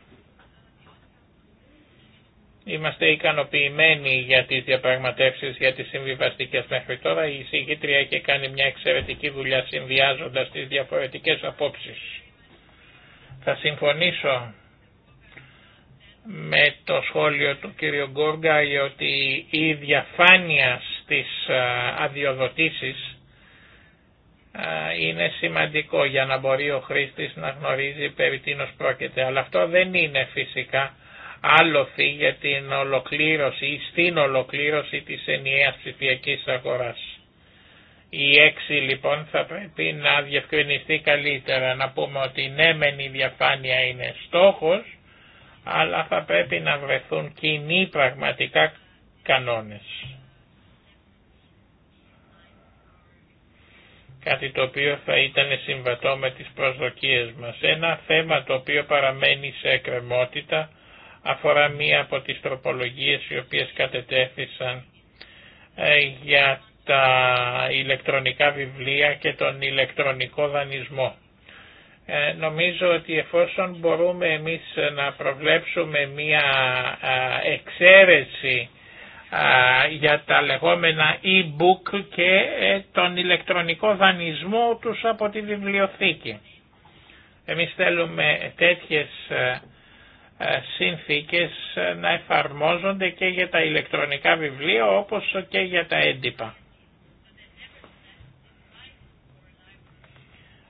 Είμαστε ικανοποιημένοι για τις διαπραγματεύσεις, για τις συμβιβαστικές μέχρι τώρα. Η εισηγήτρια έχει κάνει μια εξαιρετική δουλειά συνδυάζοντας τις διαφορετικές απόψεις. Θα συμφωνήσω με το σχόλιο του κ. Γκόργα ότι η διαφάνεια στις αδειοδοτήσεις είναι σημαντικό για να μπορεί ο χρήστης να γνωρίζει περί τίνος πρόκειται. Αλλά αυτό δεν είναι φυσικά άλοθη για την ολοκλήρωση ή στην ολοκλήρωση της ενιαίας ψηφιακής αγοράς. Η έξι λοιπόν θα πρέπει να διευκρινιστεί καλύτερα, να πούμε ότι ναι μεν διαφάνεια είναι στόχος, αλλά θα πρέπει να βρεθούν κοινοί πραγματικά κανόνες. κάτι το οποίο θα ήταν συμβατό με τις προσδοκίες μας. Ένα θέμα το οποίο παραμένει σε εκκρεμότητα αφορά μία από τις τροπολογίες οι οποίες κατετέθησαν ε, για τα ηλεκτρονικά βιβλία και τον ηλεκτρονικό δανεισμό. Ε, νομίζω ότι εφόσον μπορούμε εμείς να προβλέψουμε μία ε, εξαίρεση για τα λεγόμενα e-book και ε, τον ηλεκτρονικό δανεισμό τους από τη βιβλιοθήκη. Εμείς θέλουμε τέτοιες ε, ε, συνθήκες να εφαρμόζονται και για τα ηλεκτρονικά βιβλία όπως και για τα έντυπα.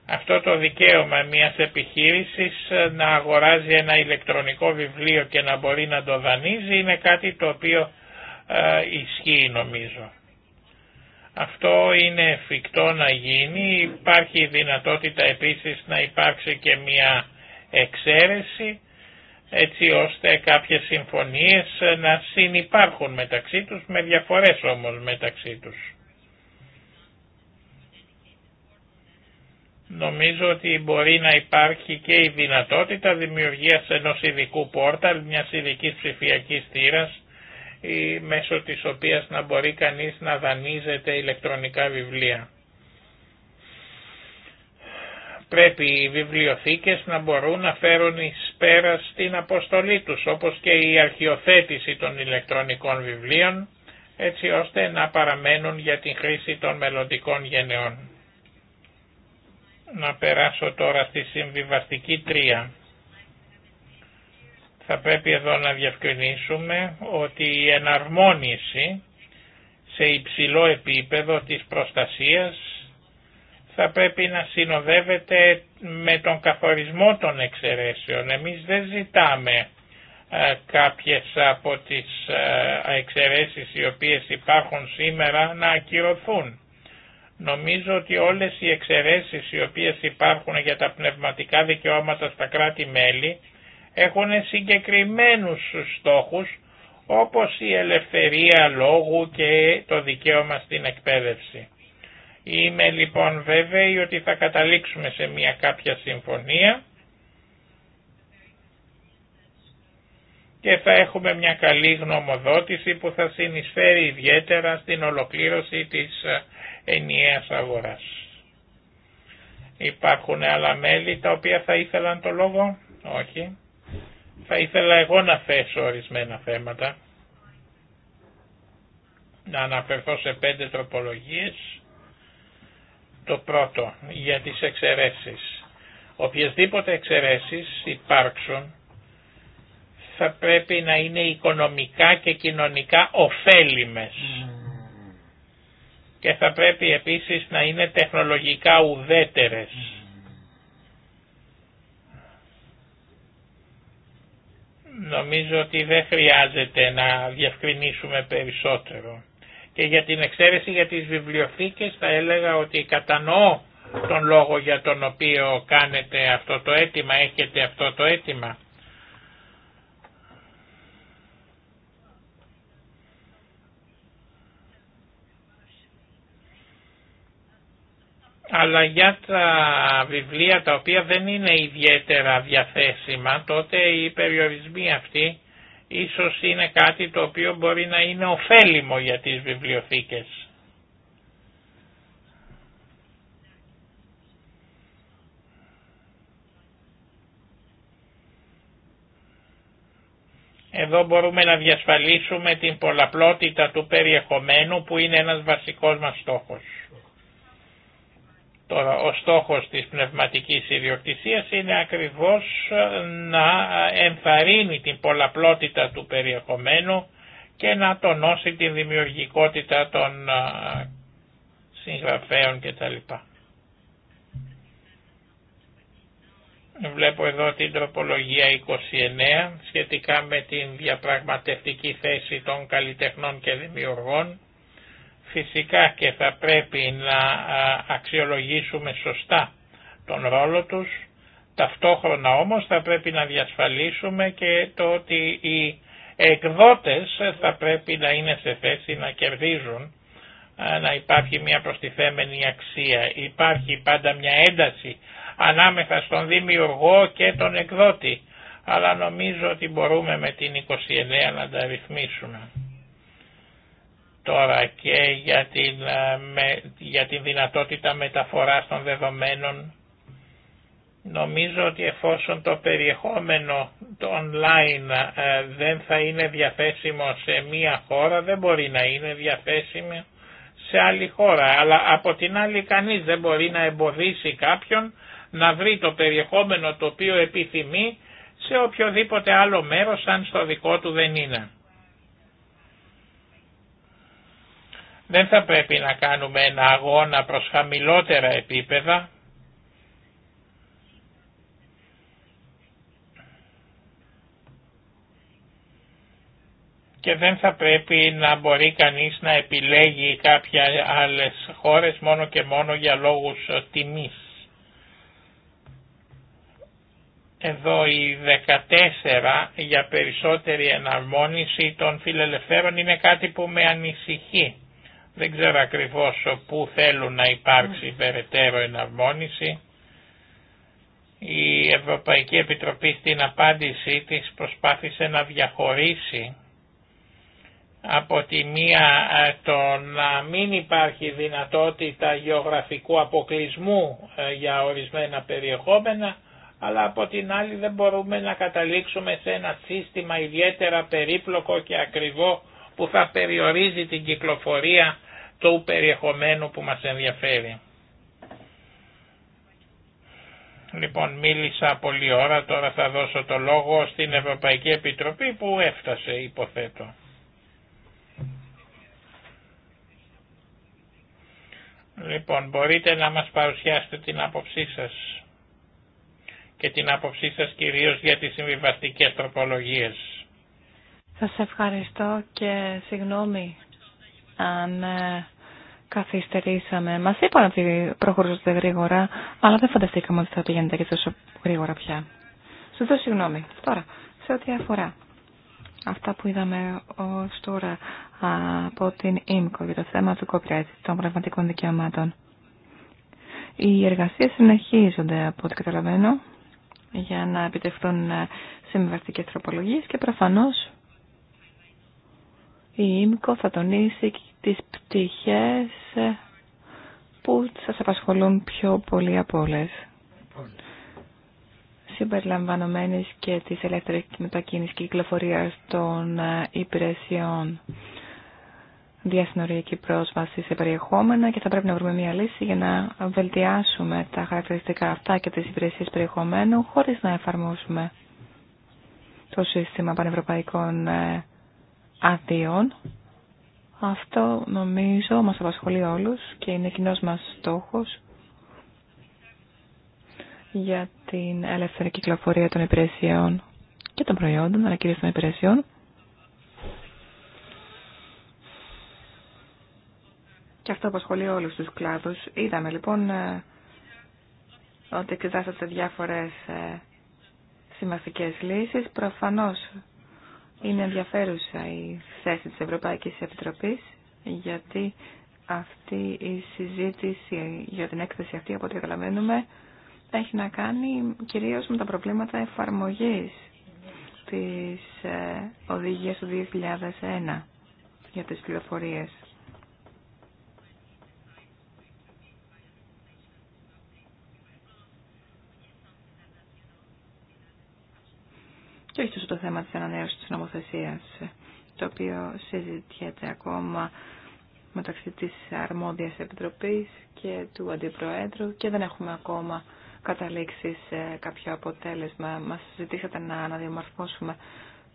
Αυτό το δικαίωμα μιας επιχείρησης να αγοράζει ένα ηλεκτρονικό βιβλίο και να μπορεί να το δανείζει είναι κάτι το οποίο ε, ισχύει νομίζω. Αυτό είναι εφικτό να γίνει. Υπάρχει δυνατότητα επίσης να υπάρξει και μια εξαίρεση έτσι ώστε κάποιες συμφωνίες να συνυπάρχουν μεταξύ τους, με διαφορές όμως μεταξύ τους. Νομίζω ότι μπορεί να υπάρχει και η δυνατότητα δημιουργίας ενός ειδικού πόρταλ, μιας ειδικής ψηφιακής θύρας, ή μέσω της οποίας να μπορεί κανείς να δανείζεται ηλεκτρονικά βιβλία. Πρέπει οι βιβλιοθήκες να μπορούν να φέρουν εις πέρα στην αποστολή τους, όπως και η αρχιοθέτηση των ηλεκτρονικών βιβλίων, έτσι ώστε να παραμένουν για την χρήση των μελλοντικών γενεών. Να περάσω τώρα στη συμβιβαστική τρία. Θα πρέπει εδώ να διευκρινίσουμε ότι η εναρμόνιση σε υψηλό επίπεδο της προστασίας θα πρέπει να συνοδεύεται με τον καθορισμό των εξαιρέσεων. Εμείς δεν ζητάμε ε, κάποιες από τις ε, εξαιρέσεις οι οποίες υπάρχουν σήμερα να ακυρωθούν. Νομίζω ότι όλες οι εξαιρέσεις οι οποίες υπάρχουν για τα πνευματικά δικαιώματα στα κράτη-μέλη έχουν συγκεκριμένους στόχους όπως η ελευθερία λόγου και το δικαίωμα στην εκπαίδευση. Είμαι λοιπόν βέβαιη ότι θα καταλήξουμε σε μια κάποια συμφωνία και θα έχουμε μια καλή γνωμοδότηση που θα συνεισφέρει ιδιαίτερα στην ολοκλήρωση της ενιαίας αγοράς. Υπάρχουν άλλα μέλη τα οποία θα ήθελαν το λόγο, όχι θα ήθελα εγώ να θέσω ορισμένα θέματα, να αναφερθώ σε πέντε τροπολογίες. Το πρώτο, για τις εξαιρέσεις. Οποιασδήποτε εξαιρέσεις υπάρξουν, θα πρέπει να είναι οικονομικά και κοινωνικά ωφέλιμες. Mm. Και θα πρέπει επίσης να είναι τεχνολογικά ουδέτερες Νομίζω ότι δεν χρειάζεται να διευκρινίσουμε περισσότερο. Και για την εξαίρεση για τις βιβλιοθήκες θα έλεγα ότι κατανοώ τον λόγο για τον οποίο κάνετε αυτό το αίτημα, έχετε αυτό το αίτημα. αλλά για τα βιβλία τα οποία δεν είναι ιδιαίτερα διαθέσιμα, τότε οι περιορισμοί αυτοί ίσως είναι κάτι το οποίο μπορεί να είναι ωφέλιμο για τις βιβλιοθήκες. Εδώ μπορούμε να διασφαλίσουμε την πολλαπλότητα του περιεχομένου που είναι ένας βασικός μας στόχος. Τώρα, ο στόχος της πνευματικής ιδιοκτησίας είναι ακριβώς ε, να ε, ενθαρρύνει την πολλαπλότητα του περιεχομένου και να τονώσει τη δημιουργικότητα των ε, συγγραφέων κτλ. Βλέπω εδώ την τροπολογία 29 σχετικά με την διαπραγματευτική θέση των καλλιτεχνών και δημιουργών. Φυσικά και θα πρέπει να αξιολογήσουμε σωστά τον ρόλο τους, ταυτόχρονα όμως θα πρέπει να διασφαλίσουμε και το ότι οι εκδότες θα πρέπει να είναι σε θέση να κερδίζουν, να υπάρχει μια προστιθέμενη αξία. Υπάρχει πάντα μια ένταση ανάμεσα στον δημιουργό και τον εκδότη, αλλά νομίζω ότι μπορούμε με την 29 να τα ρυθμίσουμε τώρα και για την, ε, την δυνατότητα μεταφοράς των δεδομένων. Νομίζω ότι εφόσον το περιεχόμενο το online ε, δεν θα είναι διαθέσιμο σε μία χώρα, δεν μπορεί να είναι διαθέσιμο σε άλλη χώρα. Αλλά από την άλλη κανείς δεν μπορεί να εμποδίσει κάποιον να βρει το περιεχόμενο το οποίο επιθυμεί σε οποιοδήποτε άλλο μέρος αν στο δικό του δεν είναι. Δεν θα πρέπει να κάνουμε ένα αγώνα προς χαμηλότερα επίπεδα, και δεν θα πρέπει να μπορεί κανείς να επιλέγει κάποια άλλες χώρες μόνο και μόνο για λόγους τιμής. Εδώ η 14 για περισσότερη εναρμόνιση των φιλελευθέρων είναι κάτι που με ανησυχεί. Δεν ξέρω ακριβώς πού θέλουν να υπάρξει περαιτέρω εναρμόνιση. Η Ευρωπαϊκή Επιτροπή στην απάντησή της προσπάθησε να διαχωρίσει από τη μία ε, το να μην υπάρχει δυνατότητα γεωγραφικού αποκλεισμού ε, για ορισμένα περιεχόμενα, αλλά από την άλλη δεν μπορούμε να καταλήξουμε σε ένα σύστημα ιδιαίτερα περίπλοκο και ακριβό που θα περιορίζει την κυκλοφορία του περιεχομένου που μας ενδιαφέρει. Λοιπόν, μίλησα πολλή ώρα, τώρα θα δώσω το λόγο στην Ευρωπαϊκή Επιτροπή που έφτασε, υποθέτω. Λοιπόν, μπορείτε να μας παρουσιάσετε την άποψή σας και την άποψή σας κυρίως για τις συμβιβαστικές τροπολογίες. Σας ευχαριστώ και συγγνώμη αν ε, καθυστερήσαμε. Μα είπαν ότι προχωρούσατε γρήγορα, αλλά δεν φανταστήκαμε ότι θα πηγαίνετε και τόσο γρήγορα πια. Σου δώσω συγγνώμη. Τώρα, σε ό,τι αφορά αυτά που είδαμε ω τώρα από την ΙΜΚΟ για το θέμα του copyright των πραγματικών δικαιωμάτων. Οι εργασίες συνεχίζονται από ό,τι καταλαβαίνω για να επιτευχθούν ε, συμβαστικές τροπολογίες και προφανώς η ΙΜΚΟ θα τονίσει τις πτυχές που σας απασχολούν πιο πολύ από όλες. Συμπεριλαμβανομένης και της ελεύθερης μετακίνησης και κυκλοφορίας των υπηρεσιών διασυνοριακή πρόσβαση σε περιεχόμενα και θα πρέπει να βρούμε μια λύση για να βελτιάσουμε τα χαρακτηριστικά αυτά και τις υπηρεσίες περιεχομένου χωρίς να εφαρμόσουμε το σύστημα πανευρωπαϊκών ε, αδειών. Αυτό νομίζω μας απασχολεί όλους και είναι κοινό μας στόχος για την ελεύθερη κυκλοφορία των υπηρεσιών και των προϊόντων, αλλά κυρίως των υπηρεσιών. Και αυτό απασχολεί όλους τους κλάδους. Είδαμε λοιπόν ε, ότι εξετάσατε διάφορες ε, σημαντικές λύσεις. Προφανώς είναι ενδιαφέρουσα η θέση της Ευρωπαϊκής Επιτροπής γιατί αυτή η συζήτηση για την έκθεση αυτή από ό,τι καταλαβαίνουμε έχει να κάνει κυρίως με τα προβλήματα εφαρμογής της ε, οδηγίας του 2001 για τις πληροφορίες. και όχι τόσο το θέμα της ανανέωσης της νομοθεσίας, το οποίο συζητιέται ακόμα μεταξύ της αρμόδιας επιτροπής και του αντιπροέδρου και δεν έχουμε ακόμα καταλήξει σε κάποιο αποτέλεσμα. Μας ζητήσατε να αναδιαμορφώσουμε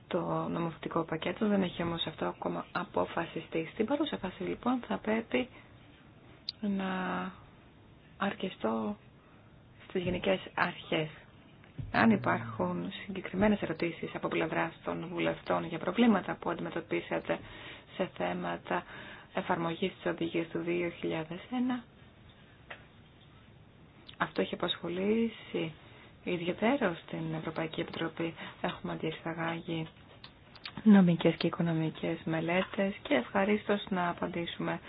το νομοθετικό πακέτο, δεν έχει όμως αυτό ακόμα αποφασιστεί. Στην παρούσα φάση λοιπόν θα πρέπει να αρκεστώ στις γενικές αρχές αν υπάρχουν συγκεκριμένες ερωτήσεις από πλευρά των βουλευτών για προβλήματα που αντιμετωπίσατε σε θέματα εφαρμογής της οδηγίας του 2001, αυτό έχει απασχολήσει ιδιαίτερο στην Ευρωπαϊκή Επιτροπή. Έχουμε διεξαγάγει νομικές και οικονομικές μελέτες και ευχαρίστω να απαντήσουμε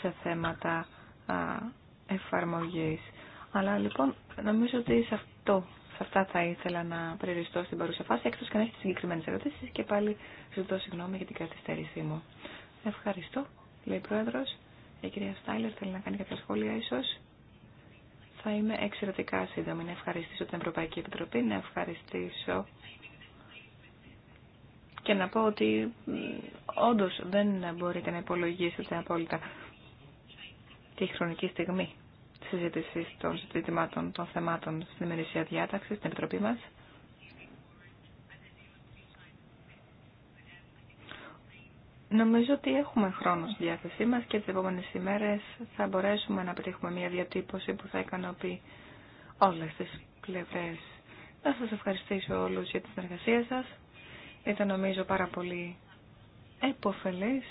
σε θέματα εφαρμογής. Αλλά λοιπόν νομίζω ότι σε αυτό σε αυτά θα ήθελα να περιοριστώ στην παρούσα φάση, εκτός και να έχετε συγκεκριμένες ερωτήσεις και πάλι ζητώ συγγνώμη για την καθυστέρησή μου. Ευχαριστώ, λέει η Πρόεδρος. Η κυρία Στάιλερ θέλει να κάνει κάποια σχόλια ίσως. Θα είμαι εξαιρετικά σύντομη. Να ευχαριστήσω την Ευρωπαϊκή Επιτροπή, να ευχαριστήσω και να πω ότι όντω δεν μπορείτε να υπολογίσετε απόλυτα τη χρονική στιγμή συζήτηση των ζητημάτων των θεμάτων στην ημερησία διάταξη, στην Επιτροπή μα. Νομίζω ότι έχουμε χρόνο στη διάθεσή μας και τις επόμενες ημέρες θα μπορέσουμε να πετύχουμε μια διατύπωση που θα ικανοποιεί όλες τις πλευρές. Να σας ευχαριστήσω όλους για την συνεργασία σας. Ήταν νομίζω πάρα πολύ εποφελή.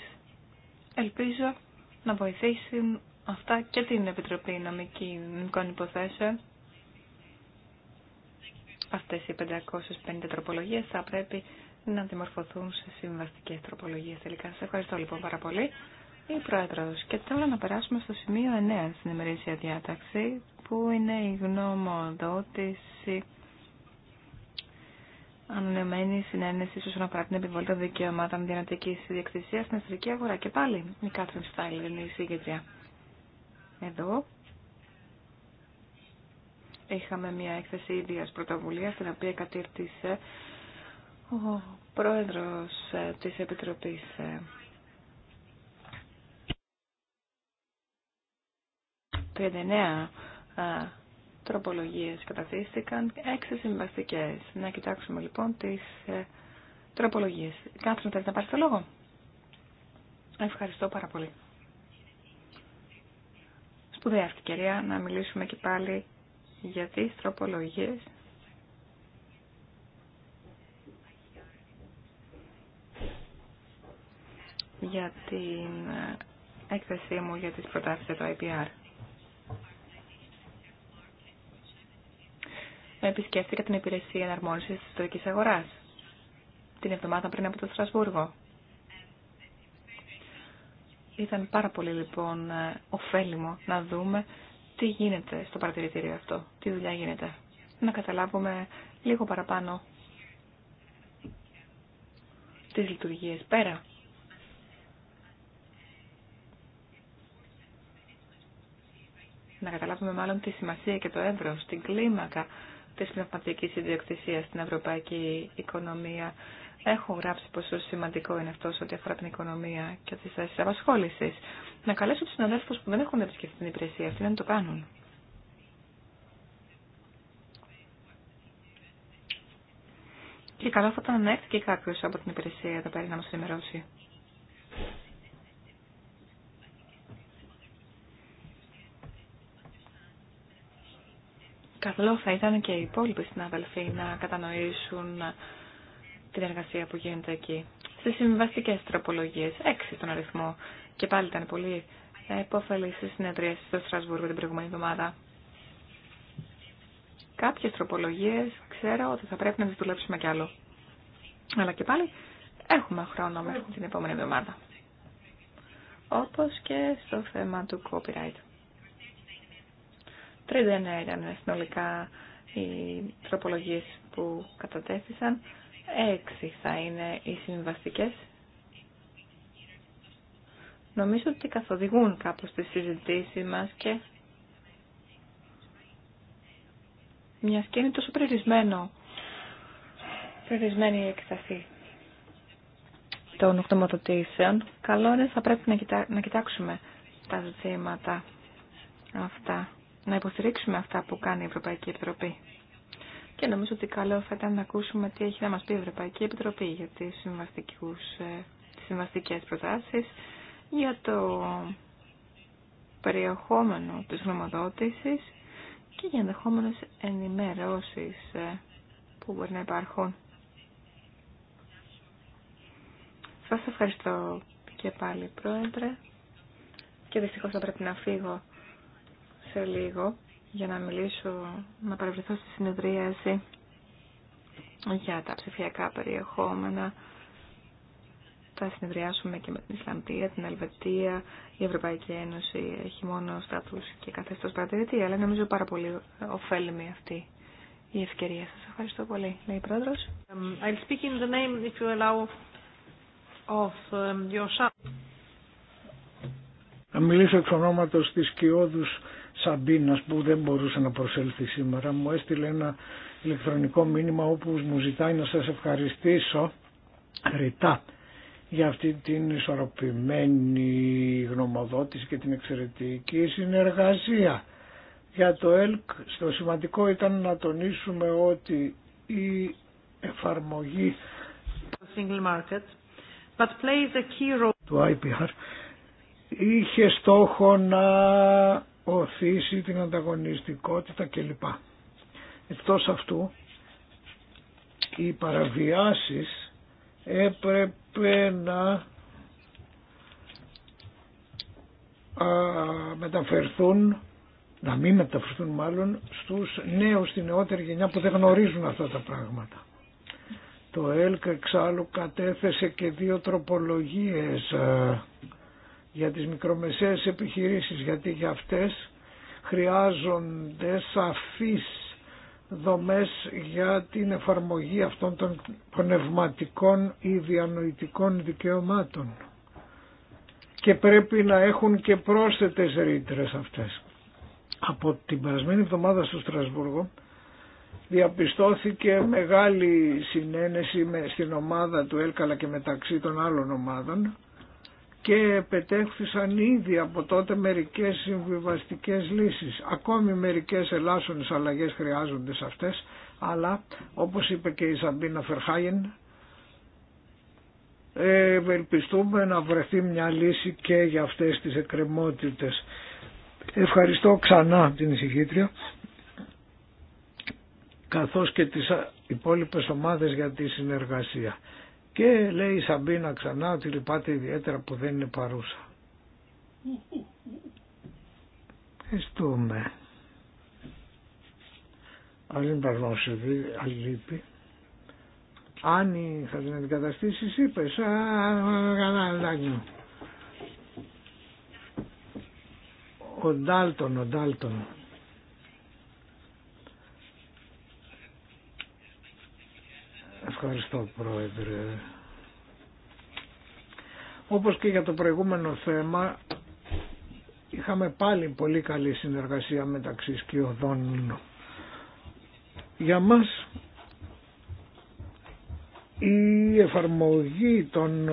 Ελπίζω να βοηθήσουν αυτά και την Επιτροπή Νομικών Υποθέσεων. Αυτές οι 550 τροπολογίες θα πρέπει να δημορφωθούν σε συμβαστικές τροπολογίες τελικά. Σας ευχαριστώ λοιπόν πάρα πολύ. Η Πρόεδρος. Και τώρα να περάσουμε στο σημείο 9 στην ημερήσια διάταξη, που είναι η γνωμοδότηση ανανεωμένη συνένεση όσον αφορά την επιβολή των δικαιωμάτων διανατική διεκτησία στην αστρική αγορά. Και πάλι η Κάθριν Στάιλ είναι η συγκεντρία. Εδώ είχαμε μια έκθεση ίδιας πρωτοβουλίας, την οποία κατήρτησε ο πρόεδρος ε, της Επιτροπής «39 ε. ε, τροπολογίες καταθήστηκαν, έξι συμβαστικές». Να κοιτάξουμε λοιπόν τις τροπολογίες. να θέλει να πάρει το λόγο. Ευχαριστώ πάρα πολύ σπουδαία ευκαιρία να μιλήσουμε και πάλι για τις τροπολογίες για την ε, έκθεσή μου για τις προτάσεις για το IPR. Επισκέφθηκα την υπηρεσία εναρμόνισης της ιστορικής αγοράς την εβδομάδα πριν από το Στρασβούργο. Ήταν πάρα πολύ λοιπόν ε, ωφέλιμο να δούμε τι γίνεται στο παρατηρητήριο αυτό, τι δουλειά γίνεται. Να καταλάβουμε λίγο παραπάνω τις λειτουργίες πέρα. Να καταλάβουμε μάλλον τη σημασία και το έβρος, την κλίμακα της πνευματικής ιδιοκτησίας στην ευρωπαϊκή οικονομία Έχω γράψει πόσο σημαντικό είναι αυτό ό,τι αφορά την οικονομία και τι θέσει απασχόληση. Να καλέσω του συναδέλφου που δεν έχουν επισκεφτεί την υπηρεσία αυτή να το κάνουν. Και καλό θα ήταν να έρθει και κάποιο από την υπηρεσία εδώ πέρα να μα ενημερώσει. Καλό θα ήταν και οι υπόλοιποι συναδελφοί να κατανοήσουν την εργασία που γίνεται εκεί. Στις συμβαστικές τροπολογίε, έξι τον αριθμό. Και πάλι ήταν πολύ επωφελή στι συνεδρίες στο Στρασβούργο την προηγούμενη εβδομάδα. Κάποιες τροπολογίε, ξέρω ότι θα πρέπει να τι δουλέψουμε κι άλλο. Αλλά και πάλι έχουμε χρόνο μέχρι την επόμενη εβδομάδα. Όπω και στο θέμα του copyright. 39 ήταν συνολικά οι τροπολογίε που κατατέθησαν. Έξι θα είναι οι συμβαστικές. Νομίζω ότι καθοδηγούν κάπως τη συζητήση μας και μια και είναι τόσο περιορισμένο περιορισμένη η εκταστή των οκτωματοτήσεων. Καλό είναι θα πρέπει να, να κοιτάξουμε τα ζητήματα αυτά, να υποστηρίξουμε αυτά που κάνει η Ευρωπαϊκή Επιτροπή. Και νομίζω ότι καλό θα ήταν να ακούσουμε τι έχει να μας πει η Ευρωπαϊκή Επιτροπή για τις, ε, τις συμβαστικές προτάσεις, για το περιεχόμενο της γνωμοδότησης και για ενδεχόμενες ενημερώσεις ε, που μπορεί να υπάρχουν. Σας ευχαριστώ και πάλι Πρόεδρε και δυστυχώς θα πρέπει να φύγω σε λίγο για να μιλήσω, να παρευρεθώ στη συνεδρίαση για τα ψηφιακά περιεχόμενα. Θα συνεδριάσουμε και με την Ισλανδία, την Ελβετία. Η Ευρωπαϊκή Ένωση έχει μόνο στάτους και καθεστώς παρατηρητή, αλλά νομίζω πάρα πολύ ωφέλιμη αυτή η ευκαιρία. Σας ευχαριστώ πολύ. Λέει η Πρόεδρος. Um, I'll speak in the name, if you um, να μιλήσω εξ ονόματος της Κιόδους Σαμπίνας που δεν μπορούσε να προσέλθει σήμερα. Μου έστειλε ένα ηλεκτρονικό μήνυμα όπου μου ζητάει να σας ευχαριστήσω ρητά για αυτή την ισορροπημένη γνωμοδότηση και την εξαιρετική συνεργασία. Για το ΕΛΚ στο σημαντικό ήταν να τονίσουμε ότι η εφαρμογή του IPR είχε στόχο να οθήσει την ανταγωνιστικότητα κλπ. Εκτός αυτού, οι παραβιάσεις έπρεπε να μεταφερθούν, να μην μεταφερθούν μάλλον, στους νέους, στην νεότερη γενιά που δεν γνωρίζουν αυτά τα πράγματα. Το ΕΛΚ εξάλλου κατέθεσε και δύο τροπολογίες ε, για τις μικρομεσαίες επιχειρήσεις γιατί για αυτές χρειάζονται σαφείς δομές για την εφαρμογή αυτών των πνευματικών ή διανοητικών δικαιωμάτων και πρέπει να έχουν και πρόσθετες ρήτρε αυτές. Από την περασμένη εβδομάδα στο Στρασβούργο διαπιστώθηκε μεγάλη συνένεση στην ομάδα του Έλκαλα και μεταξύ των άλλων ομάδων και επετέχθησαν ήδη από τότε μερικές συμβιβαστικές λύσεις. Ακόμη μερικές ελάσσονες αλλαγές χρειάζονται σε αυτές, αλλά όπως είπε και η Σαμπίνα Φερχάγεν, ευελπιστούμε να βρεθεί μια λύση και για αυτές τις εκκρεμότητες. Ευχαριστώ ξανά την εισηγήτρια καθώς και τις υπόλοιπες ομάδες για τη συνεργασία. Και λέει η Σαμπίνα ξανά ότι λυπάται ιδιαίτερα που δεν είναι παρούσα. Ευχαριστούμε. Άλλη παρνόσευη, αλήπη. Αν θα την αντικαταστήσεις είπες. Ο Ντάλτον, ο Ντάλτον. Ευχαριστώ Πρόεδρε. Όπως και για το προηγούμενο θέμα, είχαμε πάλι πολύ καλή συνεργασία μεταξύ σκιωδών. Για μας η εφαρμογή, των,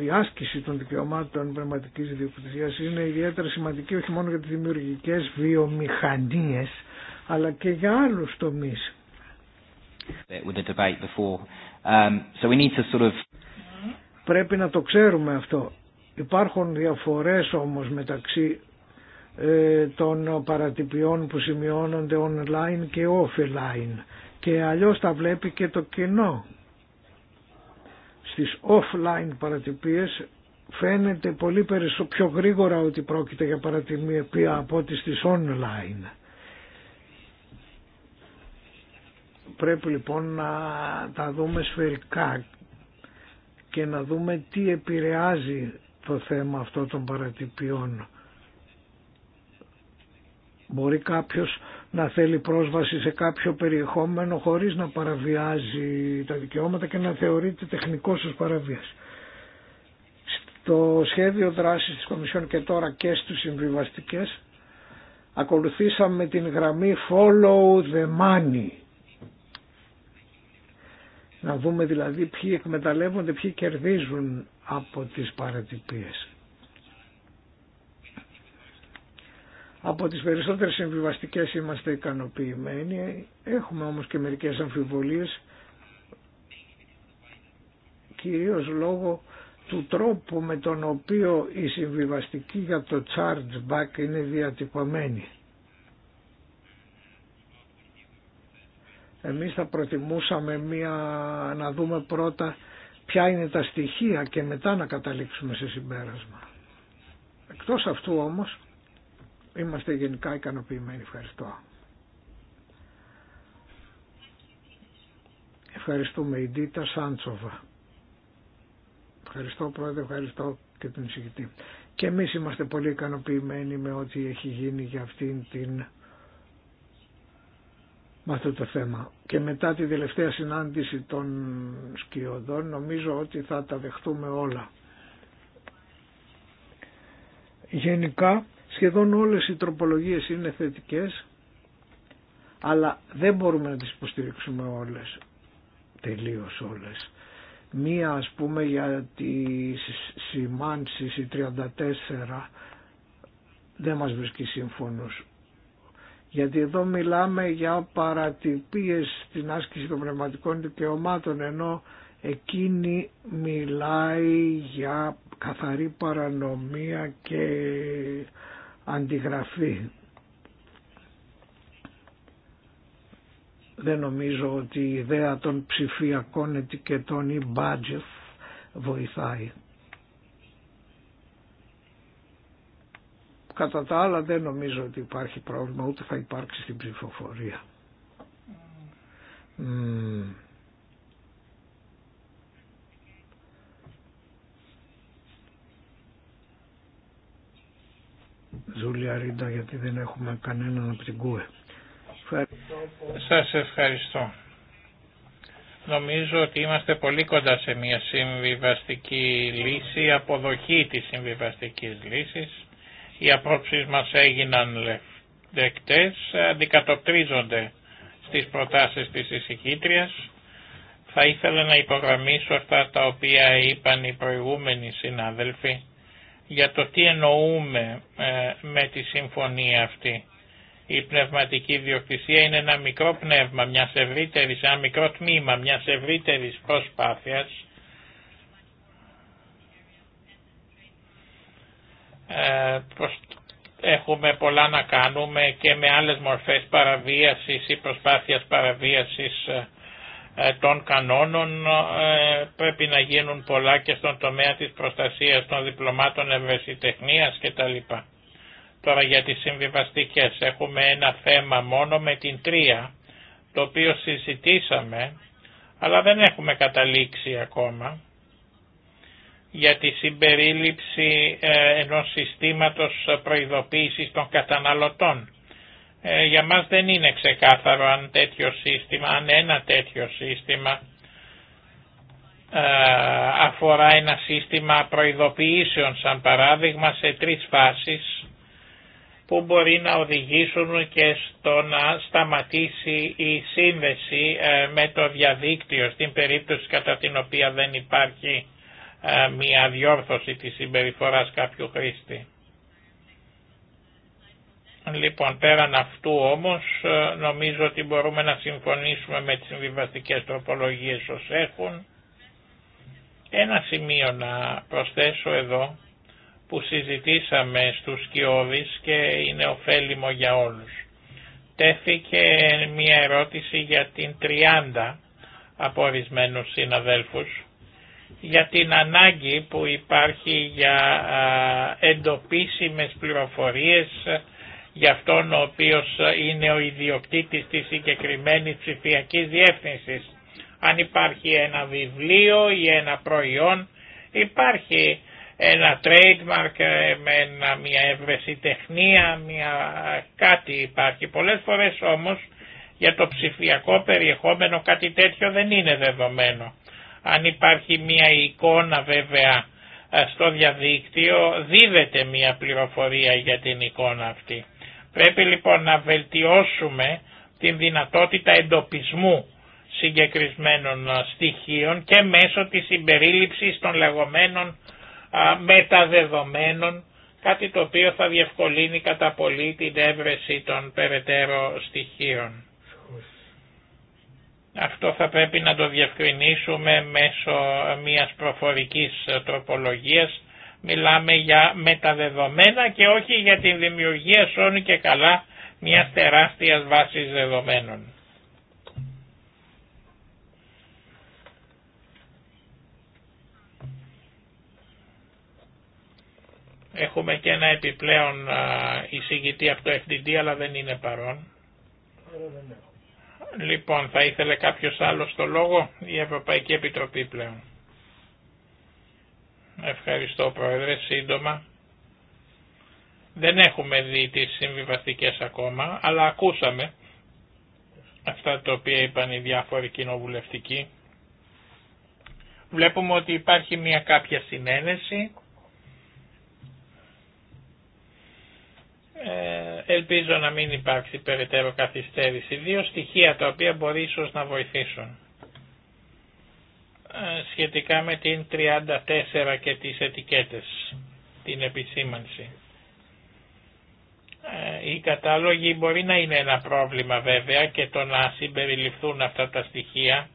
η άσκηση των δικαιωμάτων πνευματικής διοκτησίας είναι ιδιαίτερα σημαντική όχι μόνο για τις δημιουργικές βιομηχανίες αλλά και για άλλους τομείς. Πρέπει να το ξέρουμε αυτό. Υπάρχουν διαφορές όμως μεταξύ ε, των παρατυπιών που σημειώνονται online και offline και αλλιώς τα βλέπει και το κοινό. Στις offline παρατυπίες φαίνεται πολύ περισσότερο πιο γρήγορα ότι πρόκειται για παρατυπία από ό,τι στις online. Πρέπει λοιπόν να τα δούμε σφαιρικά και να δούμε τι επηρεάζει το θέμα αυτό των παρατυπιών. Μπορεί κάποιος να θέλει πρόσβαση σε κάποιο περιεχόμενο χωρίς να παραβιάζει τα δικαιώματα και να θεωρείται τεχνικός ως παραβίας. Στο σχέδιο δράσης της Κομισιόν και τώρα και στους συμβιβαστικές ακολουθήσαμε την γραμμή follow the money να δούμε δηλαδή ποιοι εκμεταλλεύονται, ποιοι κερδίζουν από τις παρατυπίες. Από τις περισσότερες συμβιβαστικές είμαστε ικανοποιημένοι, έχουμε όμως και μερικές αμφιβολίες, κυρίως λόγω του τρόπου με τον οποίο η συμβιβαστική για το back είναι διατυπωμένη. Εμείς θα προτιμούσαμε μία, να δούμε πρώτα ποια είναι τα στοιχεία και μετά να καταλήξουμε σε συμπέρασμα. Εκτός αυτού όμως είμαστε γενικά ικανοποιημένοι. Ευχαριστώ. Ευχαριστούμε η Ντίτα Σάντσοβα. Ευχαριστώ πρόεδρε, ευχαριστώ και την εισηγητή. Και εμείς είμαστε πολύ ικανοποιημένοι με ό,τι έχει γίνει για αυτήν την με αυτό το θέμα. Και μετά τη τελευταία συνάντηση των σκιωδών νομίζω ότι θα τα δεχτούμε όλα. Γενικά σχεδόν όλες οι τροπολογίες είναι θετικές αλλά δεν μπορούμε να τις υποστηρίξουμε όλες, τελείως όλες. Μία ας πούμε για τη σημάνσεις, η 34, δεν μας βρίσκει σύμφωνος. Γιατί εδώ μιλάμε για παρατυπίες στην άσκηση των πνευματικών δικαιωμάτων ενώ εκείνη μιλάει για καθαρή παρανομία και αντιγραφή. Δεν νομίζω ότι η ιδέα των ψηφιακών ετικετών ή badges βοηθάει. Κατά τα άλλα δεν νομίζω ότι υπάρχει πρόβλημα ούτε θα υπάρξει στην ψηφοφορία. Ζούλια γιατί δεν έχουμε κανέναν από την Σας ευχαριστώ. Νομίζω ότι είμαστε πολύ κοντά σε μια συμβιβαστική λύση, αποδοχή της συμβιβαστικής λύσης οι απόψεις μας έγιναν δεκτές, αντικατοπτρίζονται στις προτάσεις της εισηγήτριας. Θα ήθελα να υπογραμμίσω αυτά τα οποία είπαν οι προηγούμενοι συνάδελφοι για το τι εννοούμε ε, με τη συμφωνία αυτή. Η πνευματική διοκτησία είναι ένα μικρό πνεύμα, μια ευρύτερη, ένα μικρό τμήμα μια ευρύτερη προσπάθεια. Ε, έχουμε πολλά να κάνουμε και με άλλες μορφές παραβίασης ή προσπάθειας παραβίασης ε, ε, των κανόνων. Πρέπει να γίνουν πολλά και στον τομέα της προστασίας των διπλωμάτων τα κτλ. Τώρα για τις συμβιβαστικές έχουμε ένα θέμα μόνο με την τρία το οποίο συζητήσαμε αλλά δεν έχουμε καταλήξει ακόμα για τη συμπερίληψη ε, ενός συστήματος προειδοποίησης των καταναλωτών. Ε, για μας δεν είναι ξεκάθαρο αν τέτοιο σύστημα, αν ένα τέτοιο σύστημα ε, αφορά ένα σύστημα προειδοποιήσεων σαν παράδειγμα σε τρεις φάσεις που μπορεί να οδηγήσουν και στο να σταματήσει η σύνδεση με το διαδίκτυο στην περίπτωση κατά την οποία δεν υπάρχει ε, μια διόρθωση της συμπεριφοράς κάποιου χρήστη. Λοιπόν, πέραν αυτού όμως ε, νομίζω ότι μπορούμε να συμφωνήσουμε με τις συμβιβαστικές τροπολογίες ως έχουν. Ένα σημείο να προσθέσω εδώ που συζητήσαμε στους σκιώδεις και είναι ωφέλιμο για όλους. Τέθηκε μια ερώτηση για την 30 από ορισμένους συναδέλφους για την ανάγκη που υπάρχει για εντοπίσιμες πληροφορίες ε, για αυτόν ο οποίος ε, είναι ο ιδιοκτήτης της συγκεκριμένη ψηφιακή διεύθυνση. Αν υπάρχει ένα βιβλίο ή ένα προϊόν, υπάρχει ένα trademark ε, με μια ευρεσιτεχνία, μια κάτι υπάρχει. Πολλές φορές όμως για το ψηφιακό περιεχόμενο κάτι τέτοιο δεν είναι δεδομένο. Αν υπάρχει μία εικόνα βέβαια ε, στο διαδίκτυο δίδεται μία πληροφορία για την εικόνα αυτή. Πρέπει λοιπόν να βελτιώσουμε την δυνατότητα εντοπισμού συγκεκρισμένων ε, στοιχείων και μέσω της συμπερίληψης των λεγόμενων ε, μεταδεδομένων, κάτι το οποίο θα διευκολύνει κατά πολύ την έβρεση των περαιτέρω στοιχείων. Αυτό θα πρέπει να το διευκρινίσουμε μέσω μιας προφορικής τροπολογίας. Μιλάμε για μεταδεδομένα και όχι για τη δημιουργία σώνει και καλά μια τεράστιας βάσης δεδομένων. Έχουμε και ένα επιπλέον εισηγητή από το FDD αλλά δεν είναι παρόν. Λοιπόν, θα ήθελε κάποιος άλλος το λόγο, η Ευρωπαϊκή Επιτροπή πλέον. Ευχαριστώ Πρόεδρε, σύντομα. Δεν έχουμε δει τις συμβιβαστικές ακόμα, αλλά ακούσαμε αυτά τα οποία είπαν οι διάφοροι κοινοβουλευτικοί. Βλέπουμε ότι υπάρχει μια κάποια συνένεση Ε, ελπίζω να μην υπάρξει περαιτέρω καθυστέρηση. Δύο στοιχεία τα οποία μπορεί ίσως να βοηθήσουν. Ε, σχετικά με την 34 και τις ετικέτες, την επισήμανση. Ε, οι κατάλογοι μπορεί να είναι ένα πρόβλημα βέβαια και το να συμπεριληφθούν αυτά τα στοιχεία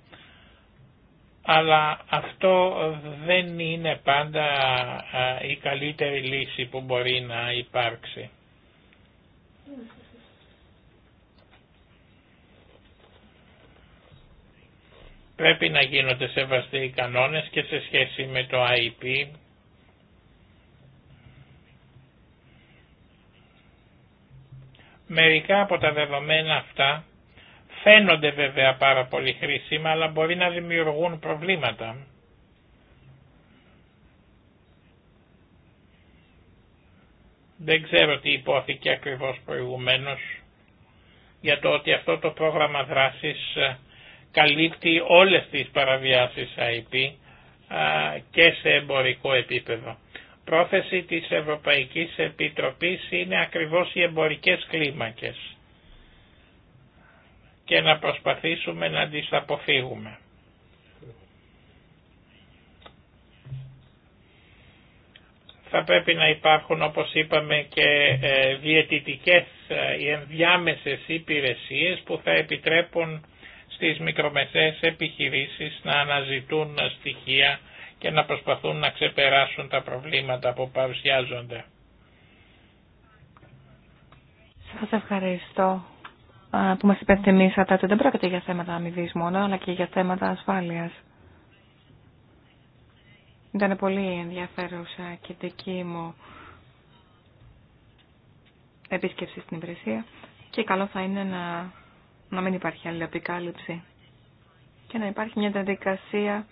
αλλά αυτό δεν είναι πάντα η καλύτερη λύση που μπορεί να υπάρξει. Πρέπει να γίνονται σεβαστοί οι κανόνες και σε σχέση με το IP Μερικά από τα δεδομένα αυτά φαίνονται βέβαια πάρα πολύ χρήσιμα αλλά μπορεί να δημιουργούν προβλήματα. Δεν ξέρω τι υπόθηκε ακριβώς προηγουμένως για το ότι αυτό το πρόγραμμα δράσης ε, καλύπτει όλες τις παραβιάσεις IP ε, και σε εμπορικό επίπεδο. Πρόθεση της Ευρωπαϊκής Επιτροπής είναι ακριβώς οι εμπορικές κλίμακες και να προσπαθήσουμε να τις αποφύγουμε. θα πρέπει να υπάρχουν όπως είπαμε και ε, διαιτητικές ή ε, ενδιάμεσες υπηρεσίες που θα επιτρέπουν στις μικρομεσαίες επιχειρήσεις να αναζητούν στοιχεία και να προσπαθούν να ξεπεράσουν τα προβλήματα που παρουσιάζονται. Σας ευχαριστώ ε, που μας υπενθυμίσατε ότι δεν πρόκειται για θέματα αμοιβής μόνο, αλλά και για θέματα ασφάλειας. Ήταν πολύ ενδιαφέρουσα και δική μου επίσκεψη στην υπηρεσία και καλό θα είναι να, να μην υπάρχει άλλη και να υπάρχει μια διαδικασία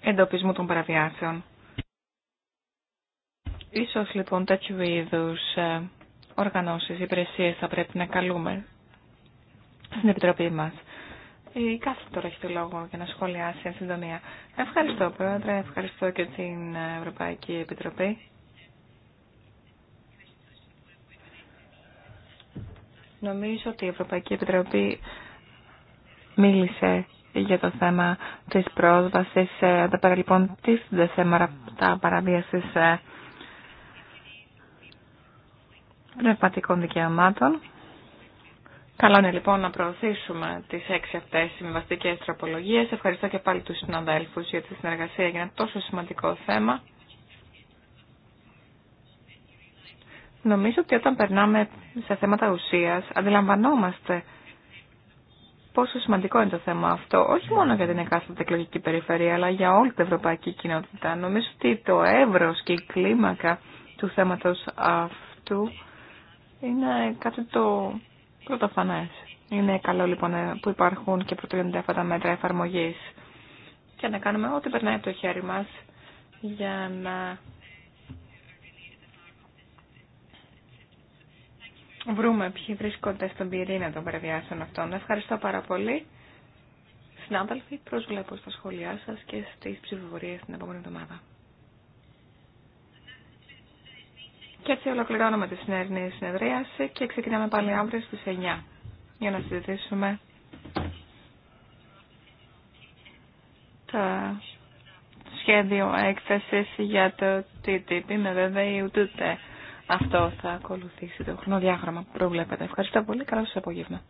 εντοπισμού των παραβιάσεων. Ίσως λοιπόν τέτοιου είδους ε, οργανώσεις, υπηρεσίες θα πρέπει να καλούμε στην Επιτροπή μας. Η ε, κάθε τώρα έχει το λόγο για να σχολιάσει εν συντομία. Ευχαριστώ, Πρόεδρε. Ευχαριστώ και την Ευρωπαϊκή Επιτροπή. Νομίζω ότι η Ευρωπαϊκή Επιτροπή μίλησε για το θέμα της πρόσβασης. Ε, τα πέρα λοιπόν τα τα παραβίασης ε, πνευματικών δικαιωμάτων. Καλό είναι λοιπόν να προωθήσουμε τι έξι αυτέ συμβαστικές τροπολογίε. Ευχαριστώ και πάλι του συναδέλφου για τη συνεργασία για ένα τόσο σημαντικό θέμα. Νομίζω ότι όταν περνάμε σε θέματα ουσία, αντιλαμβανόμαστε πόσο σημαντικό είναι το θέμα αυτό, όχι μόνο για την εκάστοτε εκλογική περιφέρεια, αλλά για όλη την ευρωπαϊκή κοινότητα. Νομίζω ότι το εύρο και η κλίμακα του θέματο αυτού είναι κάτι το Πρωτοφανέ. Είναι καλό λοιπόν ε, που υπάρχουν και προτείνονται αυτά τα μέτρα εφαρμογή και να κάνουμε ό,τι περνάει από το χέρι μα για να βρούμε ποιοι βρίσκονται στον πυρήνα των παρεμβιάσεων αυτών. Ευχαριστώ πάρα πολύ. Συνάδελφοι, προσβλέπω στα σχόλιά σας και στις ψηφοφορίες την επόμενη εβδομάδα. Και έτσι ολοκληρώνουμε τη σημερινή συνεδρίαση και ξεκινάμε πάλι αύριο στις 9 για να συζητήσουμε το σχέδιο έκθεσης για το TTIP. Είμαι βέβαιη ούτε, αυτό θα ακολουθήσει το χρονοδιάγραμμα που προβλέπετε. Ευχαριστώ πολύ. Καλό σας απόγευμα.